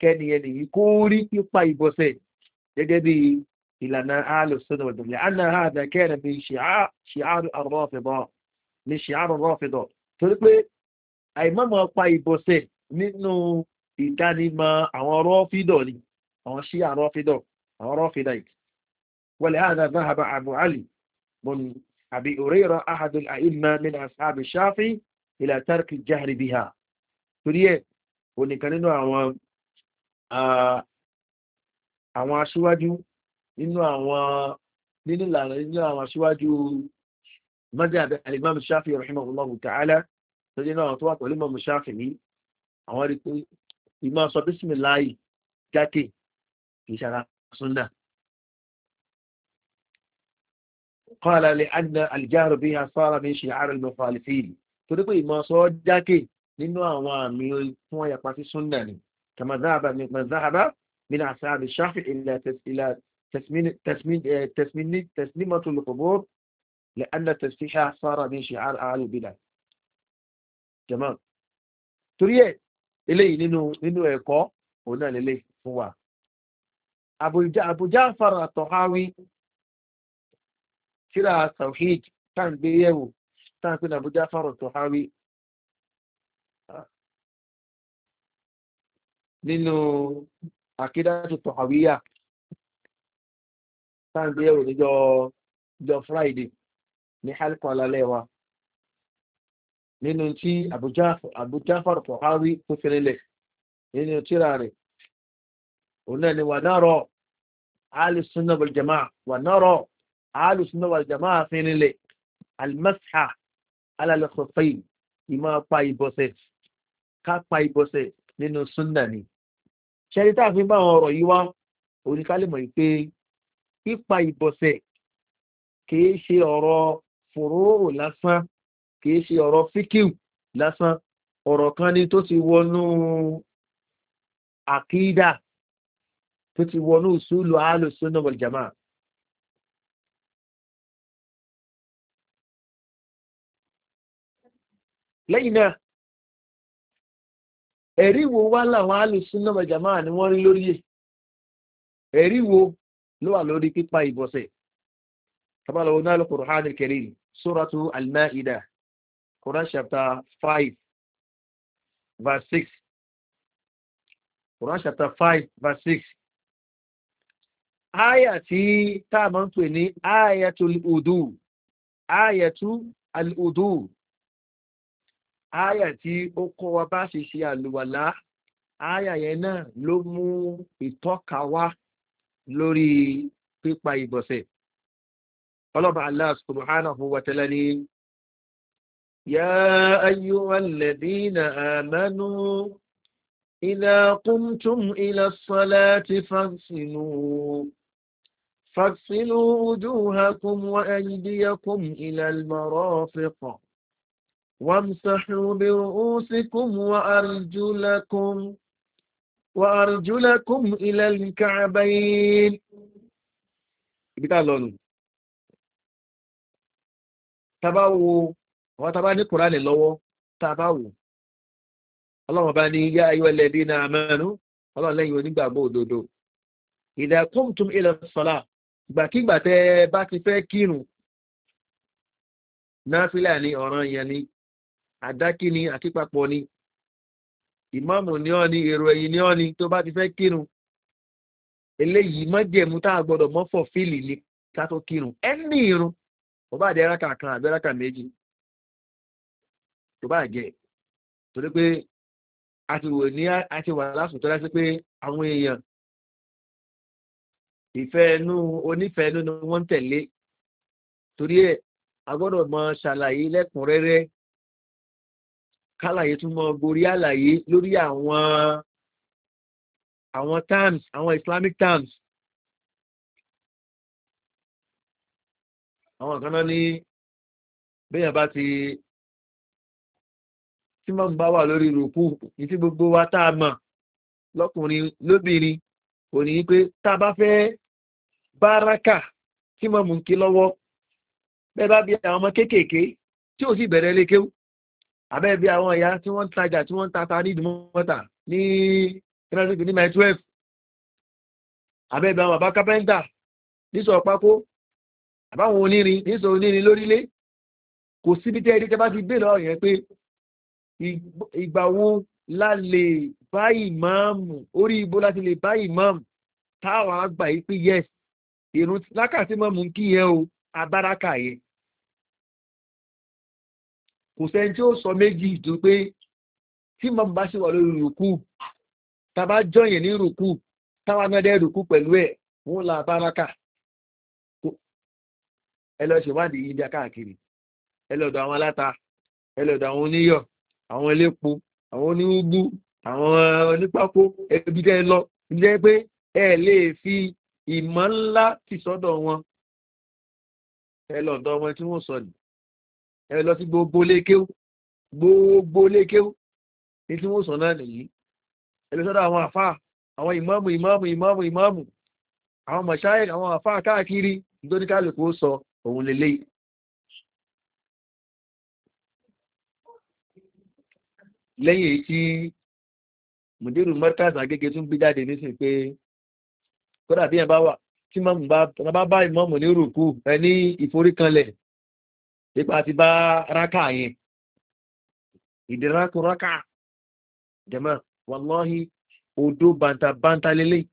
kẹ́niyẹn nìyí kó rí pípa ìbọ̀sẹ̀ gẹ́gẹ́ bí ìlànà alùsùnà wàdùnlé àná àdàkẹ́rẹ̀ bí ṣìárù àìmọ́mọ́ pa ìbọ̀sẹ̀ nínú ìdánimọ̀ àwọn rọ́fídọ̀ ni àwọn ṣí àrọ́fídọ̀ àwọn rọ́fídàìtì wọlé àdá záhàbà àbú alì bọ̀nù àbí òrèrọ ahadul àìmọ́ nínú àṣàbì ṣáfí ilẹ̀ tàrkì jáhìrì bí ha torí ẹ̀ onìkan nínú àwọn àwọn aṣíwájú nínú àwọn nínú ìlànà nínú àwọn aṣíwájú mọ́jà àlìmọ́ ṣáfí rahimahullahu ta'ala torí náà tó wà pẹ̀lú mọ̀mú ṣáfì ní àwọn rí pé ìmọ̀ sọ bísímì láàyè jákè kì í ṣara súnà. قال لأن الجهر بها صار من شعار المخالفين torí pé ìmọ̀ sọ jákè nínú àwọn àmì fún àyàpá sí súnà ni كما ذهب من ذهب من أصحاب الشافعي إلى إلى تسمين تسمين تسمين تسليمة القبور لأن التسبيح صار من شعار أهل البلاد jẹ̀mọ́ torí ẹ̀ eléyìí nínú nínú ẹ̀kọ́ òun náà lélẹ̀ fún wa àbújá fara tọ̀háwí tíra tawhid tán gbé yẹ̀wò tán pín àbújá fara tọ̀háwí nínú àkídájú tọ̀háwíyà tán gbé yẹ̀wò níjọ́ friday ní halkọ́ alálẹ́ wa nínú tí àbújáfà kọ̀hárí tó fi rinlẹ̀ nínú tíra rẹ̀ òun náà ni wà náà rọ̀ alìsúnà wàljàmá wà náà rọ̀ alìsúnà wàljàmá fi rinlẹ̀ almasha alàlẹ́kọ̀ọ́fẹ́ ìmọ̀ pa ìbọ̀sẹ̀ ká pa ìbọ̀sẹ̀ nínú súnà ni ṣẹ́ni tá a ìbọ̀sẹ̀ kìí ṣe ọ̀rọ̀ fòróró lásán kìí ṣe ọ̀rọ̀ fíkìw lásán ọ̀rọ̀ kan ni tó ti wọnú àkídà tó ti wọnú ìṣúlù alùsùnà wọ̀ljàmá. lẹ́yìn náà ẹ̀rí wo wá láwọn alùsùnà wọ̀ljàmá ni wọ́n rí lórí yẹ ẹ̀rí wo ló wà lórí pípa ìbọ̀sẹ̀ tabalọ̀ onáàlùkùrù hàn kẹrin sóràtú alìmáìdá Quran chapter 5, verse 6. Quran chapter 5, verse 6. Aya tí tá a máa ń Udu. Ayatu Al-Udu. Aya tí ó kọ́ wa bá ṣe ṣe àlùwàlá. Aya yẹn náà ló mú ìtọ́ka wá lórí pípa ìgbọ̀nsẹ̀. Ọlọ́ba Allah subhanahu wa ta'ala ni يا أيها الذين آمنوا إذا قمتم إلى الصلاة فاغسلوا فاغسلوا وجوهكم وأيديكم إلى المرافق وامسحوا برؤوسكم وأرجلكم وأرجلكم إلى الكعبين بتاع لون تبعوا àwọn tàbá ní kùránì lọ́wọ́ tàbá wò ọlọ́run bá ní yá ayọ́ ẹlẹ́bí náà mẹ́nu ọlọ́run onígbàgbọ́ òdodo ìdàkùntùm ilẹ̀ sọ́lá ìgbàkígbà tẹ́ bá ti fẹ́ kírun ni ọ̀ràn yẹn ni àdákí ni àkípapọ̀ ni ìmọ̀mù ni ọ́ ni èrò ẹ̀yìn ni ọ́ ni tó bá ti fẹ́ kírun eléyìí mọ́jẹ̀mú tá a gbọ́dọ̀ mọ́fọ̀ fíìlì ni ká tó kírun kò bá jẹ́ torí pé a ti wò ní a ti wà lásùn tó dá sí pé àwọn èèyàn ìfẹ́ inú onífẹ́ inú ni wọ́n ń tẹ̀lé torí ẹ̀ a gbọ́dọ̀ mọ ṣàlàyé lẹ́kùnrẹ́rẹ́ kálàyé tún mọ gorí àlàyé lórí àwọn àwọn terms àwọn islamic terms àwọn kan náà ní bẹ́yàn bá ti tí mọ́ bá wà lórí rùkú ní gbogbo wa tá a mọ̀ lọ́kùnrin lóbìnrin kò ní pé tá a bá fẹ́ báràkà tí mọ́ mú kí lọ́wọ́ bẹ́ẹ̀ bá bí àwọn ọmọ kéékèèké tí ò sì bẹ̀rẹ̀ lékéwú àbẹ́ bí àwọn ẹ̀yà tí wọ́n ń tajà tí wọ́n ń tata ní ìdúmọ́ta ní tẹ́lẹ̀sìkì ní mile twelve àbẹ́ bí àwọn bàbá kápẹ́ńtà níṣọ́ pákó àbáwọn onírin níṣọ́ onírin lórílé kò síbi tẹ́ ẹni ìgbà wo la lè bá ìmáàmù orí ibo láti lè bá ìmáàmù táwọn àgbà yìí pé yes ìrún lákàtí mọ́mù kí yẹn o abáraka yẹn kò sẹ́ni tí ó sọ méjì tó pé tí mọ́mù bá ṣe wà lórí rùkú tàbá jọyìn ní rùkú táwọn agbẹ́dẹ́ rùkú pẹ̀lú ẹ̀ wọ́n la abáraka ẹ lọ ṣèwádìí yín káàkiri ẹ lọ́dọ̀ àwọn aláta ẹ lọ́dọ̀ àwọn oníyọ̀ àwọn elépo àwọn oníwúgbú àwọn onípákó ẹbí tẹ́ ẹ lọ ibi tẹ́ pé ẹ lè fi ìmọ̀ ńlá ti sọ́dọ̀ wọn ẹ lọ ọ̀dọ̀ wọn tí wọ́n sọ ni ẹ lọ sí gbogbo lékéw gbogbo lékéw ní tí wọ́n sọ náà nìyí ẹ lọ sọ́dọ̀ àwọn àfáà àwọn ìmọ̀mù ìmọ̀mù ìmọ̀mù ìmọ̀mù àwọn mọ̀ṣáì àwọn àfáà káàkiri nítorí kálukú sọ òun lélẹ́yìí lẹ́yìn èyí tí mùdírù mọ́tàs agége tún gbé jáde nísìn pé kódà bí yẹn bá wà tí mọ́mù bá bá ìmọ̀mù ní rùkú ẹ ní ìforíkanlẹ̀ nípa ti bá rákà yẹn ìdírákùn rákà jẹ̀mọ́ wàlọ́hí odó bàǹtàbàǹtà lélẹ̀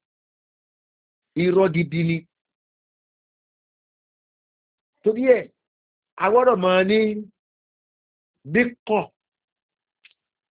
irọ́ gidi ni torí ẹ̀ agbọ́dọ̀ mọ̀ ní bíkọ̀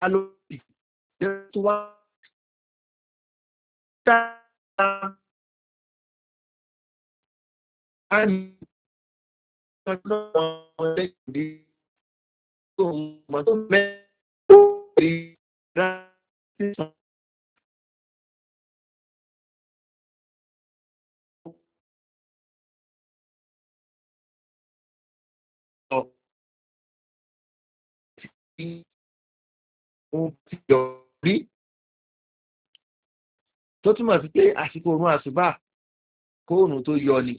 Hello. i ohun tí yọ rí tó túmọ̀ sí pé àsìkò òun àṣùbà kóònù tó yọ ni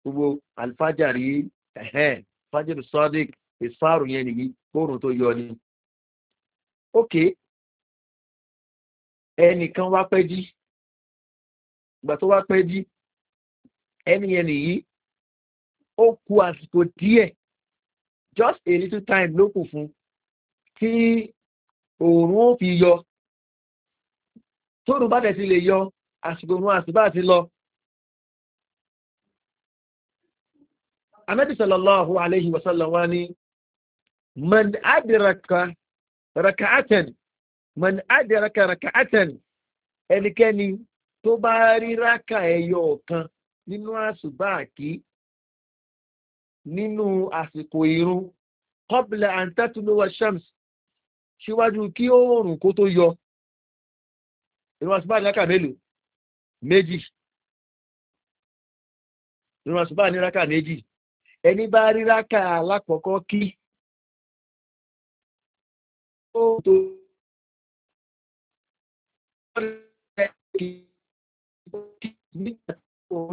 gbogbo alifájàrí ẹ̀hẹ́n fájìrì sadiq ìsáàrù yẹn nìyí kóònù tó yọ ni. ókè ẹnìkan wá pẹ́ jí ìgbà tó wá pẹ́ jí ẹni yẹn nìyí ó ku àsìkò díẹ̀ just a little time ló kù fún kí òòrùn ó fi yọ tóòrùn bá tẹ̀ sí lè yọ àsìkò òun àsìbá àti lọ Anábì sallallahu alayhi wa sallam wá ní man adiraka raka'atan man adiraka raka'atan ẹnikẹ́ni tó bá rí ráka ẹyọ ọ̀kan nínú àsùbá nínú àsìkò irun qabla an tatluwa síwájú kí oòrùn kó tó yọ ìrún àṣùbá ní rákà mélòó méjì ìrún àṣùbá ní rákà méjì ẹni bá rí rákà alákọ̀ọ́kọ́ kí ó tó Thank you.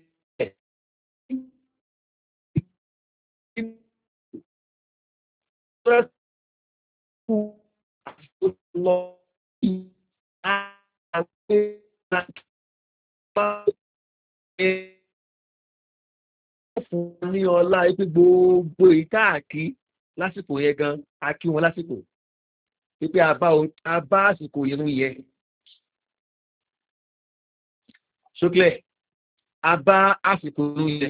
stressful lọ àgbẹ̀ fún ní ọlá ipé gbogbo ìkáàkí lásìkò yẹn gan akí wọn lásìkò wípé a bá àsìkò irú yẹ ṣókè a bá àsìkò irú yẹ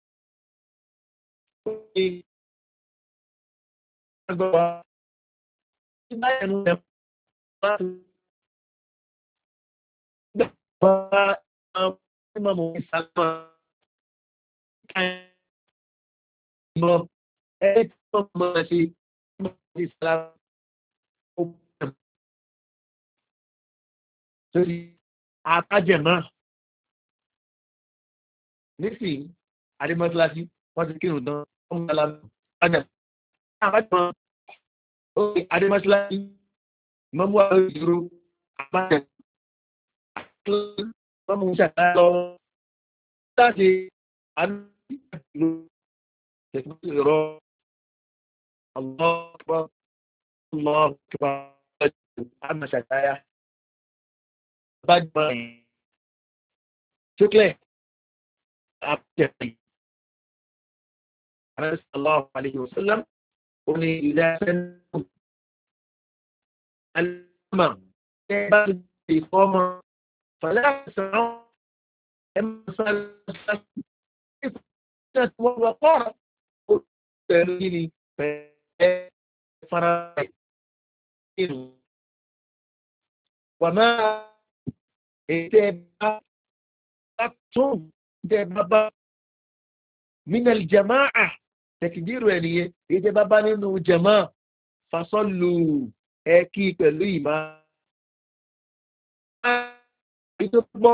Torí àtàjẹ̀mọ́ nísìnyí, àdémọ́síláṣí, wọ́n ti kírun tán. ada ada masalah membuat guru apa pengusaha atau tadi Allah Allah kepada saya Apa صلى الله عليه وسلم قل إذا سنكم الأمم في قوم فلا تسعون أما صلت وقار قل تنجيني فرائل وما اتبعتم اتبعتم minal jama'a tẹ̀kìdírò ẹ̀ nìyẹn èyí tẹ́ bá bá nínú jama fasọ́lù ẹ kí pẹ̀lú ìmá. ètò gbọ́.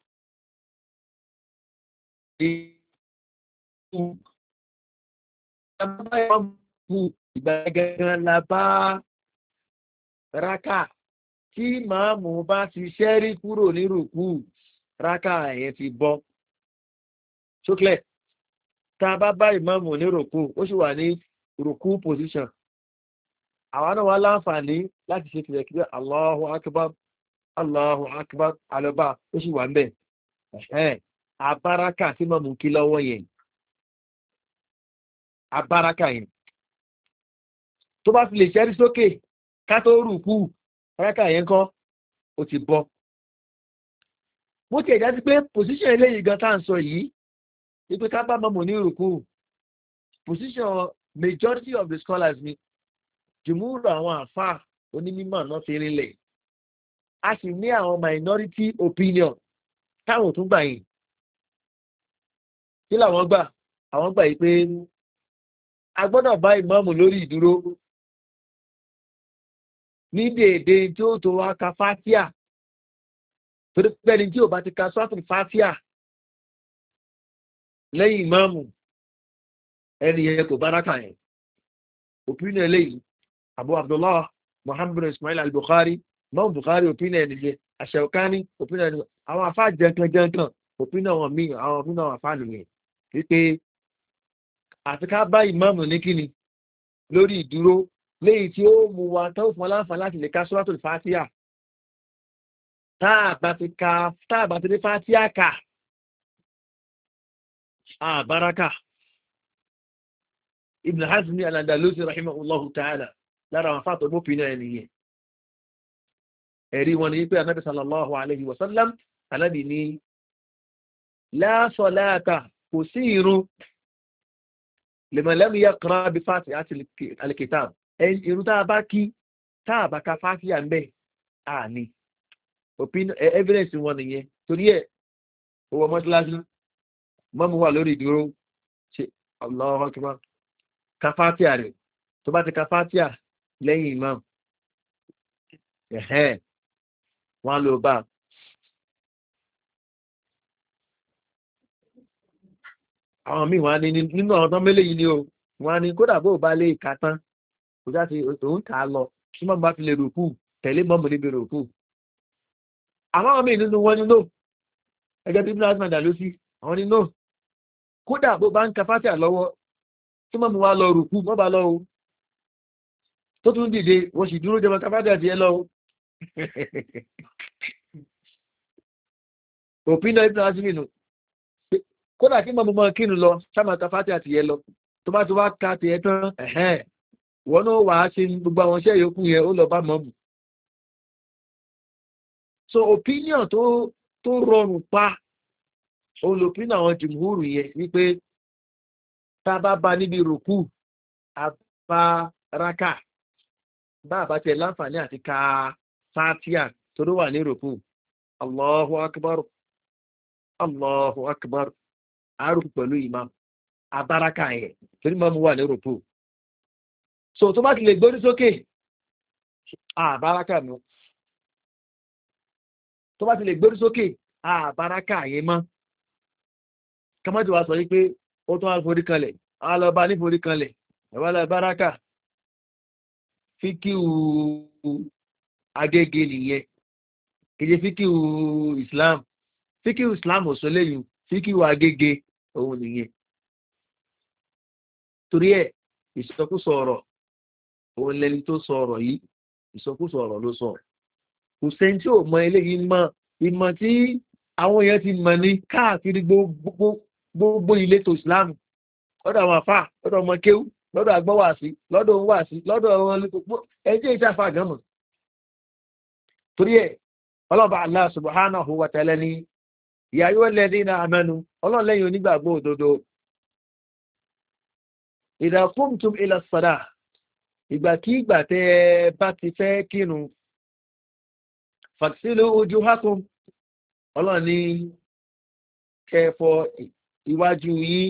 ìgbà gangan la bá rákà màámù bá ti ṣẹ́rí kúrò nírùkú raka ẹ̀ ti bọ́ ṣókẹ́lẹ̀ tá a bá bá ìmọ̀mù nírùkú ó sì wà ní rùkú àwọn náà láǹfààní láti ṣe abáraka tí mọ̀ mú kí lọ́wọ́ yẹn abáraka yẹn tó bá fi lè ṣẹ́rí sókè ká tó rù kú abáraka yẹn kọ́ ó ti bọ́ mo ti ẹ̀dá sí pé pòsíṣàn eléyìí gan tá à ń sọ yìí ipe ká bá mọ̀mọ̀ ní rùkú pòsíṣàn majority of the scholars ni jùmúrù àwọn àfa onímọ̀ náà fi rinlẹ̀ a sì ní àwọn minority opinion táwọn ò tún gbà yìí kí làwọn gbà àwọn gbà yìí pé a gbọ́dọ̀ bá ìmọ̀ọ́mù lórí ìdúró ní dèédé tí ó tó wá ka fáfíà torí pẹ́ni tí ò bá ti ka sọ́tún fáfíà lẹ́yìn ìmọ̀ọ́mù ẹni yẹn kò báraka yẹn òpin eléyìí abu abdullah muhammadu ismail al-bukhari mọ́n bukhari òpin ẹni yẹn àṣẹ̀kání òpin ẹni àwọn afá jẹnkan jẹnkan òpin àwọn míì àwọn òpin àwọn afá nìyẹn wípé àti ká bá ìmọ̀mù ní kíni lórí ìdúró léyìí tí ó mú wa tó fún aláǹfà láti lè ká sọ́rọ́tò fàtíà táàbà ti ká táàbà ti ní fàtíà kà àbáraka ibn hazm ní alandalusi rahimahullahu ta'ala lára àwọn fàtọ̀ bópin náà nìyẹn ẹ̀rí wọn ni pé anábì sallallahu alayhi wa sallam alábì ní láàṣọ láàkà kò sí irun lèmọ̀lẹ́mù yẹ kan bí fásitì àti àlèkìtà irun tá a bá kí tá a bá ka fásitì à ń bẹ̀ à ní opinion e, evidence wọn nìyẹn torí ẹ̀ owó mọ́tíláṣí mọ́mú wà lórí ìdúró ṣe ọlọ́wọ́ kí wọ́n ka rẹ̀ tó bá ti ka fásitì lẹ́yìn imam wọ́n lò bá a. àwọn míì wọ́n á ní nínú àwọn tán yìí ni o wọ́n á ní kódà bó bá lé ìka tán kò já sí òun kà á lọ tí mọ́mú bá fi lè rògbò tẹ̀lé mọ́mú níbi rògbò. àmọ́ àwọn míì nínú wọn nínú ẹgbẹ́ bíbí náà sàdà ló sí àwọn nínú kódà bó bá ń ka fásíà lọ́wọ́ tí mọ́mú wa lọ rògbò mọ́ bá lọ o tó tún dìde wọ́n sì dúró jẹun káfájà tiẹ̀ lọ o. [LAUGHS] òpin náà ibùdó kódà kí mọ̀ mọ̀ kí n lọ sábà ta fati àti lọ tó bá ti wá ka tiẹ̀ tán ẹ̀hẹ́n wọn náà wàá ṣe gbogbo àwọn iṣẹ́ yòókù yẹn ó lọ bá so opinion tó tó rọrùn pa òun lòpin àwọn jùmùhúrù yẹn wípé tá a bá ba níbi rògbò bá a bá tiẹ̀ láǹfààní àti ka fatia tó ló wà àárò pẹ̀lú ìmá abáraka yẹn torí máa mú wà ní rògbò so tó bá ti lè gbórí sókè àbáraka mi tó bá ti lè gbórí sókè àbáraka yẹn mọ́ kọ́mọ́tì wa sọ yí pé ó tún wá forí kanlẹ̀ á lọ bá ní forí kanlẹ̀ ẹ̀wá lọ báraka fíkíù agége nìyẹn kìí fíkíù islam fíkíù islam ò sọ lẹ́yìn fíkíù agége o nìyẹn torí ẹ ìsọkúsọ ọ̀rọ̀ òun lẹni tó sọ ọ̀rọ̀ yìí ìsọkúsọ ọ̀rọ̀ ló sọ kò sẹ́ni tí ò mọ eléyìí mọ ti mọ̀ ní káàkiri gbogbo ìletò Islam. lọ́dọ̀ àwọn afa, lọ́dọ̀ ọmọ kéwú lọ́dọ̀ àgbọ́ wà si, lọ́dọ̀ òun wà sí lọ́dọ̀ àwọn olùkókó ẹjẹ́ iṣẹ́ àfà gánmọ̀ torí ẹ̀ ọlọ́ba ní ìyàyó lẹ́dínà àmẹ́nu ọlọ́lẹ́yìn onígbàgbọ́ òdodo ìdàkùntùm ilẹ̀ sọ̀dá ìgbàkígbà tẹ́ bá ti fẹ́ kínu fàtílù ojú hákùn ọlọ́ni kẹfọ ìwájú yìí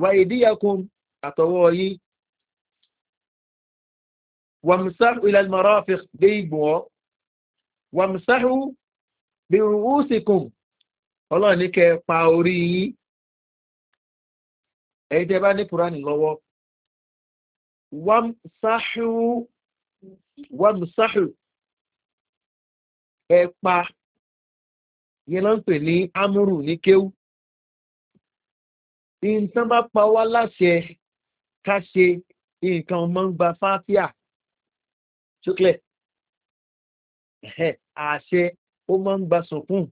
wà ìdíyàkùn àtọwọ́ yìí wàmsáhù ilẹ̀ mọ̀rọ́fì dé ìgbọ̀n wàmsáhù bí rúúsìkùn ọlọ́run ní kẹ pa orí yín ẹ̀yin tẹ bá ní kúránì lọ́wọ́ wàmsáhù wàmsáhù ẹ pa yẹn ló ń pè ní amúrù ní kéwù nǹkan bá pa wá láṣẹ ká ṣe nǹkan ọmọ ń gba fáfíà ṣókè àṣẹ ó máa ń gba sọ̀kún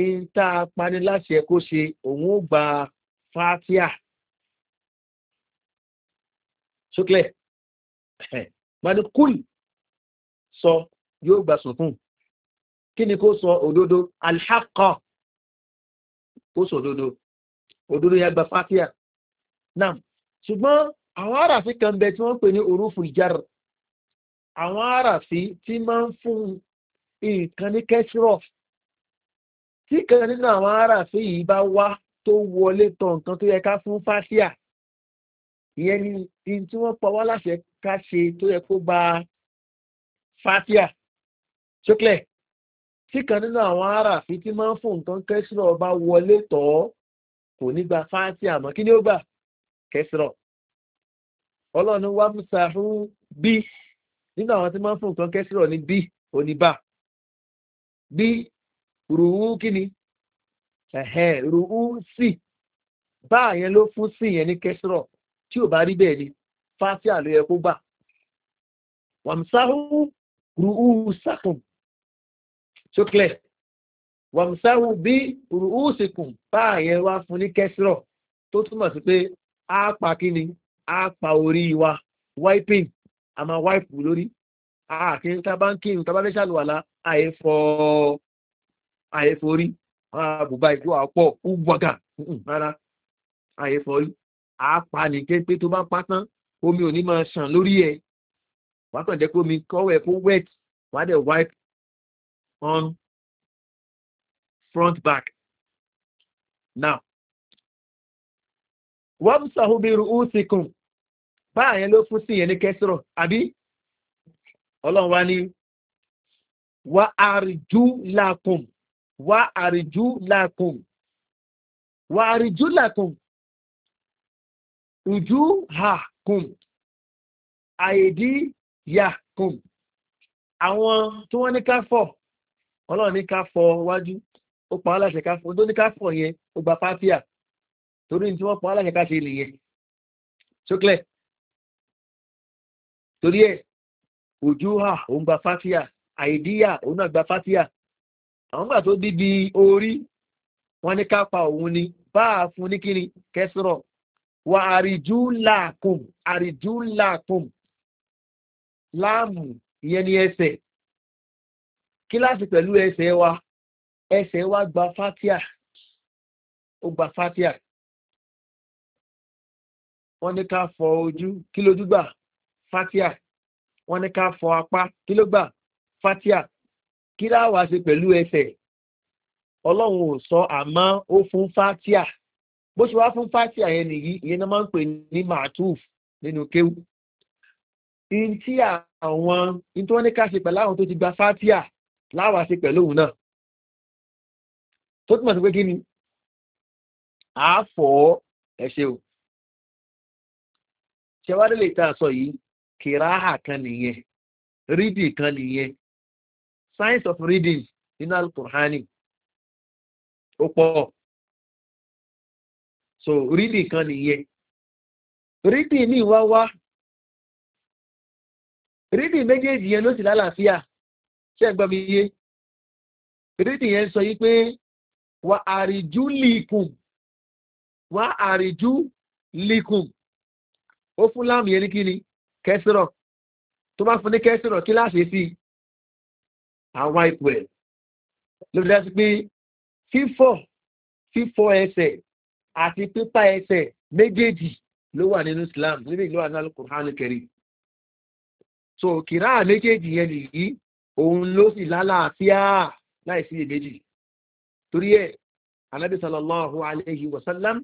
èyí tá a pani láti ẹ̀ kó ṣe òun ó gba fatia ṣókè mani kúl sọ yóò gba sọ̀kún kí ni kó sọ òdodo alhakọ kó sọ òdodo òdodo yẹn gba fatia náà ṣùgbọ́n àwọn aráàfin kan bẹ tí wọ́n pè ní orúfù ìjára àwọn aráàfin tí máa ń fún un nǹkan ní kẹ́sírọ̀ tí kan nínú àwọn aráàfin yìí bá wá tó wọlé tán nǹkan tó yẹ ká fún fásíà ìyẹn ni in tí wọ́n pa wá láṣẹ ká ṣe tó yẹ kó gba fásíà ṣókèlè tí kan nínú àwọn aráàfin tí máa ń fún nǹkan kẹ́sírọ̀ bá wọlé tọ́ kò ní gba fásíà mọ́ kí ni ó gbà kẹsìrọ̀ ọlọ́run wá fún bí nínú àwọn tí máa ń fún nǹkan kẹsìrọ̀ ní bí oníbà bí rùú kini ẹ̀hẹ́ rùú sí bá yẹn ló fún sí yẹn ní kẹsìrọ̀ tí ò bá rí bẹ́ẹ̀ ni fásíà ló yẹ kó gbà wàmsáhù rùú sàkùn ṣókè wàmsáhù bí rùú sìkùn bá yẹn wá fún ní kẹsìrọ̀ tó túmọ̀ sí pé á pa kini á pa orí wa wiping a máa wipe lórí àti tábà ń kírun tábà fẹ́ ṣàlùwàlá àìfọ àìforí àbùbá ìjọ àpọ̀ ugbọ̀gà rárá àìforí àpá nìkẹ́ pé tó bá pa tán omi ò ní máa ṣàn lórí ẹ̀ wàá kàn jẹ́ pé omi kọ́wẹ̀ kó wet wàá dẹ̀ wipe on front back now wọ́n sàhùbìrù ú sí kùn báyẹn ló fún sí yẹn ní kẹsìrọ̀ àbí ọlọ́run wá ní wá àrìjú làkùn wá àrìjú làkùn wá àrìjú làkùn ojú ha kùn àìdí yà kùn àwọn tí wọ́n ní ká fọ̀ ọlọ́run ní ká fọ wájú ó pa aláṣẹ ká fọ tó ní ká fọ yẹn ó gba pápíà torí tí wọ́n pa aláṣẹ ká ṣe nìyẹn ṣókẹ́lẹ̀ torí ẹ̀ òjòhà òun gba fátíà àìdíyà òun náà gba fátíà àwọn gbà tó díbi orí wọn ní ká pa òun ni bá a fún ní kíni kẹsìrọ wà àríjú làákùn àríjú làákùn láàmù ìyẹn ni ẹsẹ kíláàsì pẹ̀lú ẹsẹ wa ẹsẹ wa gba fátíà ó gba fátíà wọn ní ká fọ ojú kí lójú gbà fátíà wọ́n ní ká fọ apá kí ló gbà fatia kí láwàá ṣe pẹ̀lú ẹsẹ̀ ọlọ́run ò sọ àmọ́ ó fún fatia bó ṣe wá fún fatia yẹn nìyí ìyẹn náà máa ń pè ní matuf nínú kéwù in àwọn in tí ní ká ṣe pẹ̀lú àwọn tó ti gba fatia láwàá ṣe pẹ̀lú òun náà tó túmọ̀ sí pé kí ni àáfọ̀ ẹ̀ ṣe o ṣẹwádìí lè ta àṣọ yìí kìráhà kan nìyẹn rídì kan nìyẹn science of reading nínú alukurhani ó pọ̀ so rídì kan nìyẹn rídì ní ìwá wá rídì méjèèjì yẹn ló sì lálàáfíà ṣé ẹ gbọ́ mi yé rídì yẹn sọ yí pé wà àrìjú líkùn wà àrìjú líkùn ó fún láàmù yẹn ní kí ni kẹsìrọ̀ tó bá fún ní kẹsìrọ̀ kí láṣẹ sí àwọn ipò ẹ̀ ló fi dájú pé fífọ̀ fífọ̀ ẹsẹ̀ àti pípa ẹsẹ̀ méjèèjì ló wà nínú islam níbi ìlú àdáàlú kùránù kẹrì so kìrá méjèèjì yẹn nìyí òun ló sì lálàáfíà láìsí èméjì torí ẹ anábì sallallahu alayhi wa sallam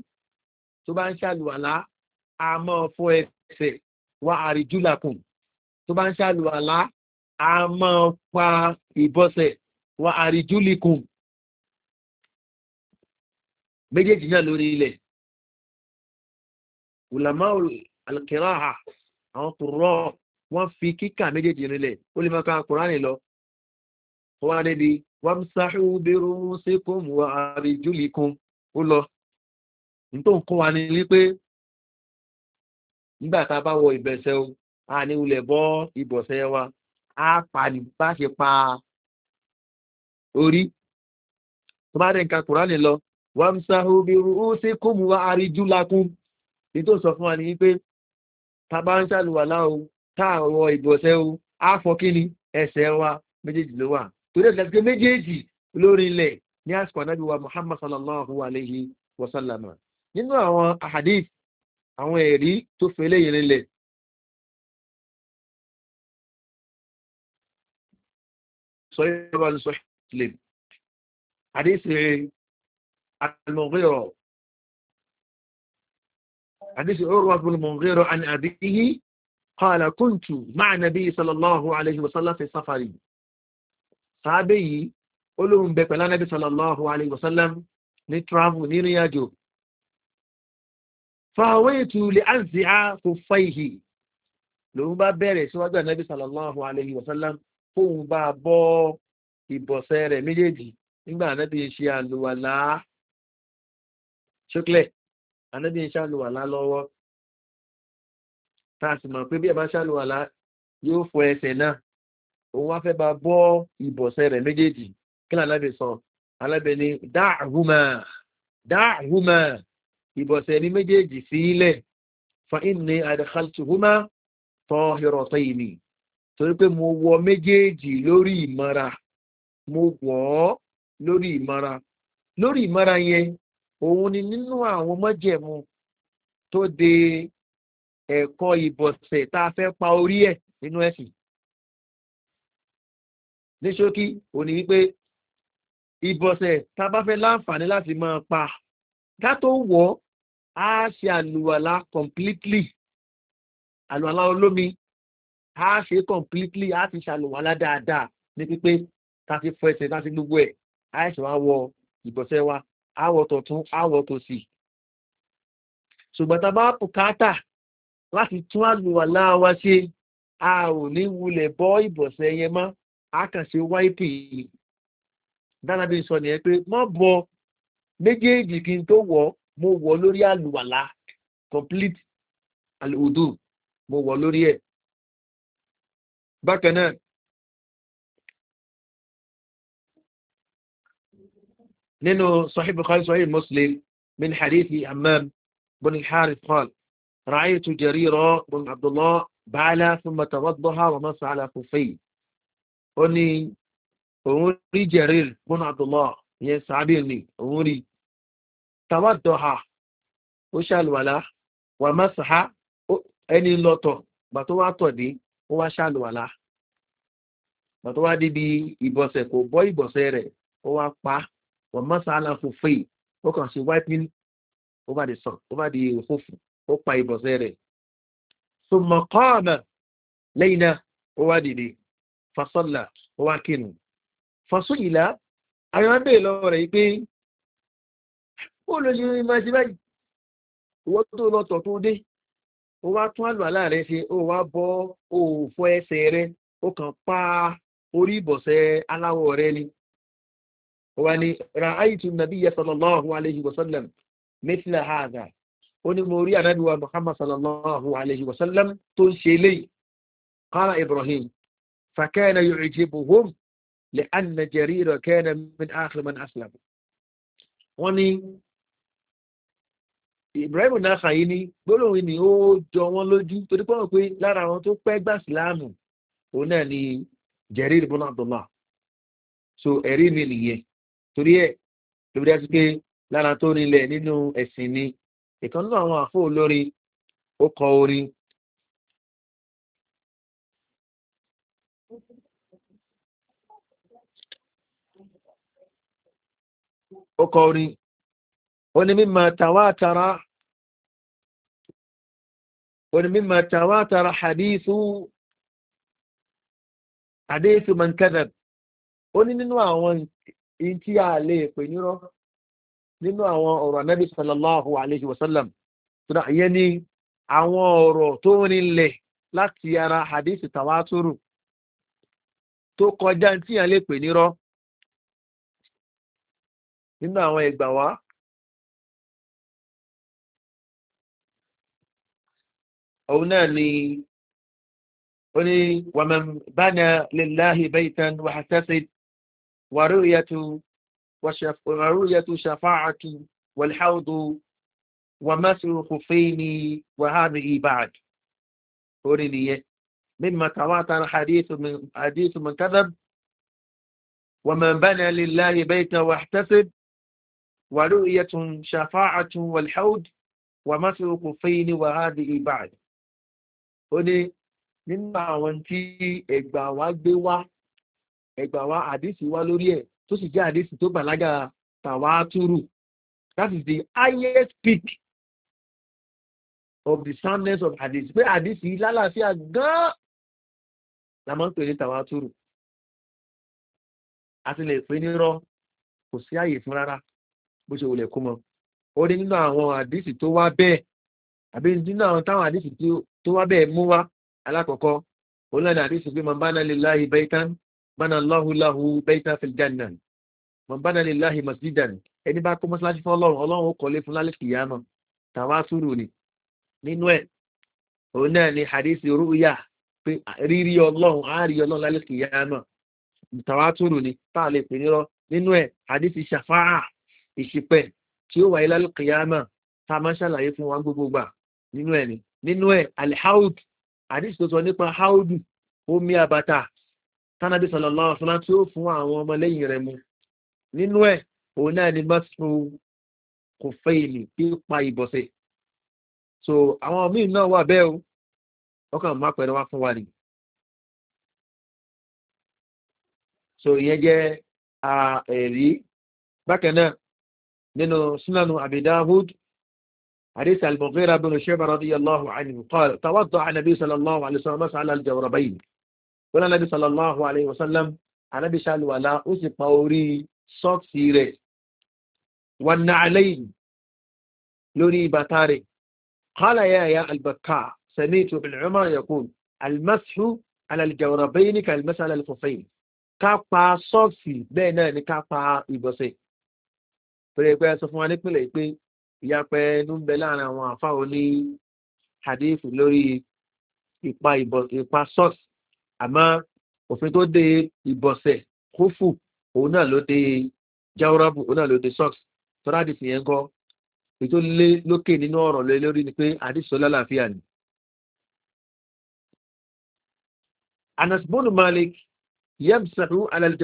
tó bá ń ṣàlùwàlá a máa ẹsẹ̀ wà àríjúlàkùn tó bá ń ṣàlùwàlá a máa pa ìbọ̀sẹ̀ wà àríjúlìkùn méjèèjì náà lórí ilẹ̀ ulama alkiraha àwọn kùrọ̀ wọ́n fi kíkà méjèèjì rinlẹ̀ ó lè máa ka kùránì lọ wọ́n á débi wọ́n sáhú bẹ̀rù síkùn wà àríjúlìkùn ó lọ nítorí kó wa ní wípé nígbà tá a bá wọ ìbẹ̀sẹ̀ o a ní wulẹ̀ bọ́ ìbọ̀sẹ̀ wa a pa ní bá ṣe pa orí tó bá dẹ̀ nǹkan kùránì lọ wọ́n sáhú bí ó sí kó mú wa àríjú lákún ní tó sọ fún wa ní pé ta bá ń ṣàlùwà láhùn táàwọ̀ ìbọ̀sẹ̀ o a fọ kí ni ẹsẹ̀ wa méjèèjì ló wà tó dẹ̀ dẹ̀ méjèèjì lórí ilẹ̀ ní àsìkò anábíwa muhammad sallallahu alayhi wa sallam nínú àwọn ahadith àwọn ẹ̀rí tó fi eléyìí rinlẹ̀ sọ́yẹ́bà ní sọ́yẹ́ àdíṣe àlùmọ̀gẹ́rọ̀ àdíṣe orúwà àlùmọ̀gẹ́rọ̀ àni àbíyí kọ́lá kúntù máa nàbí sallallahu alaihi wasallá fi sáfàrí sáábé yìí olóhùn bẹ pẹ̀lá nàbí sallallahu alaihi wasallam ní travel nínú yàjò fàwéètù lè àǹsì á kò fa ìhì lòun bá bẹ̀rẹ̀ síwájú ànábì sàlọ́láhù alayhi wa sálám fóun bá bọ́ ìbọ̀sẹ̀ rẹ̀ méjèèjì nígbà ànábì ṣe àlùwàlá ṣókèlè ànábì ṣe àlùwàlá lọ́wọ́ tá a sì mọ̀ pé bí ẹ̀ bá ṣàlùwàlá yóò fọ ẹsẹ̀ náà òun wá fẹ́ bá bọ́ ìbọ̀sẹ̀ rẹ̀ méjèèjì kí lànàbì sọ alábẹ́ni dáhùmá dáhùmá ìbọ̀sẹ̀ ní méjèèjì sílẹ̀ fa inni adkhaltuhuma tahirataini torí pé mo wọ méjèèjì lórí ìmọ̀ra mo wọ̀ ọ́ lórí ìmọ̀ra lórí ìmọ̀ra yẹn òun ni nínú àwọn mọ́jẹ̀mú tó de ẹ̀kọ́ ìbọ̀sẹ̀ tá a fẹ́ pa orí ẹ̀ nínú ẹ̀sìn ní ṣókí òní wípé ìbọ̀sẹ̀ tá a bá fẹ́ láǹfààní láti máa pa ká wọ̀ ọ́ á ṣe àlùwàlá completely àlùwàlá olómi á ṣe completely á ti ṣàlùwàlá dáadáa ní pípé tá ti fọ ẹsẹ̀ tá ti gbogbo ẹ̀ á ṣẹ̀ wá wọ ìgbọ̀nsẹ̀ wa á wọ tọ̀tún á wọ tòsì ṣùgbọ́n tá a bá bùkátà láti tún àlùwàlá wa ṣe a ò ní wulẹ̀ bọ́ ìbọ̀sẹ̀ yẹn mọ́ a kàn ṣe wáìpì dáadáa bí sọ nìyẹn pé mọ́ bọ méjèèjì kí n tó wọ̀ mo wọ̀ lórí àlùwàlá complete àlùwòdù mo wọ̀ lórí ẹ̀. bákan náà nínú sahib bukhari sahib muslim min hadithi hammam bin al-harith qal رأيت جريرة بن عبد الله بعلا ثم توضها ومسى على خفيه ó ní òun rí jẹ̀rìl bọ́nà àdùlọ́ yẹn sábẹ́ ní òun rí tàwádọ́ha ó ṣàlùwàlá wà mọ́sàá ẹni lọ́tọ̀ gbà tó wá tọ̀ dé ó wá ṣàlùwàlá gbà tó wá débi ìbọ̀sẹ̀ kò bọ́ ìbọ̀sẹ̀ rẹ̀ ó wá pa wà mọ́sàá aláfòfè ó kàn sí wiping over the sun over the hofu ó pa ìbọ̀sẹ̀ rẹ̀ so mọ̀kọ́ọ̀mọ̀ lẹ́yìn náà ó wá dìde fasọ́là ó wá kírun fasọ́yìlá ayọ̀ ń bèè lọ́wọ́ rẹ̀ yìí pé bó ló ṣe máa ṣe báyìí ìwọ́ tó lọ tọ̀ tó dé ó wá tún àlùmọ́lá rẹ ṣe ó wá bọ́ òòfọ ẹsẹ̀ rẹ ó kàn pa orí ìbọ̀sẹ̀ aláwọ̀ rẹ ni ó ní ra àìtú nàbí yẹ sọlọ́láhùn aléhi wasallam mẹ́tìlá hàgà ó ní mo rí ànábìwá muhammad sọlọ́láhùn aléhi wasallam tó ń ṣe eléyìí قال إبراهيم فكان يعجبهم لأن جرير كان من آخر من أسلم wọ́n ní ibrahim náà yìí ní gbólóhùn ni ó jọ wọn lójú torí pé wọn pé lára àwọn tó pẹ́ gbà síláàmù òun náà ni jerry ibùnà abdullah so ẹ̀rí mi nìyẹn torí ẹ̀ lóbi dájú pé lára tó rinlẹ̀ nínú ẹ̀sìn ni ìkan nínú àwọn àfọ olórí ó kọ orin ó kọ orin ó ní mímọ tàwa tara wani mimma tawatara hadithu hadithu man kadab ó ní nínú àwọn in tí a lè pè nírọ́ nínú àwọn ọ̀rọ̀ anábì sallallahu alaihi wasallam tó yẹ ni àwọn ọ̀rọ̀ tó rinlẹ̀ láti ara hadithu tawaturu tó kọjá tí a pè nírọ́ nínú àwọn ìgbà wa أوناني أني ومن بنى لله بيتا وحتفد ورؤية ورؤية شفاعة والحوض ومثل خفين وهذه بعد أريني مما تواتر حديث من حديث من كذب ومن بنى لله بيتا واحتسب ورؤية شفاعة والحوض ومثل خفين وهذه بعد ó ní nínú àwọn tí ẹgbà wa gbé wá ẹgbà wa àdéhùn wá lórí ẹ̀ tó sì jẹ́ àdéhùn tó bàlágà tàwátúrù that is the highest peak of the soundness of hadith pé hadith yìí lálàáfíà gan-an la máa ń pè ní tàwátúrù àti lè pè ní rọ kò sí àyè fún rárá bó ṣe wulẹ̀ kú mọ́ ó ní nínú àwọn àdéhùn tó wá bẹ́ẹ̀ àbí nínú àwọn táwọn àdìsí tó wá bẹ́ẹ̀ mú wá alákọ̀ọ́kọ́ olóòdì àdìsí pé mọ̀bánà lè láhì bẹ́ẹ̀tán bánà lọ́hùláhù bẹ́ẹ̀tán fìlìjánà mọ̀bánà lè láhì masjidan ẹni bá kó mọ́sálásí fún ọlọ́run ọlọ́run ó kọ́lé fún lálẹ́ kìyàmọ̀ tàwa sùúrù ni nínú ẹ̀ òun náà ni àdìsí rúùyà pé rírí ọlọ́run àárí ọlọ́run lálẹ́ kìyàmọ̀ tàwa sùúrù ni táà lè pè nírọ́ nínú nínú ẹ̀ ni nínú ẹ̀ alihaud àdìsí tó sọ nípa haudu omi àbàtà tánàbí sọlọ́lá ọ̀sán tí ó fún àwọn ọmọlẹ́yìn rẹ̀ mu nínú ẹ̀ òun náà ni mọ́sùn kò fẹ́ ìlì pípa ìbọ̀sẹ̀ so àwọn míì náà wà bẹ́ẹ̀ o ọkàn má pẹ̀lú wá fún wa nìyí so ìyẹn jẹ́ ẹ̀rí bákan náà nínú sunanu abidahud حديث المغيرة بن شعبة رضي الله عنه قال توضع النبي صلى الله عليه وسلم على الجوربين قال النبي صلى الله عليه وسلم النبي صلى ولا عليه وسلم أسي قوري صوت سيري والنعلين لوري بطاري قال يا يا البكاء سميت ابن عمر يقول المسح على الجوربين كالمسح على الخفين كاقا صوت سي بينا نكاقا إبسي فريقوا يصفوا عن إقبال ìyapẹ́ ló ń bẹ láàrin àwọn àfa òní hadith lórí ipa ipa sọ́ọ̀sì àmọ́ òfin tó de ìbọ̀sẹ̀ kófù òun náà ló de jáwúrábù òun náà ló de sọ́ọ̀sì tọ́lá àdìsí yẹn kọ́ ètò lé lókè nínú ọ̀rọ̀ lé lórí ni pé àdìsọ́ lálàáfíà ni. Anas Malik yamsahu alal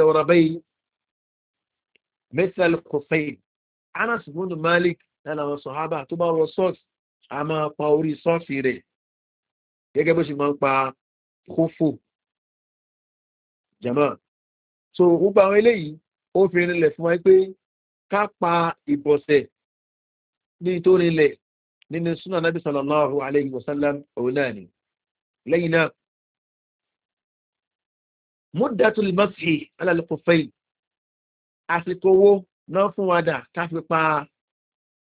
mithal khufayn Anas Malik lára àwọn sọ̀hábà tó bá wọ sọ́ọ̀sì a máa pa orí sọ́ọ̀sì rẹ̀ gẹ́gẹ́ bó ṣe máa ń pa kófò jama so gbogbo àwọn eléyìí ó fi rinlẹ̀ fún wa pé ká pa ìbọ̀sẹ̀ ní ìtòrí ilẹ̀ nínú súnà nábì sallallahu alayhi wa sallam òun náà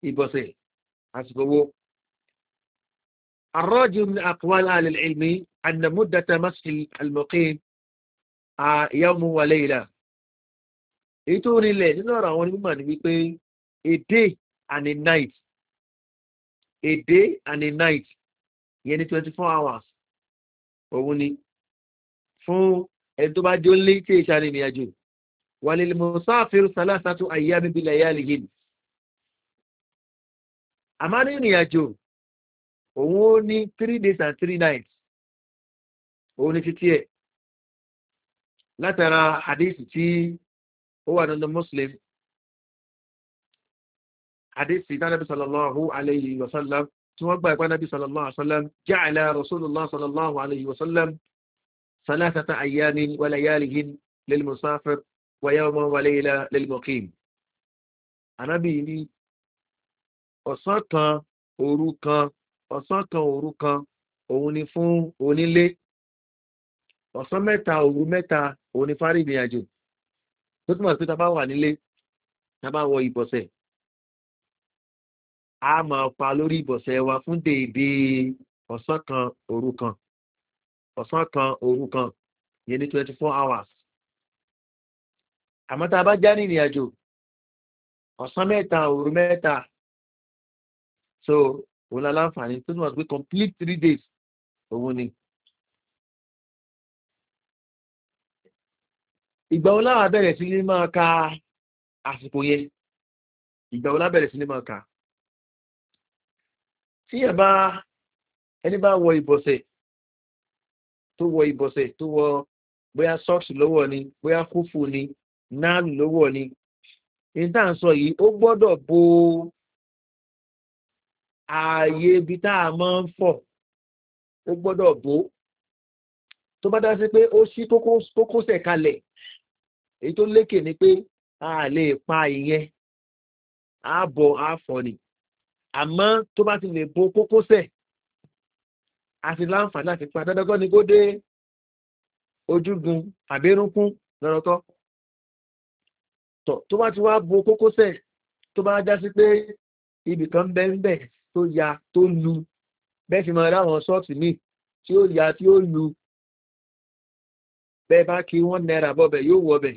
ìbọ̀sẹ̀ àsìkò wo. الراجع من أقوال أهل العلم أن مدة مسح المقيم يوم وليلة ètò orílẹ̀ nínú ọ̀rọ̀ àwọn onímọ̀ ni wípé a day and a night a day and a night ìyẹn ní twenty four hours òun ni fún ẹni tó bá dé ó lé tí èyí sáré ìrìnàjò wàlẹ̀ lè mọ̀ sáfìrì sálásátú àyíyá bíbí àmọ́ ní àjò òun ó ní three days and three nights òun ní títí ẹ̀ látara àdéhìsì tí ó wà nínú muslim àdéhìsì tánàbí sallallahu alayhi wa sallam tí wọ́n gba nábi sallallahu alayhi wa sallam jẹ́ àìlà rasulullah sallallahu alayhi wa sallam salatata ayyamin wa layalihin lil musafir wa yawman wa layla lil muqim anabi ni ọ̀sán kan òru kan ọ̀sán kan òru kan òun ni fún onílé ọ̀sán mẹ́ta òru mẹ́ta òun ni fárí ìrìn àjò tó túmọ̀ sí tábà wà nílé tábà wọ ìbọ̀sẹ̀ a máa pa lórí ìbọ̀sẹ̀ wa fún dèédé ọ̀sán kan òru kan ọ̀sán kan òru kan yẹn ní twenty four hours àmọ́ tá a bá já ní ìrìn àjò ọ̀sán mẹ́ta òru mẹ́ta so òun la láǹfààní tó túmọ̀ pé complete three days òun ni. ìgbà wo láwọn abẹ́rẹ́ sí ní máa ka àsìkò yẹn ìgbà wo lábẹ́rẹ́ sí ní máa ka tí ẹ̀ bá ẹni bá wọ ìbọ̀sẹ̀ tó wọ ìbọ̀sẹ̀ tó wọ bóyá socks lọ́wọ́ ni bóyá kófò ni náà lọ́wọ́ ni ní yìí ó gbọ́dọ̀ bo ààyè ibi tá a máa ń fọ̀ ó gbọ́dọ̀ bó tó bá dá sí pé ó ṣí tó kóṣẹ̀ kalẹ̀ èyí tó lékè ni pé a lè pa ìyẹn a bọ̀ a fọ̀ ni àmọ́ tó bá ti lè bo kókóṣẹ̀ a ti láǹfààní láti pa dandankan ni kó dé ojúgun àbẹ́rúnkún lọ́rọ́tọ́ tó bá ti wá bo kókóṣẹ̀ tó bá dá sí pé ibì kan bẹ́ẹ̀ bẹ́ẹ̀ tó ya tó lu bẹ́ẹ̀ fi máa ráwọn ṣọ́ọ̀tì míì tí ó ya tí ó lu bẹ́ẹ̀ bá kí wọ́n náírà bọ́bẹ̀ yóò wọ bẹ̀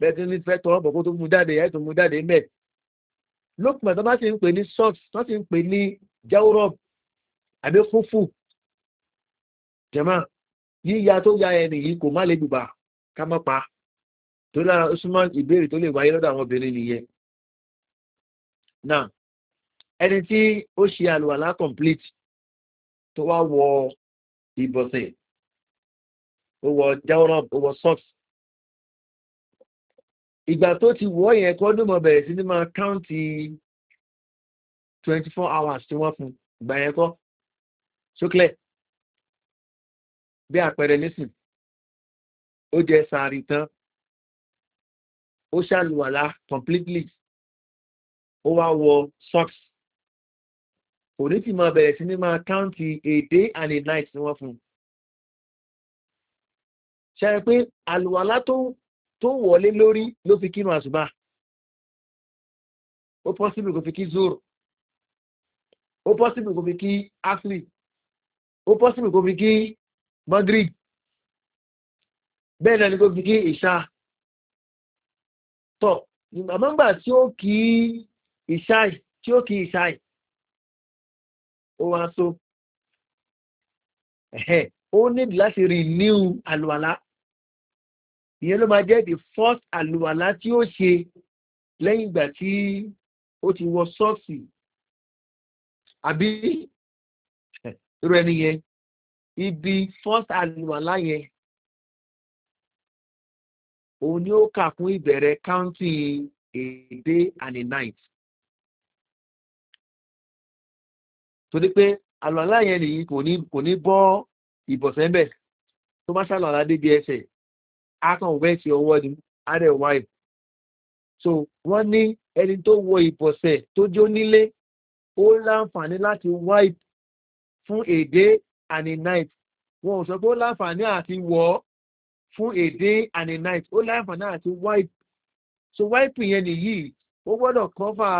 bẹ́ẹ̀ tí ní fẹ́ tọ́ ọ̀bọ̀ kó tó mú jáde ẹ̀ tó mú jáde mẹ́ lópin àtọ́ bá ti ń pè ní ṣọ́ọ̀tì tó ti ń pè ní jẹ́wúrọ̀bù àbí fúfú jẹ́mà yíya tó ya ẹni yìí kò má lè dùbà ká má pa tó lára usman ìbéèrè tó lè wáyé lọ́dọ̀ àwọn obìnrin nìyẹn náà ẹni tí ó ṣe àlùwàlá complete tó wá wọ ìbọ̀sẹ̀ ó wọ jawrab ó wọ socks ìgbà tó ti wọ́ yẹn kọ́ ló mọ̀ bẹ̀rẹ̀ sí ní máa káùntì twenty four hours tí wọ́n fún ìgbà yẹn kọ́ ṣókèlè bí àpẹẹrẹ nísìn ó jẹ sàárì tán ó ṣàlùwàlá completely ó wá wọ socks kò ti sì máa bẹ̀rẹ̀ sí ní máa káùntì a day and a night ni wọ́n fún un ṣe é pé àlùwàlá tó wọlé lórí ló fi kírun àṣùbà ó pọ́sibù kò fi kí zoro ó pọ́sibù kò fi kí asri ó pọ́sibù kò fi kí magri bẹ́ẹ̀ náà ni kò fi kí ìṣá tọ̀ àmọ́ tí ó kí ìṣá tí ó kí ìṣá yìí ó wá so ó nídìí láti renew àlùwàlá ìyẹn ló máa jẹ́ the first àlùwàlá tí ó ṣe lẹ́yìn ìgbà tí ó ti wọ sọ́ọ̀sì àbí irú ẹni yẹn ibi first àlùwàlá yẹn òun ni ó kà fún ìbẹ̀rẹ̀ county a day and a night. torí pé àlọ́lá yẹn nìyí kò ní bọ́ ìbọ̀sẹ̀ ńbẹ̀ tó bá ṣàlọ́lá débi ẹsẹ̀ á kàn wẹ́ sí ọwọ́ ni á rẹ̀ wá ẹ̀ so wọ́n ní ẹni tó wọ ìbọ̀sẹ̀ tó jó nílé ó láǹfààní láti wipe fún a day and a night wọn ò sọ pé ó láǹfààní àti wọ̀ ọ́ fún a day and a night ó láǹfààní àti wipe so wipe yẹn nìyí ó gbọ́dọ̀ cover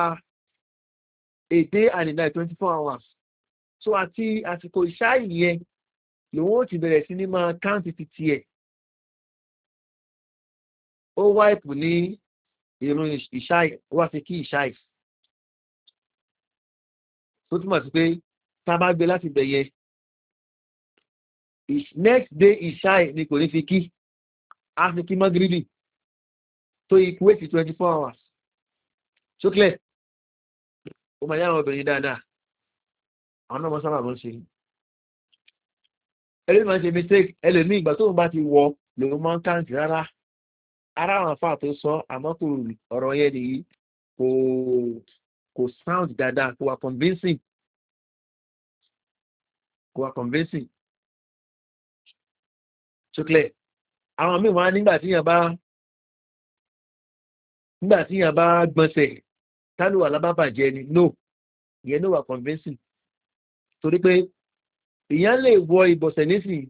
a day and a night twenty four hours so àti àsìkò ìṣáì yẹn lòun ó ti bẹ̀rẹ̀ sí ní máa káǹtì ti tiẹ̀ ó wáìpù ní irun ìṣáì ó wá fi kí ìṣáì tó túmọ̀ sí pé tá a bá gbé láti bẹ̀ yẹn next day ìṣáì ni kò ní fi kí á fi kí mọ́gírìbì tó equate to twenty four hours ṣókè ó máa yá àwọn obìnrin dáadáa àwọn náà mọ́ sábà ló ń ṣe ẹlẹ́ni máa ń ṣe mistake ẹlẹ́ni ìgbà tóun bá ti wọ lòun máa ń káǹtì rárá ara àwọn afá tó sọ àmọ́ kò ọ̀rọ̀ yẹn nìyí kò kò sound dáadáa kò wà convincing kò wà convincing ṣókè àwọn míì wá nígbà tí yàn bá nígbà tí yàn bá gbọ̀nsẹ̀ tálùwà lábàbàjẹ́ ni no yẹn ló wà convincing torí pé èèyàn lè wọ ìbọ̀sẹ̀ nísìn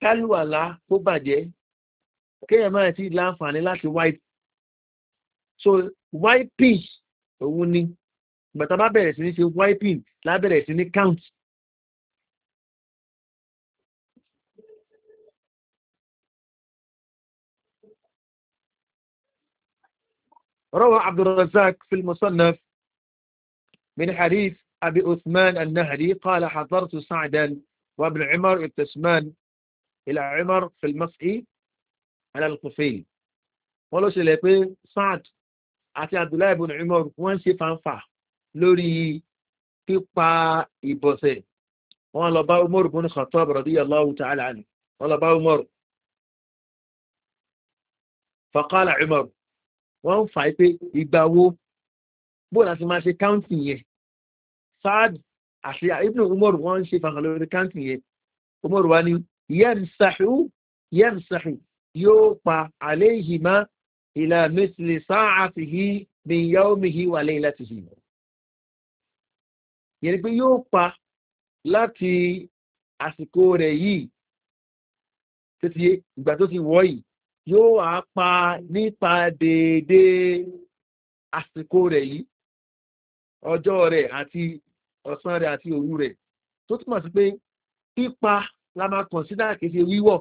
kálùwàlá tó bàjẹ́ kéèyàn máa ti láǹfààní láti wipe so wiping òun ni gbàtà bá bẹ̀rẹ̀ sí ní ṣe wiping lábẹ̀rẹ̀ sí ní count روى عبد الرزاق في المصنف من حديث أبي أثمان النهري قال حضرت سعدا وابن عمر التسمان إلى عمر في المسعي على القفيل قالوا سيلي سعد أتي عبد الله بن عمر وين سيفانفا لوري كيبا إبوثي وقال با عمر بن خطاب رضي الله تعالى عنه قال با عمر فقال عمر وان فايبي يباو بولا سي ماشي saad àti ibn umar wọ́n ń ṣe fàkàlà lórí káńtì yẹn umar wa ni yẹmsahu yẹmsahu yóò pa àléhìmá ìlà mẹsìlẹ sáàtìhì bìnyàwómìhì wà lẹ́yìn láti hì yẹn ni pé yóò pa láti àsìkò rẹ̀ yìí títí ìgbà tó ti wọ́ yìí yóò á pa nípa déédéé àsìkò rẹ̀ yìí ọjọ́ rẹ̀ àti ọ̀sán rẹ̀ àti òru rẹ̀ tó túmọ̀ sí pé pípa la máa kọ̀nsídà kéde wíwọ̀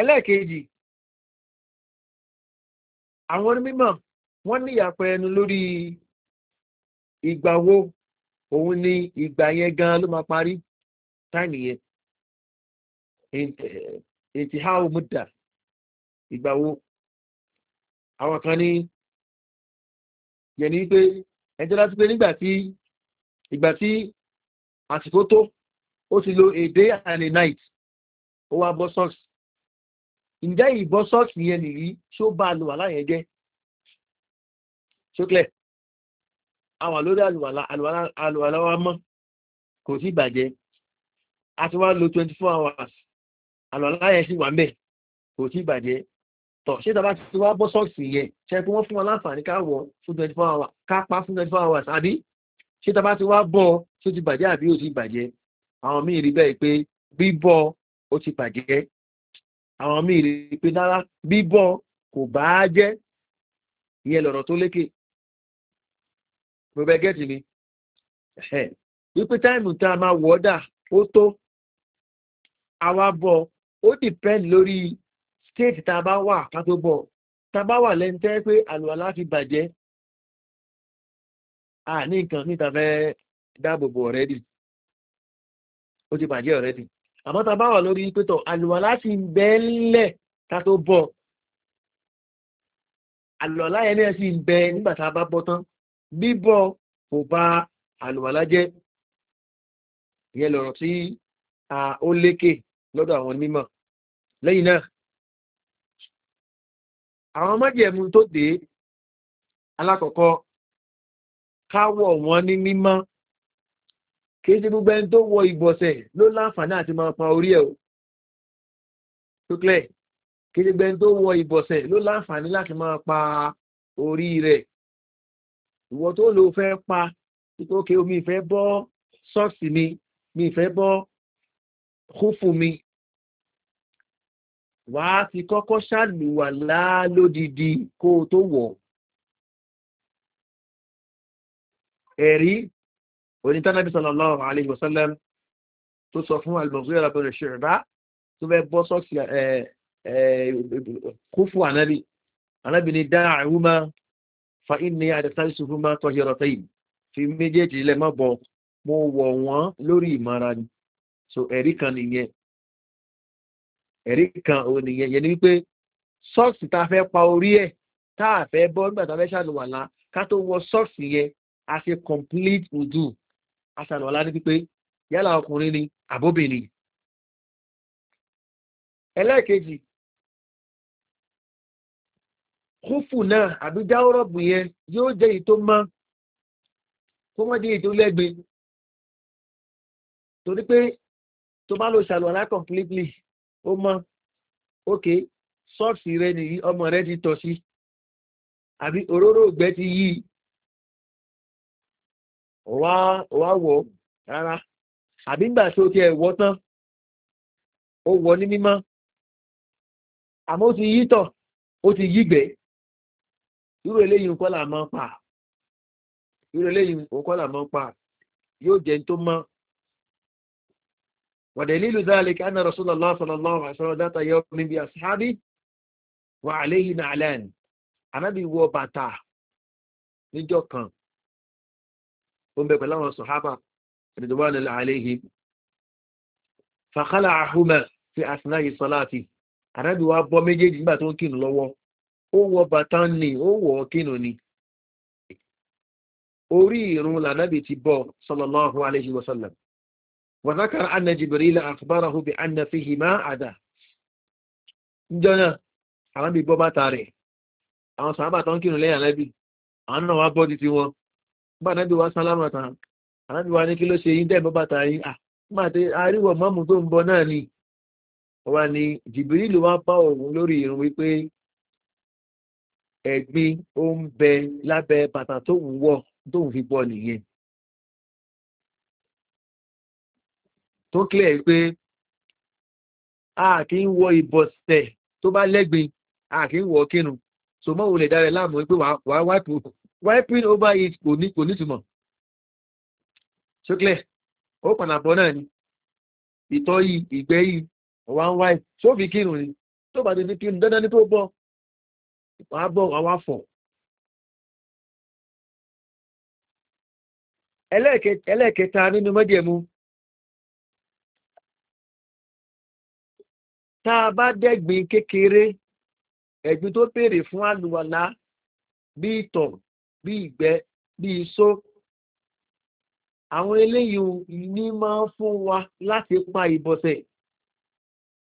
ẹlẹ́ẹ̀kejì àwọn onímọ̀ wọ́n ní ìyàpẹ̀ ẹnu lórí ìgbà wo òun ni ìgbà yẹn gan ló máa parí táìmì yẹn ètì ha òmùdà ìgbà wo àwọn kan ní yẹni pé ẹjọ́ láti pé nígbà tí àsìkò tó ó ti lo a day and a night ó wá bọ́ sọ́ọ̀sì ǹjẹ́ ìbọ́ sọ́ọ̀sì yẹn nìyí ṣó bá a lo wà láyẹn jẹ́ ṣókẹ́lẹ̀ àwà lórí àlùwàlá wa mọ́ kò sí ìbàjẹ́ a ti wá lo 24 hours àlùwàlá yẹn sì wà mẹ́ kò sí ìbàjẹ́ tọ̀ ṣé tàbá ti wá bọ́ sọ́ọ̀sì yẹn ṣe pé wọ́n fún wọn láǹfààní káwọ̀ fún 24 hours kápá fún 24 hours àbí ṣé tàbá ti wá bọ́ tí ó ti bàjẹ́ àbí ó ti bàjẹ́ àwọn míì rí bẹ́ẹ̀ pé bíbọ́ ó ti bàjẹ́ àwọn míì rí pé rárá bíbọ́ kò bá jẹ́ ìyẹn lọ̀rọ̀ tó lékè gbogbo ẹgẹ́ tì mí wípé táìmù tá a máa wọ́ dà ó tó àwa bọ̀ ó dìpẹ́ǹd lórí stéètì tá a bá wà ká tó bọ̀ tá a bá wà lẹ́nu tẹ́ pé àlùwàlá fi bàjẹ́ a ní nǹkan níta fẹ́ dáàbòbò ọ̀rẹ́dì ó ti bàjẹ́ ọ̀rẹ́dì àmọ́ tá a bá wà lórí pétọ̀ àlùwàlá ti ń bẹ́ ńlẹ̀ ká tó bọ̀ àlùwàlá yẹn náà sì ń bẹ nígbà tá a bá bọ́ tán bíbọ̀ kò bá àlùwàlá jẹ́ ìyẹn lọ̀rọ̀ tí ó lékè lọ́dọ̀ àwọn mímọ̀ lẹ́yìn náà àwọn mọ́jẹ̀mú tó dé alákọ̀ọ́kọ́ káwọ̀ wọn ní mímọ́ kìí ṣe gbogbo ẹni tó wọ ìbọ̀sẹ̀ ló láǹfààní àti máa pa orí ẹ̀ o tókẹ́ kìí ṣe gbogbo ẹni tó wọ ìbọ̀sẹ̀ ló láǹfààní láti máa pa orí rẹ̀ ìwọ tó lò fẹ́ pa ìtòkè omi ìfẹ́ bọ́ sọ́ọ̀sì mi mi ìfẹ́ bọ́ kúfù mi wà á fi kọ́kọ́ ṣàlùwà lálódìdí kó o tó wọ̀. ẹ̀rí onítànàbí sọlọ́lọ́rùn àlejò sọ́lẹ́m tó sọ fún alìmọ̀sí ìrọ̀bẹ̀rẹ̀ ṣùgbọ́n tó fẹ́ bọ́ sọ́ọ̀sì kú fún ànábì ànábì ni dá àrùmá fa inú àdẹ́sáré sùfúnmá tọ́hìrọ̀ tẹ́yìn fi méjèèjì lẹ́mọ́ bọ̀ mo wọ̀ wọ́n lórí ìmọ̀ra ni so ẹ̀rí kan nìyẹn ẹ̀rí kan òun nìyẹn yẹn ni wípé sọ́ọ̀sì tá a fẹ́ pa orí ẹ̀ tá a fẹ́ bọ́ nígbà tá a fẹ́ ṣàlùwàlá ká tó wọ sọ́ọ̀sì yẹn a ṣe complete ojú a ṣàlùwàlá ní pípé yálà ọkùnrin ni àbóbìnrin. ẹlẹ́ẹ̀kejì kúfù náà àbí jáwọ́rọ̀bù yẹn yóò jẹ́ èyí tó mọ́ kó wọ́n jẹ́ èyí tó lẹ́gbẹ̀ẹ́ torí pé tó bá lo ṣàlùwàlá completely ó mọ́ ókè sọ́ọ̀sì rẹ nìyí ọmọ rẹ ti tọ̀ sí àbí òróró ògbẹ́ ti yí wá wọ̀ rárá àbí ńgbà tí o ti ẹ̀ wọ́ tán ó wọ ní mímọ́ àmọ́ ó ti yí tọ̀ ó ti yígbẹ́ irú eléyìí nǹkan là máa ń pa irú eléyìí nǹkan là máa ń pa yóò jẹ́ tó mọ́ ودليل ذلك أن رسول الله صلى الله عليه وسلم ذات يوم بأصحابه وعليه نعلان anábì wọ bàtà níjọ kan ó ń bẹ pẹ̀lú àwọn sọ̀hábà ìdìdìwà nílẹ̀ àléhì fàkálà àhúmẹ̀ fi àsìná yìí sọ láti anábì wá bọ́ méjèèjì nígbà tó ń kìnnù lọ́wọ́ ó wọ bàtà ní ó wọ kìnnù ni orí ìrún lànàbì ti bọ́ sọlọ́lọ́hùn àléhì wọ́sọ̀lẹ̀m وذكر أن جبريل أخبره بأن فيه ما عدا جنا àwọn bí bọ́bá tààrẹ̀ àwọn sàábà tó ń kírun lẹ́yìn ànábì àwọn náà wá bọ́dì tí wọ́n bá ànábì wá sálámà tán ànábì wá ní kí ló ṣe yín dẹ́ẹ̀ bọ́bá tààrí à má ti àríwọ̀ mọ́mù tó ń bọ náà ni wà ní jìbìrìlù wá bá òun lórí irun wípé ẹ̀gbin ó ń bẹ lábẹ́ bàtà tó ń wọ̀ tó ń fi bọ́ nìyẹn tó kílẹ̀ pé a kì í wọ ìbọ̀sẹ̀ tó bá lẹ́gbin a kì í wọ kírun so mọ́ wòlé dára láàmú pé wàá wiping over it kò ní kò nítumọ̀ tó kílẹ̀ ó pànàbọ̀ náà ni ìtọ́ yìí ìgbẹ́ yìí ọ̀wá ń wáì tó fi kírun ni tó bá ti fi kírun dandan ní tó bọ́ wàá bọ̀ wàá wá fọ̀ ẹlẹ́ẹ̀kẹta nínú mọ́jẹ̀mú tá a bá dẹ́gbin kékeré ẹ̀gbin tó béèrè fún àlùwàlá bí ìtọ̀ bí ìgbẹ́ bí iṣó àwọn eléyìí ní máa ń fún wa láti pa ìbọ̀sẹ̀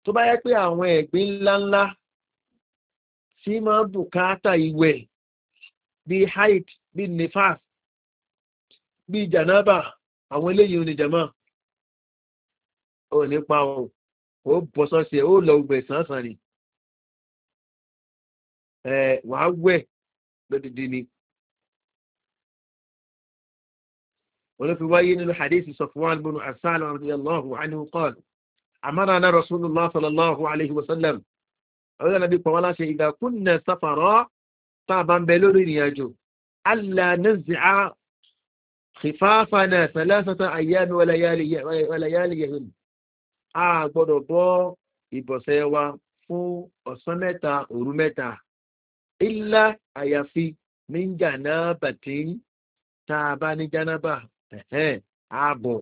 tó bá yẹ pé àwọn ẹ̀gbin ńláńlá tí máa ń bùkátà ìwẹ̀ bíi haid bíi nifas bíi janaba àwọn eléyìí oníjàmọ́ ò ní pa òun ó bọ́ sọ́ọ̀sì ẹ̀ ó lọ gbẹ̀ sánsan ni ẹ̀ wàá wẹ̀ lódìdí ni. ولفي وين الحديث صفوان بن عسان رضي الله عنه قال أمرنا رسول الله صلى الله عليه وسلم أولا النبي قال إذا كنا سفراء طبعا بلورين يجو ألا نزع خفافنا ثلاثة أيام ولياليهن a gbọdọ bọ́ ìbọ̀sẹ̀ wa fún ọ̀sán mẹ́ta òru mẹ́ta ilá àyàfi níjà náà bàtí tá a bá ní jánábà ààbọ̀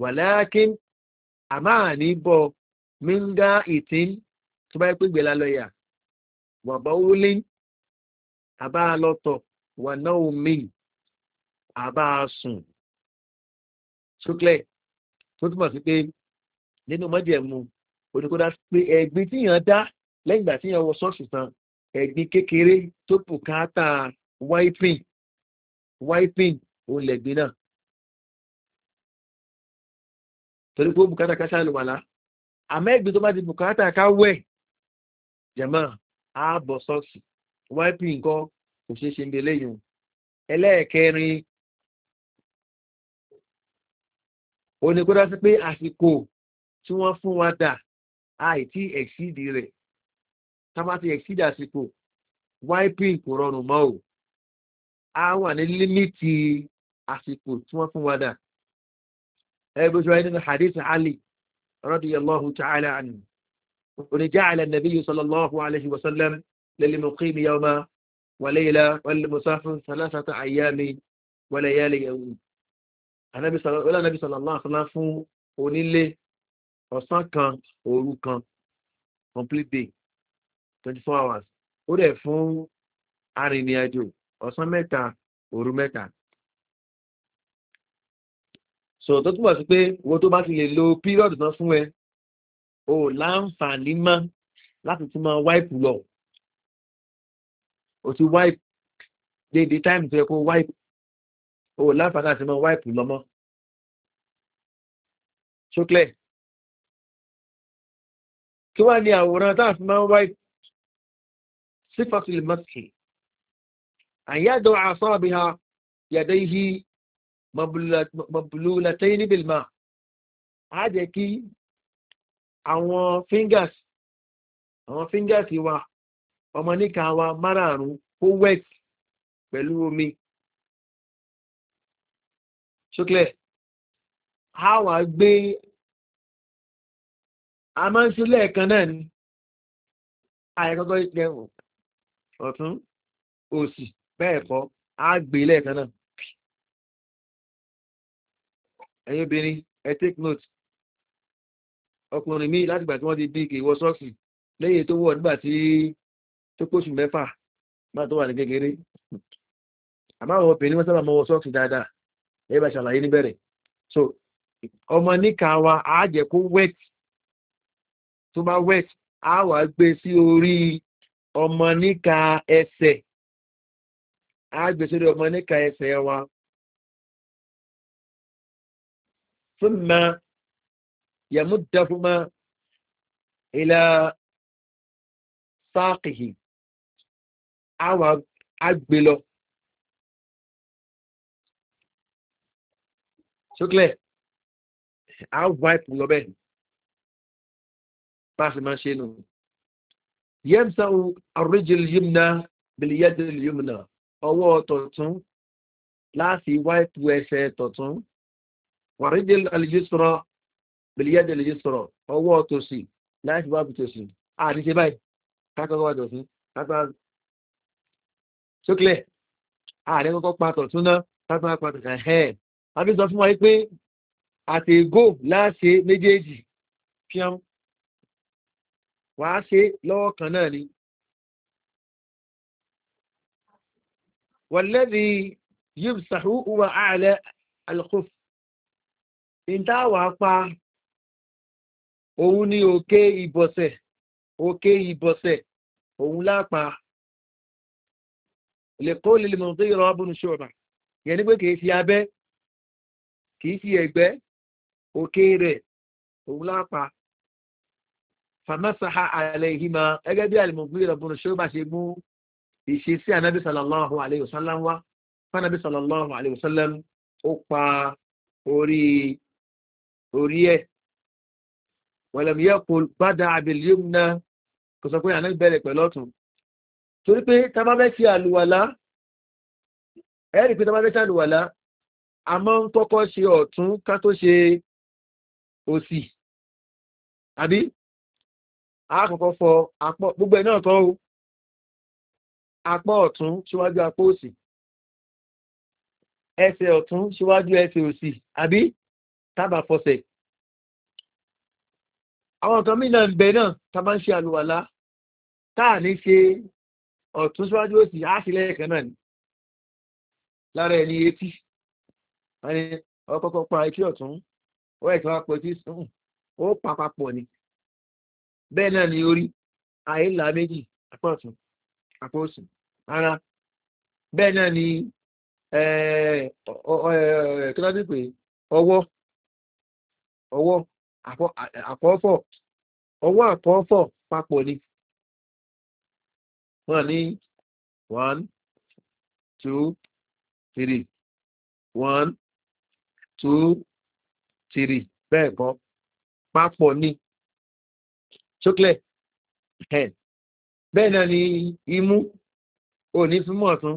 wàlákin àmáàní bọ̀ míngá ìtín tó bá pé gbèlà lọ́yà wàbọ̀ àbá wà náà omi tó túmọ̀ sí pé nínú mọ́jẹ̀mú oníkódá pé ẹ̀gbin tíyàn dá lẹ́yìn ìgbà tíyàn wọ sọ́ọ̀sì tán ẹ̀gbin kékeré tó bùkátà wáìpìn wáìpìn òun lẹ̀gbin náà torí pé ó bùkátà ká ṣàlùwàlá àmọ́ ẹ̀gbin tó bá ti bùkátà ká wẹ̀ jẹ̀mọ́ ààbọ̀ sọ́ọ̀sì wáìpìn nǹkan kò ṣeé ṣe ń bẹ lẹ́yìn ẹlẹ́ẹ̀kẹrin ó ní kódà sí pé àsìkò tí wọ́n fún wa dà àìtí ẹ̀sídì rẹ̀ tá bá ti ẹ̀sídì àsìkò wiping kò rọrùn mọ́ o á wà ní límìtì àsìkò tí wọ́n fún wa dà ẹgbẹ́ ìṣòro nínú hadith ali rọ́dí allahu ta'ala àni oníjà àlẹ́ nàbí yìí sallallahu alayhi wa sallam lẹ́lẹ́ mọ̀ kí mi yọ ọmọ wàlẹ́ wàlẹ́ mọ̀ sáfún sàlásàtà àyàmì wàlẹ́ anábì sàlọ́lá àsánlá fún onílé ọ̀sán kan òru kan complete day twenty four hours ó dẹ̀ fún arìnrìn-àjò ọ̀sán mẹ́ta òru mẹ́ta. so tó túbọ̀ sí pé owó tó bá ti lè lo pírọ̀dù náà fún ẹ o láǹfààní mọ́ láti tún máa wipe lọ o ti wipe. déédéé táìmù tó yẹ kó wipe o láǹfààní àti mọ wáìpù lọ́mọ́ ṣókẹ́lẹ̀ kí wá ní àwòrán táà fi máa ń wáìpù sífàtìlì mọ́sìkì àyádọ́ àṣọ́bí ha yàdẹ́ ihe mọ̀bùlùlàtẹ́ níbi a jẹ́ kí àwọn fingers àwọn fingers wa ọmọ níka wa márààrún ó wet pẹ̀lú omi ṣókílẹ̀ a wà gbé a máa ń ṣe lẹ́ẹ̀kan náà ni àìkọ́kọ́ ìpẹ́ ọ̀tún òsì bẹ́ẹ̀ kọ́ a gbé lẹ́ẹ̀kan náà ẹ̀yin obìnrin ẹ take note ọkùnrin mi látìgbà tí wọ́n ti bí kì í wọ sọ́ọ̀sì lẹ́yìn tó wọ̀ nígbà tí tó pòṣù mẹ́fà máa tó wà ní kékeré àmọ́ àwọn obìnrin wọ́n sábà mọ́ wọ sọ́ọ̀sì dáadáa ẹ bá ṣàlàyé níbẹ̀rẹ̀ so ọmọ níka wa á jẹ́ kó wet tó bá wet á wàá gbé sí orí ọmọ níka ẹsẹ̀ á gbé sórí ọmọ níka ẹsẹ̀ wa ثم يمدهما إلى ساقه àwa agbè lọ ṣókílẹ̀ a ó bá ìpò lọ bẹ́ẹ̀ bá a sì máa ṣe nù yẹn sá o àríjìl yìmna bìlíyẹ́dìl yìmna ọwọ́ tọ̀tún láti wá ìpò ẹsẹ̀ tọ̀tún wàríjìl alìjísọ̀rọ̀ bìlíyẹ́dìl alìjísọ̀rọ̀ ọwọ́ tòsì láti wá tòsì àti ṣe báyìí kákọ́kọ́ wá tòsì kápá ṣókílẹ̀ ààrẹ kọ́kọ́ pa tọ̀tún náà kápá pa tọ̀tún náà àbí sọ fún wa pé àtẹ̀gò láṣẹ méjèèjì fíọ́n wàá ṣe lọ́wọ́ kan náà ni. wàlẹ́bí yìí sàrú wà áàlẹ́ alkhuf ìdáwà pa òun ni òkè ìbọ̀sẹ̀ òkè ìbọ̀sẹ̀ òun lápa lè lè mọ̀ tó yọrọ abúnú ṣọ́ọ̀bà yẹn ní pé kìí fi abẹ́ kì í fi ẹ̀gbẹ́ òkè rẹ̀ òun lápá fàmásàhà àlẹ́ ìhìmá ẹgẹ́ bí àlùmọ̀gbé ìrọ̀bùn ṣé ó bá ṣe mú ìṣesí ànábì sàlọ́láhù àlẹ́ òsánlám wá fànábì sàlọ́láhù àlẹ́ òsánlám ó pa orí orí ẹ̀ wọ̀lẹ̀mìyẹ́ kò bá da àbẹ̀lẹ́mù náà kò sọ pé ànábì bẹ̀rẹ̀ pẹ̀lú ọ̀tún torí pé tábàbẹ́ ti àlùwàlá ẹ̀rí pé tábàbẹ́ ti àlùwàlá a máa ń kọ́kọ́ ṣe ọ̀tún ká tó ṣe òsì àbí a kọ́kọ́ fọ apọ̀ gbogbo ẹ̀ náà tán o apọ̀ ọ̀tún síwájú apọ̀ òsì ẹsẹ̀ ọ̀tún síwájú ẹsẹ̀ òsì àbí tábà fọsẹ̀ àwọn nǹkan mí náà ń bẹ náà tá bá ń ṣe àlùwàlá táà ní ṣe ọ̀tún síwájú òsì á sì lẹ́ẹ̀kan náà ni lára ẹni etí wọ́n ní ọkọ̀ọ̀kọ̀ pa etí ọ̀tún ó ẹ̀sìn wá pẹ̀tí sùn ó pa papọ̀ ni bẹ́ẹ̀ náà ni orí àìlà méjì apá ọ̀tún apá òsì ara bẹ́ẹ̀ náà ni ọwọ́ ọwọ́ ọwọ́ papọ̀ ni wọ́n ní one two three one two three bẹ́ẹ̀ kọ́ papọ̀ ni ṣókèlè bẹ́ẹ̀ náà ni imú òní fímọ̀ tún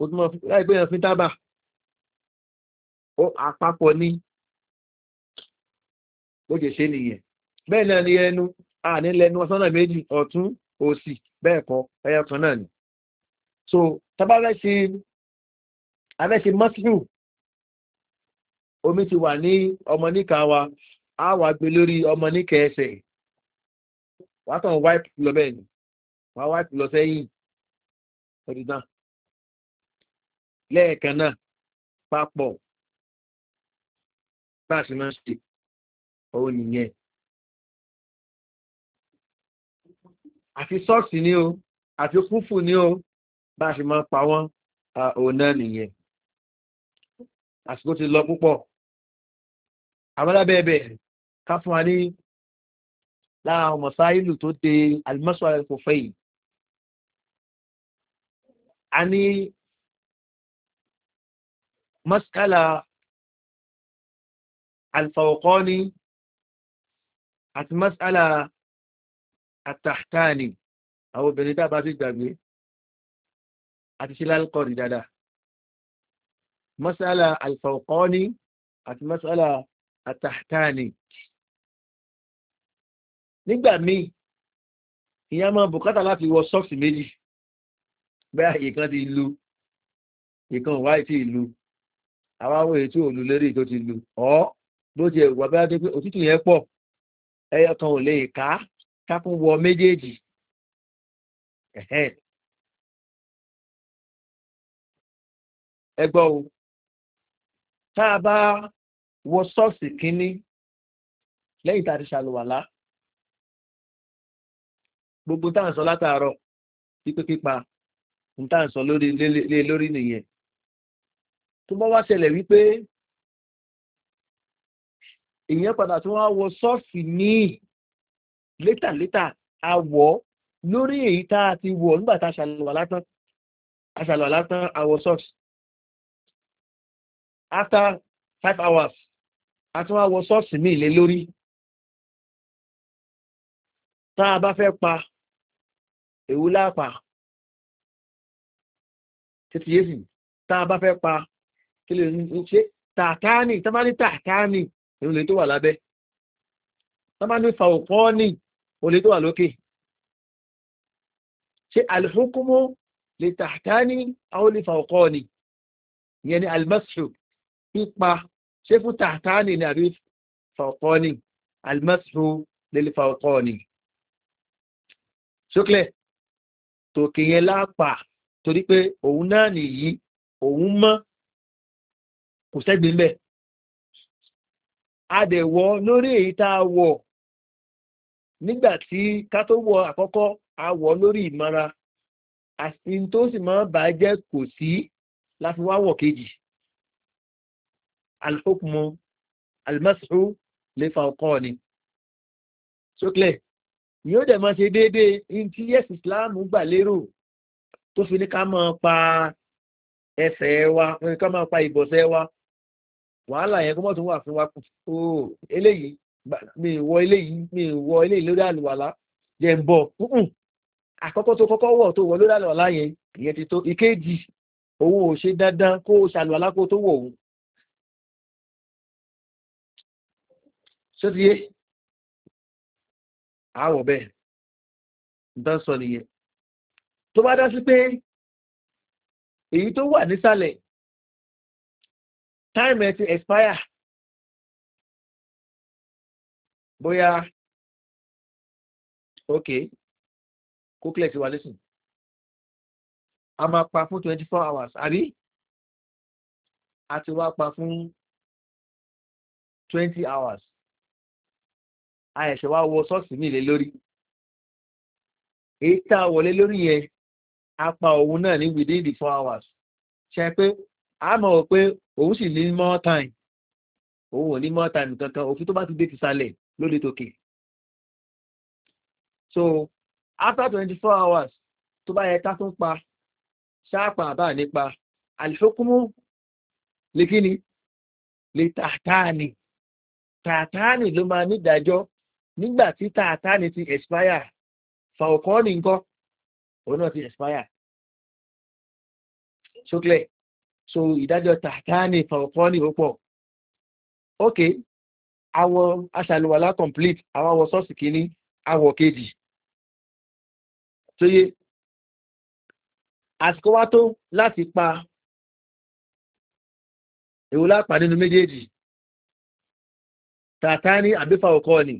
ó tún mọ̀ láìpẹ́ yẹn fi tábà ó àpapọ̀ ni bó ṣe ṣe nìyẹn bẹ́ẹ̀ náà ni ẹnu àní lẹnu ọ̀sánà méjì ọ̀tún òsì bẹ́ẹ̀ kọ ẹyọ kan náà ni so tábàlẹ́ ṣe abẹ́ṣe mọ́sílù omi ti wà ní ọmọ níka wa á wà gbé lórí ọmọ níka ẹsẹ̀ wàá tàn wáìpù lọ bẹ́ẹ̀ ni wàá wáìpù lọ sẹ́yìn ọ̀dùnà lẹ́ẹ̀kan náà papọ̀ bá a sì máa ń ṣe òun nìyẹn. àfi sọ́ọ̀sì ni o àfi kúfù ni o bá a ṣe máa pa wọ́n òun náà nìyẹn àsìkò ti lọ púpọ̀ àmọ́lá bẹ́ẹ̀ bẹ́ẹ̀ ká fún wa ní lára àwọn mọ̀sáìlù tó de alimọ́sọ̀ rẹ̀ kò fẹ́ yìí a ní mọ́sálà alfawọ́kọ́ ní àti mọ́sálà àtàkàní àwọn obìnrin tàbá sí gbàgbé àti sílálkọ̀rì dáadáa mọ́sálà alfawọ́kọ́ ní àti mọ́sálà àtàtàní. nígbà míì ìyá máa bùkátà láti wọ sọ́ọ̀sì méjì bẹ́ẹ̀ àyè ti lu ìkan wáyé ti lu àwọn àwọn èyí tí ò lu lérí tó ti lu ọ́ bó ti wà bá dé pé òtútù yẹn pọ̀ ẹyọ kan ò lè ká kákún wọ méjèèjì ẹgbọ́ tá a bá wọ sọ́ọ̀sì kínní lẹ́yìn tá a ti ṣàlùwàlá gbogbo tá à ń sọ látàárọ̀ pípé pípa ń tá à ń sọ lórí lé lórí nìyẹn tó bá wá ṣẹlẹ̀ wípé èèyàn padà tí wọ́n á wọ sọ́ọ̀sì míì létàlétà a lórí èyí tá a ti wọ̀ nígbà tá a ṣàlùwàlá tán a ṣàlùwàlá tán a sọ́ọ̀sì after five hours a tún wá wọ sọ́ọ̀sì míì lé lórí tá a bá fẹ́ pa èwo láàpà títí yé sì tá a bá fẹ́ pa kí lè ń ṣe tàkánì tá bá ní tàkánì tó wà lábẹ́ tá bá ní olè tó wà lókè ṣe alhukumu lè tàkánì àwọn olè fàwọ̀kọ́ọ́nì ìyẹn ni almashu pípa ṣé fún tààtàánì ni àbí fàkọ́ni alimọ́sù lélẹ̀ fàkọ́ni ṣókè tòkè yẹn lápá torí pé òun náà nìyí òun mọ́ kò sẹ́gbìn bẹ́ẹ̀ adẹ̀wọ̀ lórí èyí tá a wọ̀ nígbà tí ká tó wọ àkọ́kọ́ a wọ̀ lórí ìmọ̀ra àti tó sì máa bà jẹ́ kò sí láti wá wọ̀ kejì alhukmu almasu lè fa ọkọ ni sókè yóò dẹ̀ máa ṣe déédéé in tí yẹ́sì ìsìláàmù gbà lérò tó fi ní ká máa pa ẹsẹ̀ wa ká máa pa ìbọ̀sẹ̀ wa wàhálà yẹn kó mọ̀ tó wà fún wa kù ó eléyìí mi wọ eléyìí mi wọ eléyìí lórí àlùwàlá jẹ́ ń bọ̀ àkọ́kọ́ tó kọ́kọ́ wọ̀ tó wọ lórí àlùwàlá yẹn ìyẹn ti tó ìkéjì òun ò ṣe dandan kó o ṣàlùwàlá kó o tó wọ̀ òun ṣó ti yé àwọ̀ bẹ́ẹ̀ nǹkan sọ nìyẹn tó bá dá sí pé èyí tó wà nísàlẹ̀ time ẹ expire bóyá ok kókílẹ̀ ti wà lẹ́sìn a máa pa fún twenty hours àbí a ti wá pa fún twenty hours àyẹ̀ṣẹ̀ wa wọ sọ́ọ̀sì mi lé lórí èyí tá a wọlé lórí yẹn a pa òun náà ní within the four hours ṣe pé a mọ̀ wọ́n pé òun sì ní more time òun ò ní more time kankan òfin tó bá ti dé ti sálẹ̀ ló lè tókè so after twenty four hours tó bá yẹ ká tún pa ṣáàpà àbá nípa àlìfókúnmú lè kí ni lè tààtààní tààtààní ló máa nídàájọ́ nígbà tí tààtà ni ti expire fàwọ̀kọ́ ní nǹkan òun náà ti expire ṣókèlè so ìdájọ́ tààtà ni fàwọ̀kọ́ ní òpọ̀ ok awọ aṣàlùwàlá complete àwọn awọ sọ́ọ̀sì kìíní awọ kejì tó yé àsìkò wá tó láti pa èwo lápàá nínú méjèèjì tààtà ni àbífà ọkọ ni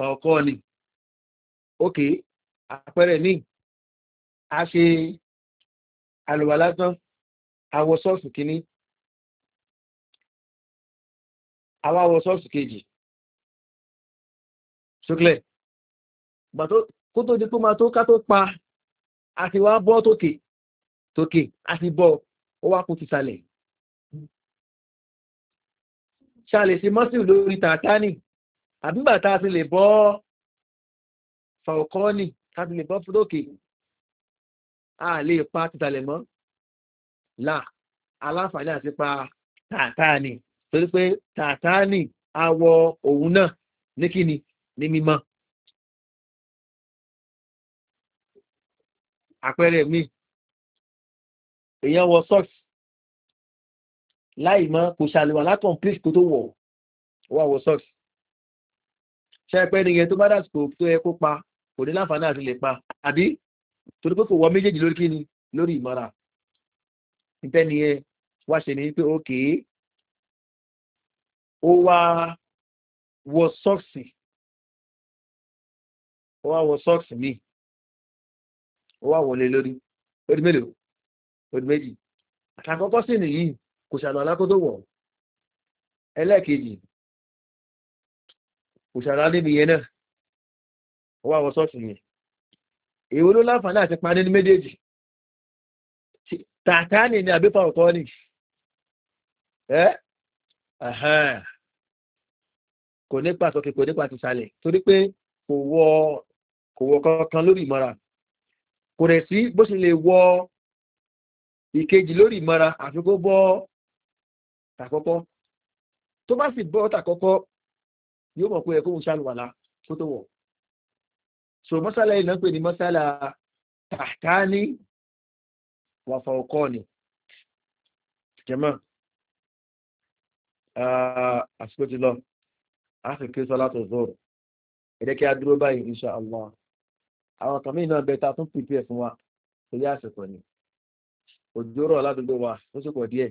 fàọkọ́ ni ókè àpẹẹrẹ míì a ṣe àlùwà lásán àwọ sọ́ọ̀sì kìíní àwọn àwọ sọ́ọ̀sì kejì ṣúklẹ̀ kó tó di pé máa tó ká tó pa àti wá bọ́ tókè tókè àti bọ́ ó wá kú ti sàlẹ̀ ṣàlẹ̀ sí mọ́sílù lórí tàtánì àbígbà tá a ti lè bọ́ fàókọ́ọ̀nì tá a ti lè bọ́ fúdókè a lè pa títàlẹ̀ mọ́ là aláǹfààní àti pa tààtàní torí pé tààtàní awọ òun náà ní kíni ní mímọ́. àpẹẹrẹ mi èèyàn wọ sọ́ọ̀sì láì mọ́ kò ṣàlùwà látọ̀ pílíṣ kó tó wọ̀ wà wọ sọ́ọ̀sì ṣẹ́pẹ́ nìyẹn tó bá dàsìkò tó yẹ kó pa kò ní láǹfààní àti lè pa àbí torí pé kò wọ méjèèjì lórí kíni lórí ìmọ̀ra nípẹ́ nìyẹn wá ṣe ni pé ókè ó wá wọ sọ́ọ̀sì ó wá wọ sọ́ọ̀sì míì ó wá wọlé lórí lórí mélòó lórí méjì àtàkọ́kọ́ sí nìyí kò ṣàlọ́ wọ̀ ẹlẹ́ẹ̀kejì kò ṣàrá níbi yẹn náà wọ́n àwọn sọ́ọ̀sì yẹn èwo ló láǹfààní àti parí ní méjèèjì tàtàní ni àbí pàwọ̀kọ́ ni kò ní pàtàkì kò ní pàtàkì sàlẹ̀ torí pé kò wọ kankan lórí ìmọ̀ra kò rẹ̀ sí bó ṣe lè wọ ìkejì lórí ìmọ̀ra àfi kó bọ́ tàkọ́kọ́ tó bá sì bọ́ tàkọ́kọ́ yóò mọ̀ pé ẹ̀kọ́ ṣàlùwàlá kó tó wọ̀. so mọ́sálà yìí náà pè ní mọ́sálà tàkání wàfà ọkọ ni jẹ́mọ́ àsìkò ti lọ áfíkí sọ́lá tó zọ́rọ̀ ẹ̀dẹ́ kí a dúró báyìí insha allah àwọn kàmí náà bẹ̀ta tún pípẹ́ fún wa torí àsìkò ni òjò rọ̀ wa ó sì pọ̀ díẹ̀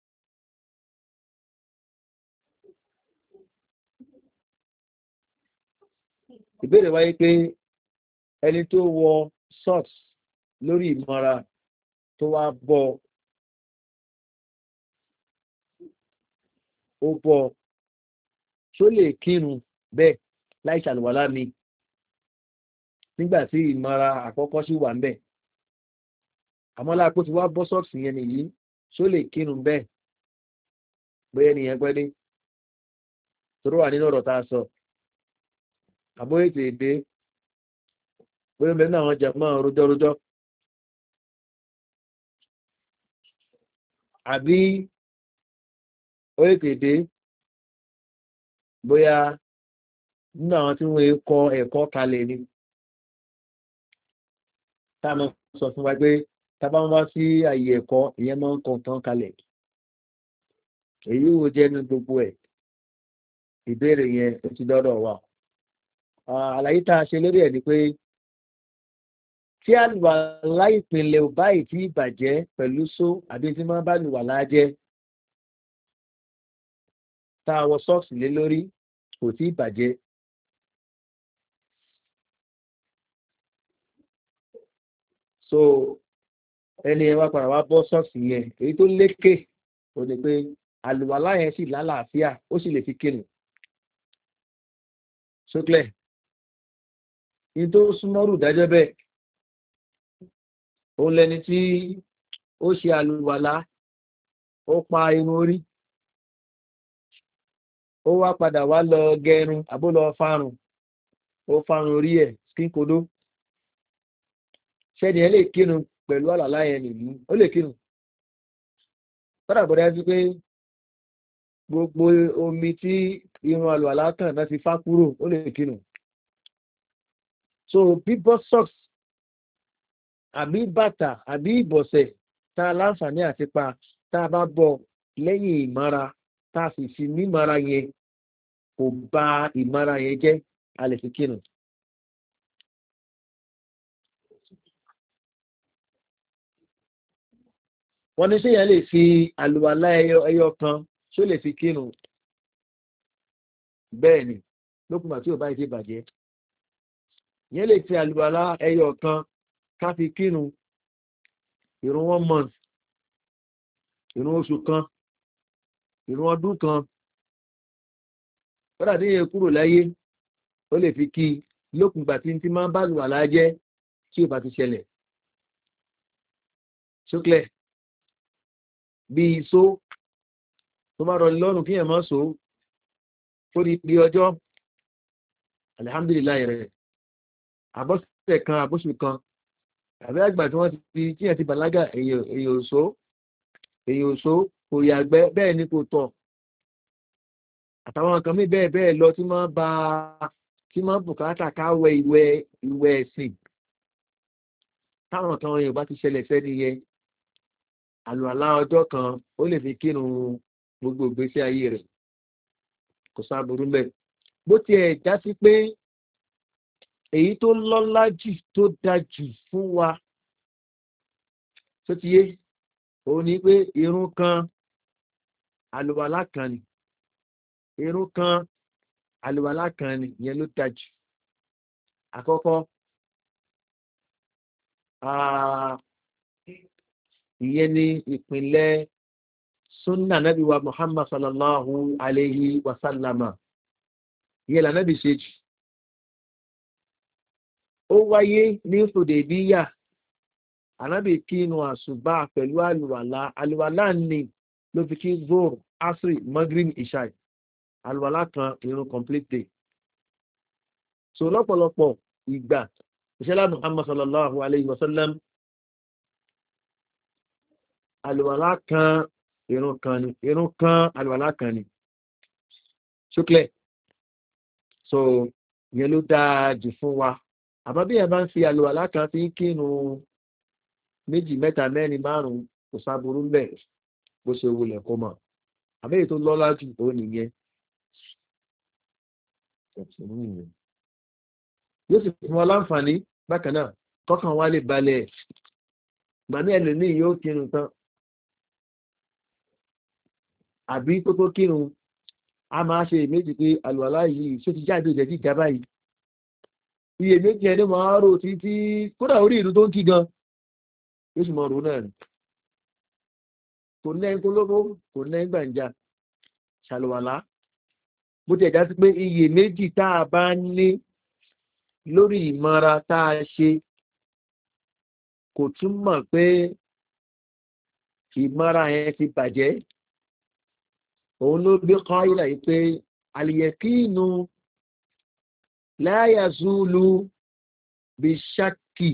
ìbéèrè wáyé pé ẹni tó wọ socks lórí ìmọ̀ra tó wá bọ́ ó bọ́ tó lè kírun bẹ́ẹ̀ láì ṣàlùwàlá mi nígbà tí ìmọ̀ra àkọ́kọ́ sí wà ń bẹ̀ àmọ́ láàpò ti wá bọ́ socks yẹn nìyí tó lè kírun bẹ́ẹ̀ bóyá ènìyàn pẹ́ tó wà nínú ọ̀rọ̀ tá a sọ. So. àbó ètò èdè bóyá mẹ́rin àwọn jàpọ̀ rọjọ́rọjọ́ àbí ètò èdè bóyá nínú àwọn tí wọ́n kọ ẹ̀kọ́ kalẹ̀ ni táàmù sọ fún wa pé tábà wá sí àyè ẹ̀kọ́ ìyẹn máa ń kọ tán kalẹ̀ èyí wo jẹ́ ní gbogbo ẹ̀ ìbéèrè yẹn ó ti dọ́dọ̀ wà. Ah, àlàyé tá a ṣe lórí ẹ̀ ni pé tí àlùwàlá ìpìlẹ̀ ò báyìí tí ìbàjẹ́ pẹ̀lú só àbí tí máa bá lùwàlá jẹ́ tá a wọ sọ́ọ̀sì lé lórí kò tí ìbàjẹ́. so ẹni ẹ wá padà wá bọ́ sọ́ọ̀sì yẹn èyí tó lékè ò ní pé àlùwàlá yẹn sì lálàáfíà ó sì lè fi kéènì. sókè ní tó súnmọ́rù dájọ́ bẹ́ẹ̀ òun lẹni tí ó ṣe pa irun orí ó wá padà wá lọ gẹrun farun ó farun orí ẹ̀ skin ṣẹ́ni ẹ lè kírun pẹ̀lú àlàlá yẹn nìyí ó lè kírun tọ́dà gbogbo omi tí irun àlùwàlá tàn náà ti fá kúrò ó lè kírun so bíbọ́ socks àbí bàtà àbí ìbọ̀sẹ̀ tá a láǹfààní àti pa tá a bá bọ̀ lẹ́yìn ìmọ̀ra tá a sì fi mímọ̀ra yẹn kò ba ìmọ̀ra yẹn jẹ́ a lè fi kírun. wọ́n ní sèyàn lè fi àlùwàlá ẹyọ kan ṣó lè fi kírun bẹ́ẹ̀ ni lókùnbà tí ò bá yìí ti bàjẹ́ yẹn lè ti àlùbàlá ẹyọ kan káfi kírun ìrún one month ìrún oṣù kan ìrún ọdún kan kọ́dà tí yẹn kúrò láyé ó lè fi kí lókun gbà tí ń ti máa bá àlùbàlá jẹ́ tí ò bá ti ṣẹlẹ̀ ṣókẹ́lẹ̀ bí iṣó tó bá rọrùn lọ́rùn kí ẹ̀ mọ́ so fórí bí ọjọ́ alihamdulilayi rẹ̀ àbọ̀sẹ̀ kan àbóṣù kan àbí àgbà tí wọ́n ti tí yẹn ti bàlágà èyí òṣó èyí òṣó kò bẹ́ẹ̀ ni kò tọ̀ àtàwọn nǹkan mi bẹ́ẹ̀ bẹ́ẹ̀ lọ tí máa ba tí máa bùkátà káwẹ ìwẹ ìwẹ ẹ̀sìn táwọn kan yóò bá ti ṣẹlẹ̀ sẹ́ni yẹn àlùalá ọjọ́ kan ó lè fi kírun gbogbo ìgbésí ayé rẹ̀ kò sáà burú mẹ́ bó tiẹ̀ já sí pé èyí tó lọ́lá jù tó da jù fún wa tó ti yé òun ni pé irun kan àlùwàlá kan ni irun kan àlùwàlá kan ni ìyẹn ló da àkọ́kọ́ ah, ìyẹn ni ìpínlẹ̀ sunna nabi wa muhammad sallallahu alayhi wa sallama ìyẹn lànà bí ṣe jù ó wáyé ní sòdèbíyà anábì kínu àṣùbà pẹ̀lú àlùwàlá àlùwàlá ni ló fi kí zoro asri magrin ishai àlùwàlá kan irun complete day so lọ́pọ̀lọpọ̀ ìgbà ìṣẹ́lá muhammad sallallahu alayhi wa sallam àlùwàlá kan irun kan ni irun kan àlùwàlá kan ni ṣúklẹ̀ so yẹn dáa jù fún wa àmọ́ bí ẹ bá ń fi àlùwàlá kan fi kínú méjì mẹ́ta mẹ́rin márùn-ún kò sáburú mbẹ̀ bó ṣe wulẹ̀ kó mọ̀ àbẹ́yẹ tó lọ́lá jù ó nìyẹn yóò sì fún wa láǹfààní bákan náà kọ́kàn wá lè balẹ̀ ìgbà ní ẹlòmíì yóò kírun tán àbí kótó kírun a máa ṣe méjì pé àlùwàlá yìí ṣó ti jáde ìjẹ́jì ìjábá yìí iye méjì ẹni máa rò títí kódà orí ìlú tó ń kí gan yóò sì mọ rò náà kò lẹ́yìn tó lóko kò lẹ́yìn gbàǹjà ṣàlùwàlá bó ti ẹ̀dá sí pé iye méjì tá a bá ní lórí ìmọ̀ra tá a ṣe kò túmọ̀ pé ìmọ̀ra yẹn ti bàjẹ́ òun ló gbé kọ́ ayé láyé pé àlìyẹ̀kí inú láyà zulu bí ṣákì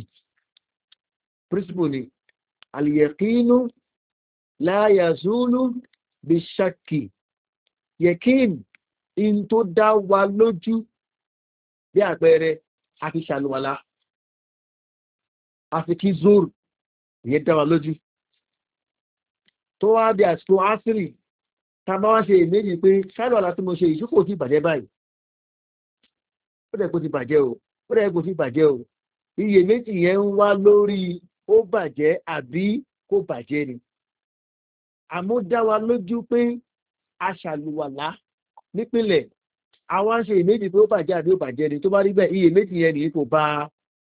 principle ni àlìyẹ̀kínú láyà zulu bí ṣákì yẹ̀kín in tó dá wa lójú bí àpẹẹrẹ àti ṣàlùwàlá àti kí zoro ìyẹn dá wa lójú tó wá bí àsìkò ásírì tàbá wá ṣe èméjì pé ṣàlùwàlá tí mo ṣe ìṣúkò tí ìbàjẹ́ báyìí dẹ̀ ti bàjẹ́ o ó dẹ̀ kó ti bàjẹ́ o iyèméjì yẹn ń wá lórí ó bàjẹ́ àbí kó bàjẹ́ ni àmọ́ dá wa lójú pé aṣàlùwàlá nípìnlẹ̀ àwa ń ṣe iyèméjì pé ó bàjẹ́ àbí ó bàjẹ́ ni tó bá rí bẹ́ẹ̀ iyèméjì yẹn nìyí kò bá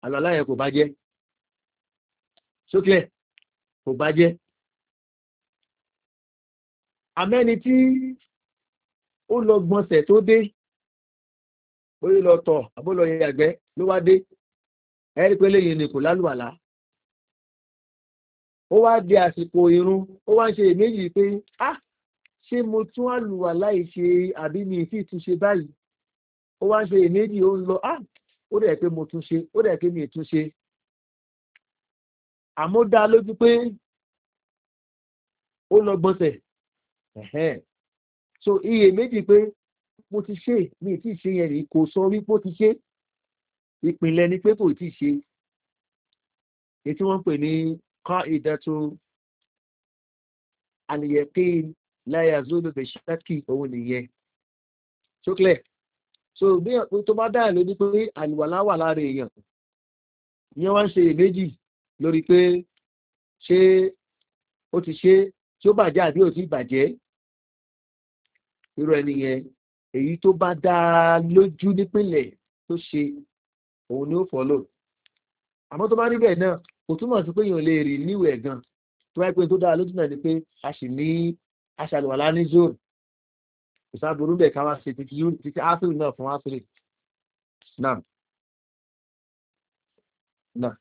àlọ́lá yẹn kò bàjẹ́ sókè kò bàjẹ́ àmẹ́ni tí ó lọ gbọ́nsẹ̀ tó dé bóyá lọ tọ̀ àbólọ yàgbẹ́ ló wá dé ẹ̀rí pé léyìn ni kò lálùwàlá ó wá di àsìkò irun ó wá ń ṣe èméjì pé á ṣé mo tún àlùwàlá ìṣe àbí mi ì sì tún ṣe báyìí ó wá ń ṣe èméjì ó ń lọ á ó dẹ̀ pé mo tún ṣe ó dẹ̀ pé mi ì tún ṣe àmọ́ dá lójú pé ó lọ gbọ́nsẹ̀ so iye méjì pé mo ti ṣe mi ì tí ì ṣe yẹn rí kò sọ wípé ó ti ṣe ìpìlẹ̀ ni pé kò tí ì ṣe èyí tí wọ́n ń pè ní kọ́ ìdẹ́tù àlìyẹ̀kí láyà zulu bẹ̀ṣẹ́kì òun nìyẹn ṣókèlè so bí tó bá dáyà lójú pé àlùwàlá wà lára èèyàn ìyẹn wá ń ṣe èméjì lórí pé ṣé ó ti ṣe tí ó bàjẹ́ àbí ò tí bàjẹ́ irú ẹni yẹn èyí tó bá dáa lójú nípìnlẹ̀ tó ṣe òun ni ó fọ́lò àmọ́ tó bá rí bẹ́ẹ̀ náà kò túmọ̀ sí pé èèyàn lè rìn níwẹ̀ gan tó bá pé tó dáa lójú náà ni pé a sì ní aṣàlùwàlá ní zone kò sáàbùrú bẹ̀ ká wá ṣe títí áfírí náà fún áfírí náà náà.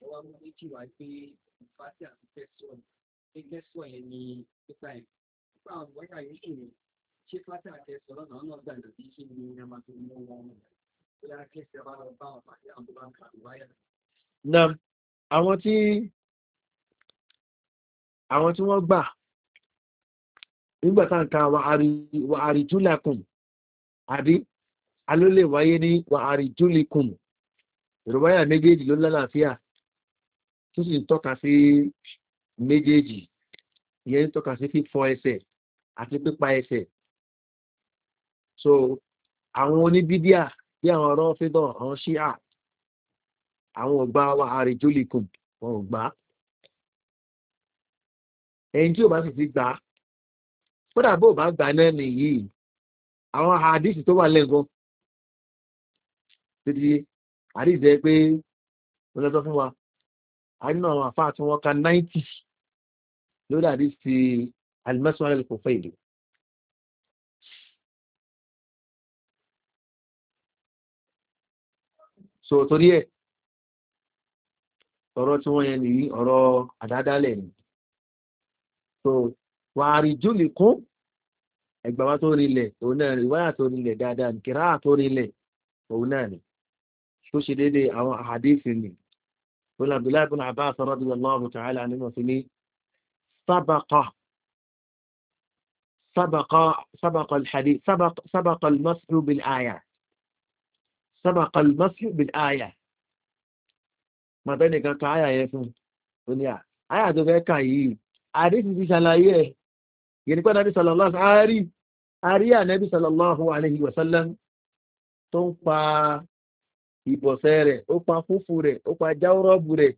Wọ́n á mú méjì wá pé ìfásí àti tẹ́sán pé gẹ́sọ̀ yẹn ni pípa ẹ̀ pípa àwọn wáyà yìí sì ni ṣé pátá àti ẹ̀sọ̀ lọ́nà ọ̀nà gbàgbọ́ bí ṣe ni ẹ máa fi mú wọn ó yára kí ẹsẹ̀ bá lọ bá wọn pàdé àwọn tó bá ń kà wáyà. na àwọn tí àwọn tí wọ́n gbà nígbà tá à ń ka wàhálì júlẹ̀kùn àbí alólè wáyé ní wàhálì júlẹ̀kùn ìrọ̀wáyà méjèèjì ló lálàáfíà tó sì ń tọ́ka sí méjèèjì ìyẹn ń tọ́ka sí fífọ ẹsẹ̀ àti pípa ẹsẹ̀ so àwọn oníbídíà bí àwọn ọ̀rọ̀ fídọ̀ àwọn ṣíà àwọn ọ̀gbá wa àrèjólìkùn wọn ò gbá ẹni tí ò bá sì ti gbà kódà bó bá gbà náà nìyí àwọn àdìsí tó wà lẹ́gàn títí àdìsí ẹ pé wọ́n lọ́tọ́ fún wa a nínú àwọn àfáà tí wọ́n ka 90 lórí àdísí alimẹ́sùn alẹ́ kò fẹ́ ìlú. so torí ẹ̀ ọ̀rọ̀ tí wọ́n yẹn nìyí ọ̀rọ̀ àdádálẹ̀ ni so wàárí júlì kún ẹgbàwá tó rinlẹ̀ òun náà rí wáyà tó rinlẹ̀ dáadáa nìkìrá tó rinlẹ̀ òun náà ni tó ṣe déédéé àwọn àhàdíìsì ni olùdàbíláìbùn àbá àsọ̀rọ̀ bí ọlọ́run tààlà nínú sí ní سبق سبق سبق الحديث سبق سبق المسح بالآيات سبق المسح بالآيات ما بين كان آية يا يفهم دنيا آية دو كاي عارف دي شلايه يعني كان نبي صلى الله عليه أري النبي صلى الله عليه وسلم تنفع يبصره أو فوفره أو جاوربره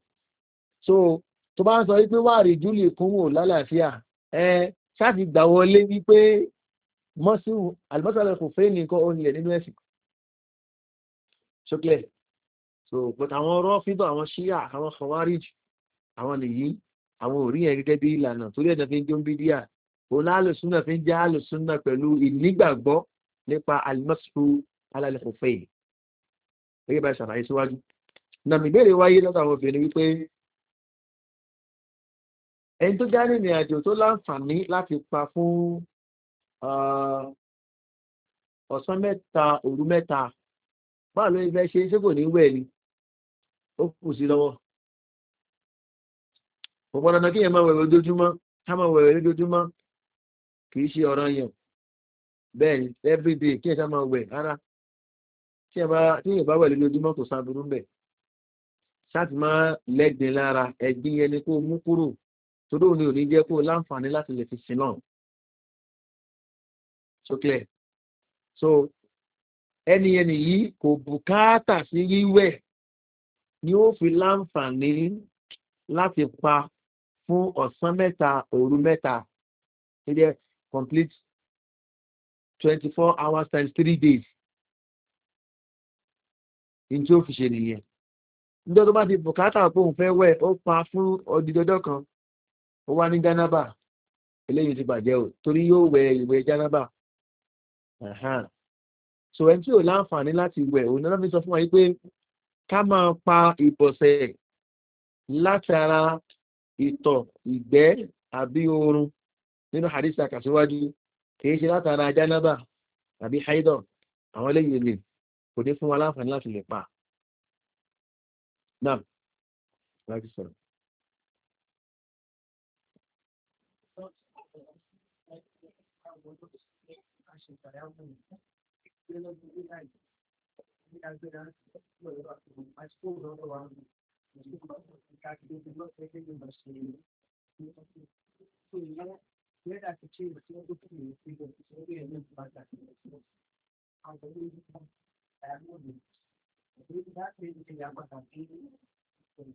so tó bá ń sọ wípé wà rí júlì kúnwò lálàáfíà ẹ ṣáàfi gbà wọlé wípé mọ́síwò àlùmọ́sàlẹ̀ kò fẹ́ nìkan onílẹ̀ nínú ẹ̀sìn ṣókẹ́ so but àwọn ọ̀rọ̀ fídọ̀ àwọn ṣíyà àwọn kọwárìj àwọn nìyí àwọn òrí yẹn gẹ́gẹ́ bí ìlànà torí ẹ̀dá fi ń jó ń bí díà òun lálùsúnà fi ń jẹ́ àlùsúnà pẹ̀lú ìnígbàgbọ́ nípa àlùmọ́síwò alálẹ̀ kò fẹ́ yìí gẹ́gẹ́ bá ṣàlàyé síwájú nàmì ìbéèrè wáyé lọ́dọ̀ àwọn obìnrin wípé ẹni tó já rìnrìn àjò tó láǹfààní láti pa fún ọ̀sán mẹ́ta òru mẹ́ta báwo ló fẹ́ ṣe ṣé kò ní wẹ̀ ni ó kù sí lọ́wọ́ kò gbọ́dọ̀ náà kí yẹn máa wẹ̀wẹ̀ lójoojúmọ́ ká máa wẹ̀wẹ̀ lójoojúmọ́ kì í ṣe ọ̀rọ̀ yẹn bẹ́ẹ̀ ni everyday kí yẹn ká máa wẹ̀ rárá tí yẹn bá wẹ̀ lójoojúmọ́ kò sáà burú ṣáàtì máa lẹ́gbẹ̀ẹ́ lára ẹ̀gbìn yẹn kó mú kúrò torí òun ni ò ní jẹ́ kó láǹfààní láti lè fi sin náà so clear so ẹni ẹni yìí kò bùkátà sí wíwẹ̀ ni ó fi láǹfààní láti pa fún ọ̀sán mẹ́ta òru mẹ́ta ó jẹ́ complete twenty four hours times three days ní tí ó fi ṣe nìyẹn nítorí tó bá ti bùkátà pé òun fẹ́ wẹ̀ ó pa fún ọdídọ́dọ́ kan ó wá ní jánábà eléyìí ti bàjẹ́ o torí yóò wẹ ìwé jánábà so ẹni tí ò láǹfààní láti wẹ̀ òun náà fi sọ fún wa pé ká máa pa ìbọ̀sẹ̀ látara ìtọ̀ ìgbẹ́ àbí oorun nínú àdísà kàṣíwájú kìí ṣe látara jánábà àbí haidọ̀ àwọn eléyìí lè kò ní fún wa láǹfààní láti lè pa náà láti sọ̀rọ̀ quando você achará o bonita, pela duvidade. As viranças, mas por outro lado, ficar aqui dentro de você, dentro de você, né? então, seria assim, negativa, se eu dormir, se eu dormir, assim, né? eu vou passar aqui, alguém me diz, é a bonita. Eu vou dar para né? que ele aguarda aqui, por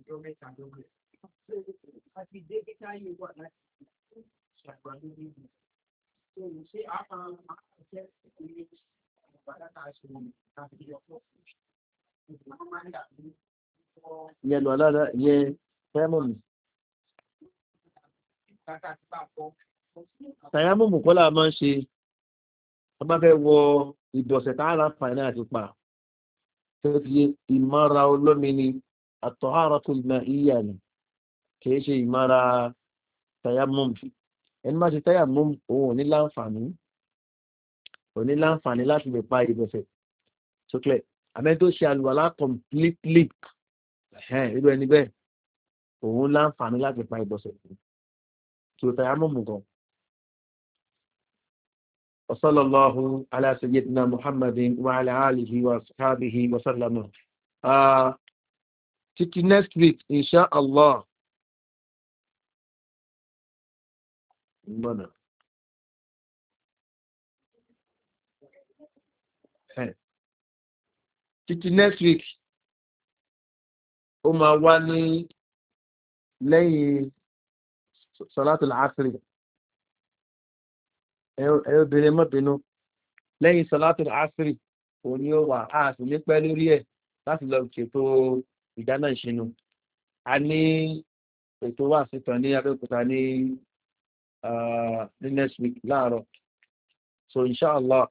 ọjọ́ mẹ́ta ló rẹ̀. àti dókítà yìí wà láti ṣàgbà lórí mi. tó o ṣe àpá àṣẹ ìpínlẹ̀ ìbàdàn àṣẹ omi àti ìyọkọ̀ ìgbà máa ń dàbí. ìyẹn lọ alára ìyẹn fẹ́mọ̀mù. tàyámùmù kọ́lá máa ń ṣe wọ́n bá fẹ́ wọ ìbọ̀sẹ̀ tààrà fàìnà àti pa ìmọ̀ra olómi ni àtọ̀hárọ̀tò ìmọ̀-ìyà ni kìí ṣe ìmára tayamum ẹni máa ṣe tayamum òun oníláǹfààní oníláǹfààní láti lè pa ìbẹ̀fẹ̀ sókè àmẹ́ tó ṣe àlùwàlá completely irú ẹni bẹ́ẹ̀ òun láǹfààní láti pa ìbọ̀sẹ̀ tí tayamum gan وصلى الله على سيدنا محمد وعلى آله وصحابه وسلم آه títí next week insha allah. Gbọ́dọ̀. Títí next week ó máa wá ní lẹ́yìn Salatul Asri. Ẹ obìnrin mọ́bìnú lẹ́yìn Salatul Asri òun ni ó wà á sì ní pẹ́ lórí ẹ̀ láti lọ ṣètò ìdáná ìṣinú a ní ètò wà sítan ní abẹ́òkúta ní ní next week láàárọ̀ so inshallah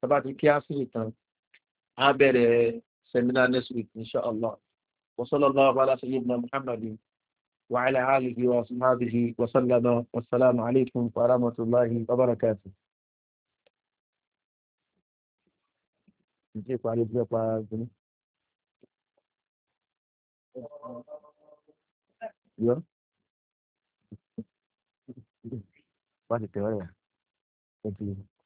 tàbá ti kí á sí ìtàn á bẹ̀rẹ̀ seminar next week inshallah وصلى الله على سيدنا محمد وعلى آله وصحبه وسلم والسلام عليكم ورحمة الله وبركاته Thank you. Yo. Pásate, [LAUGHS] vaya. Continúa.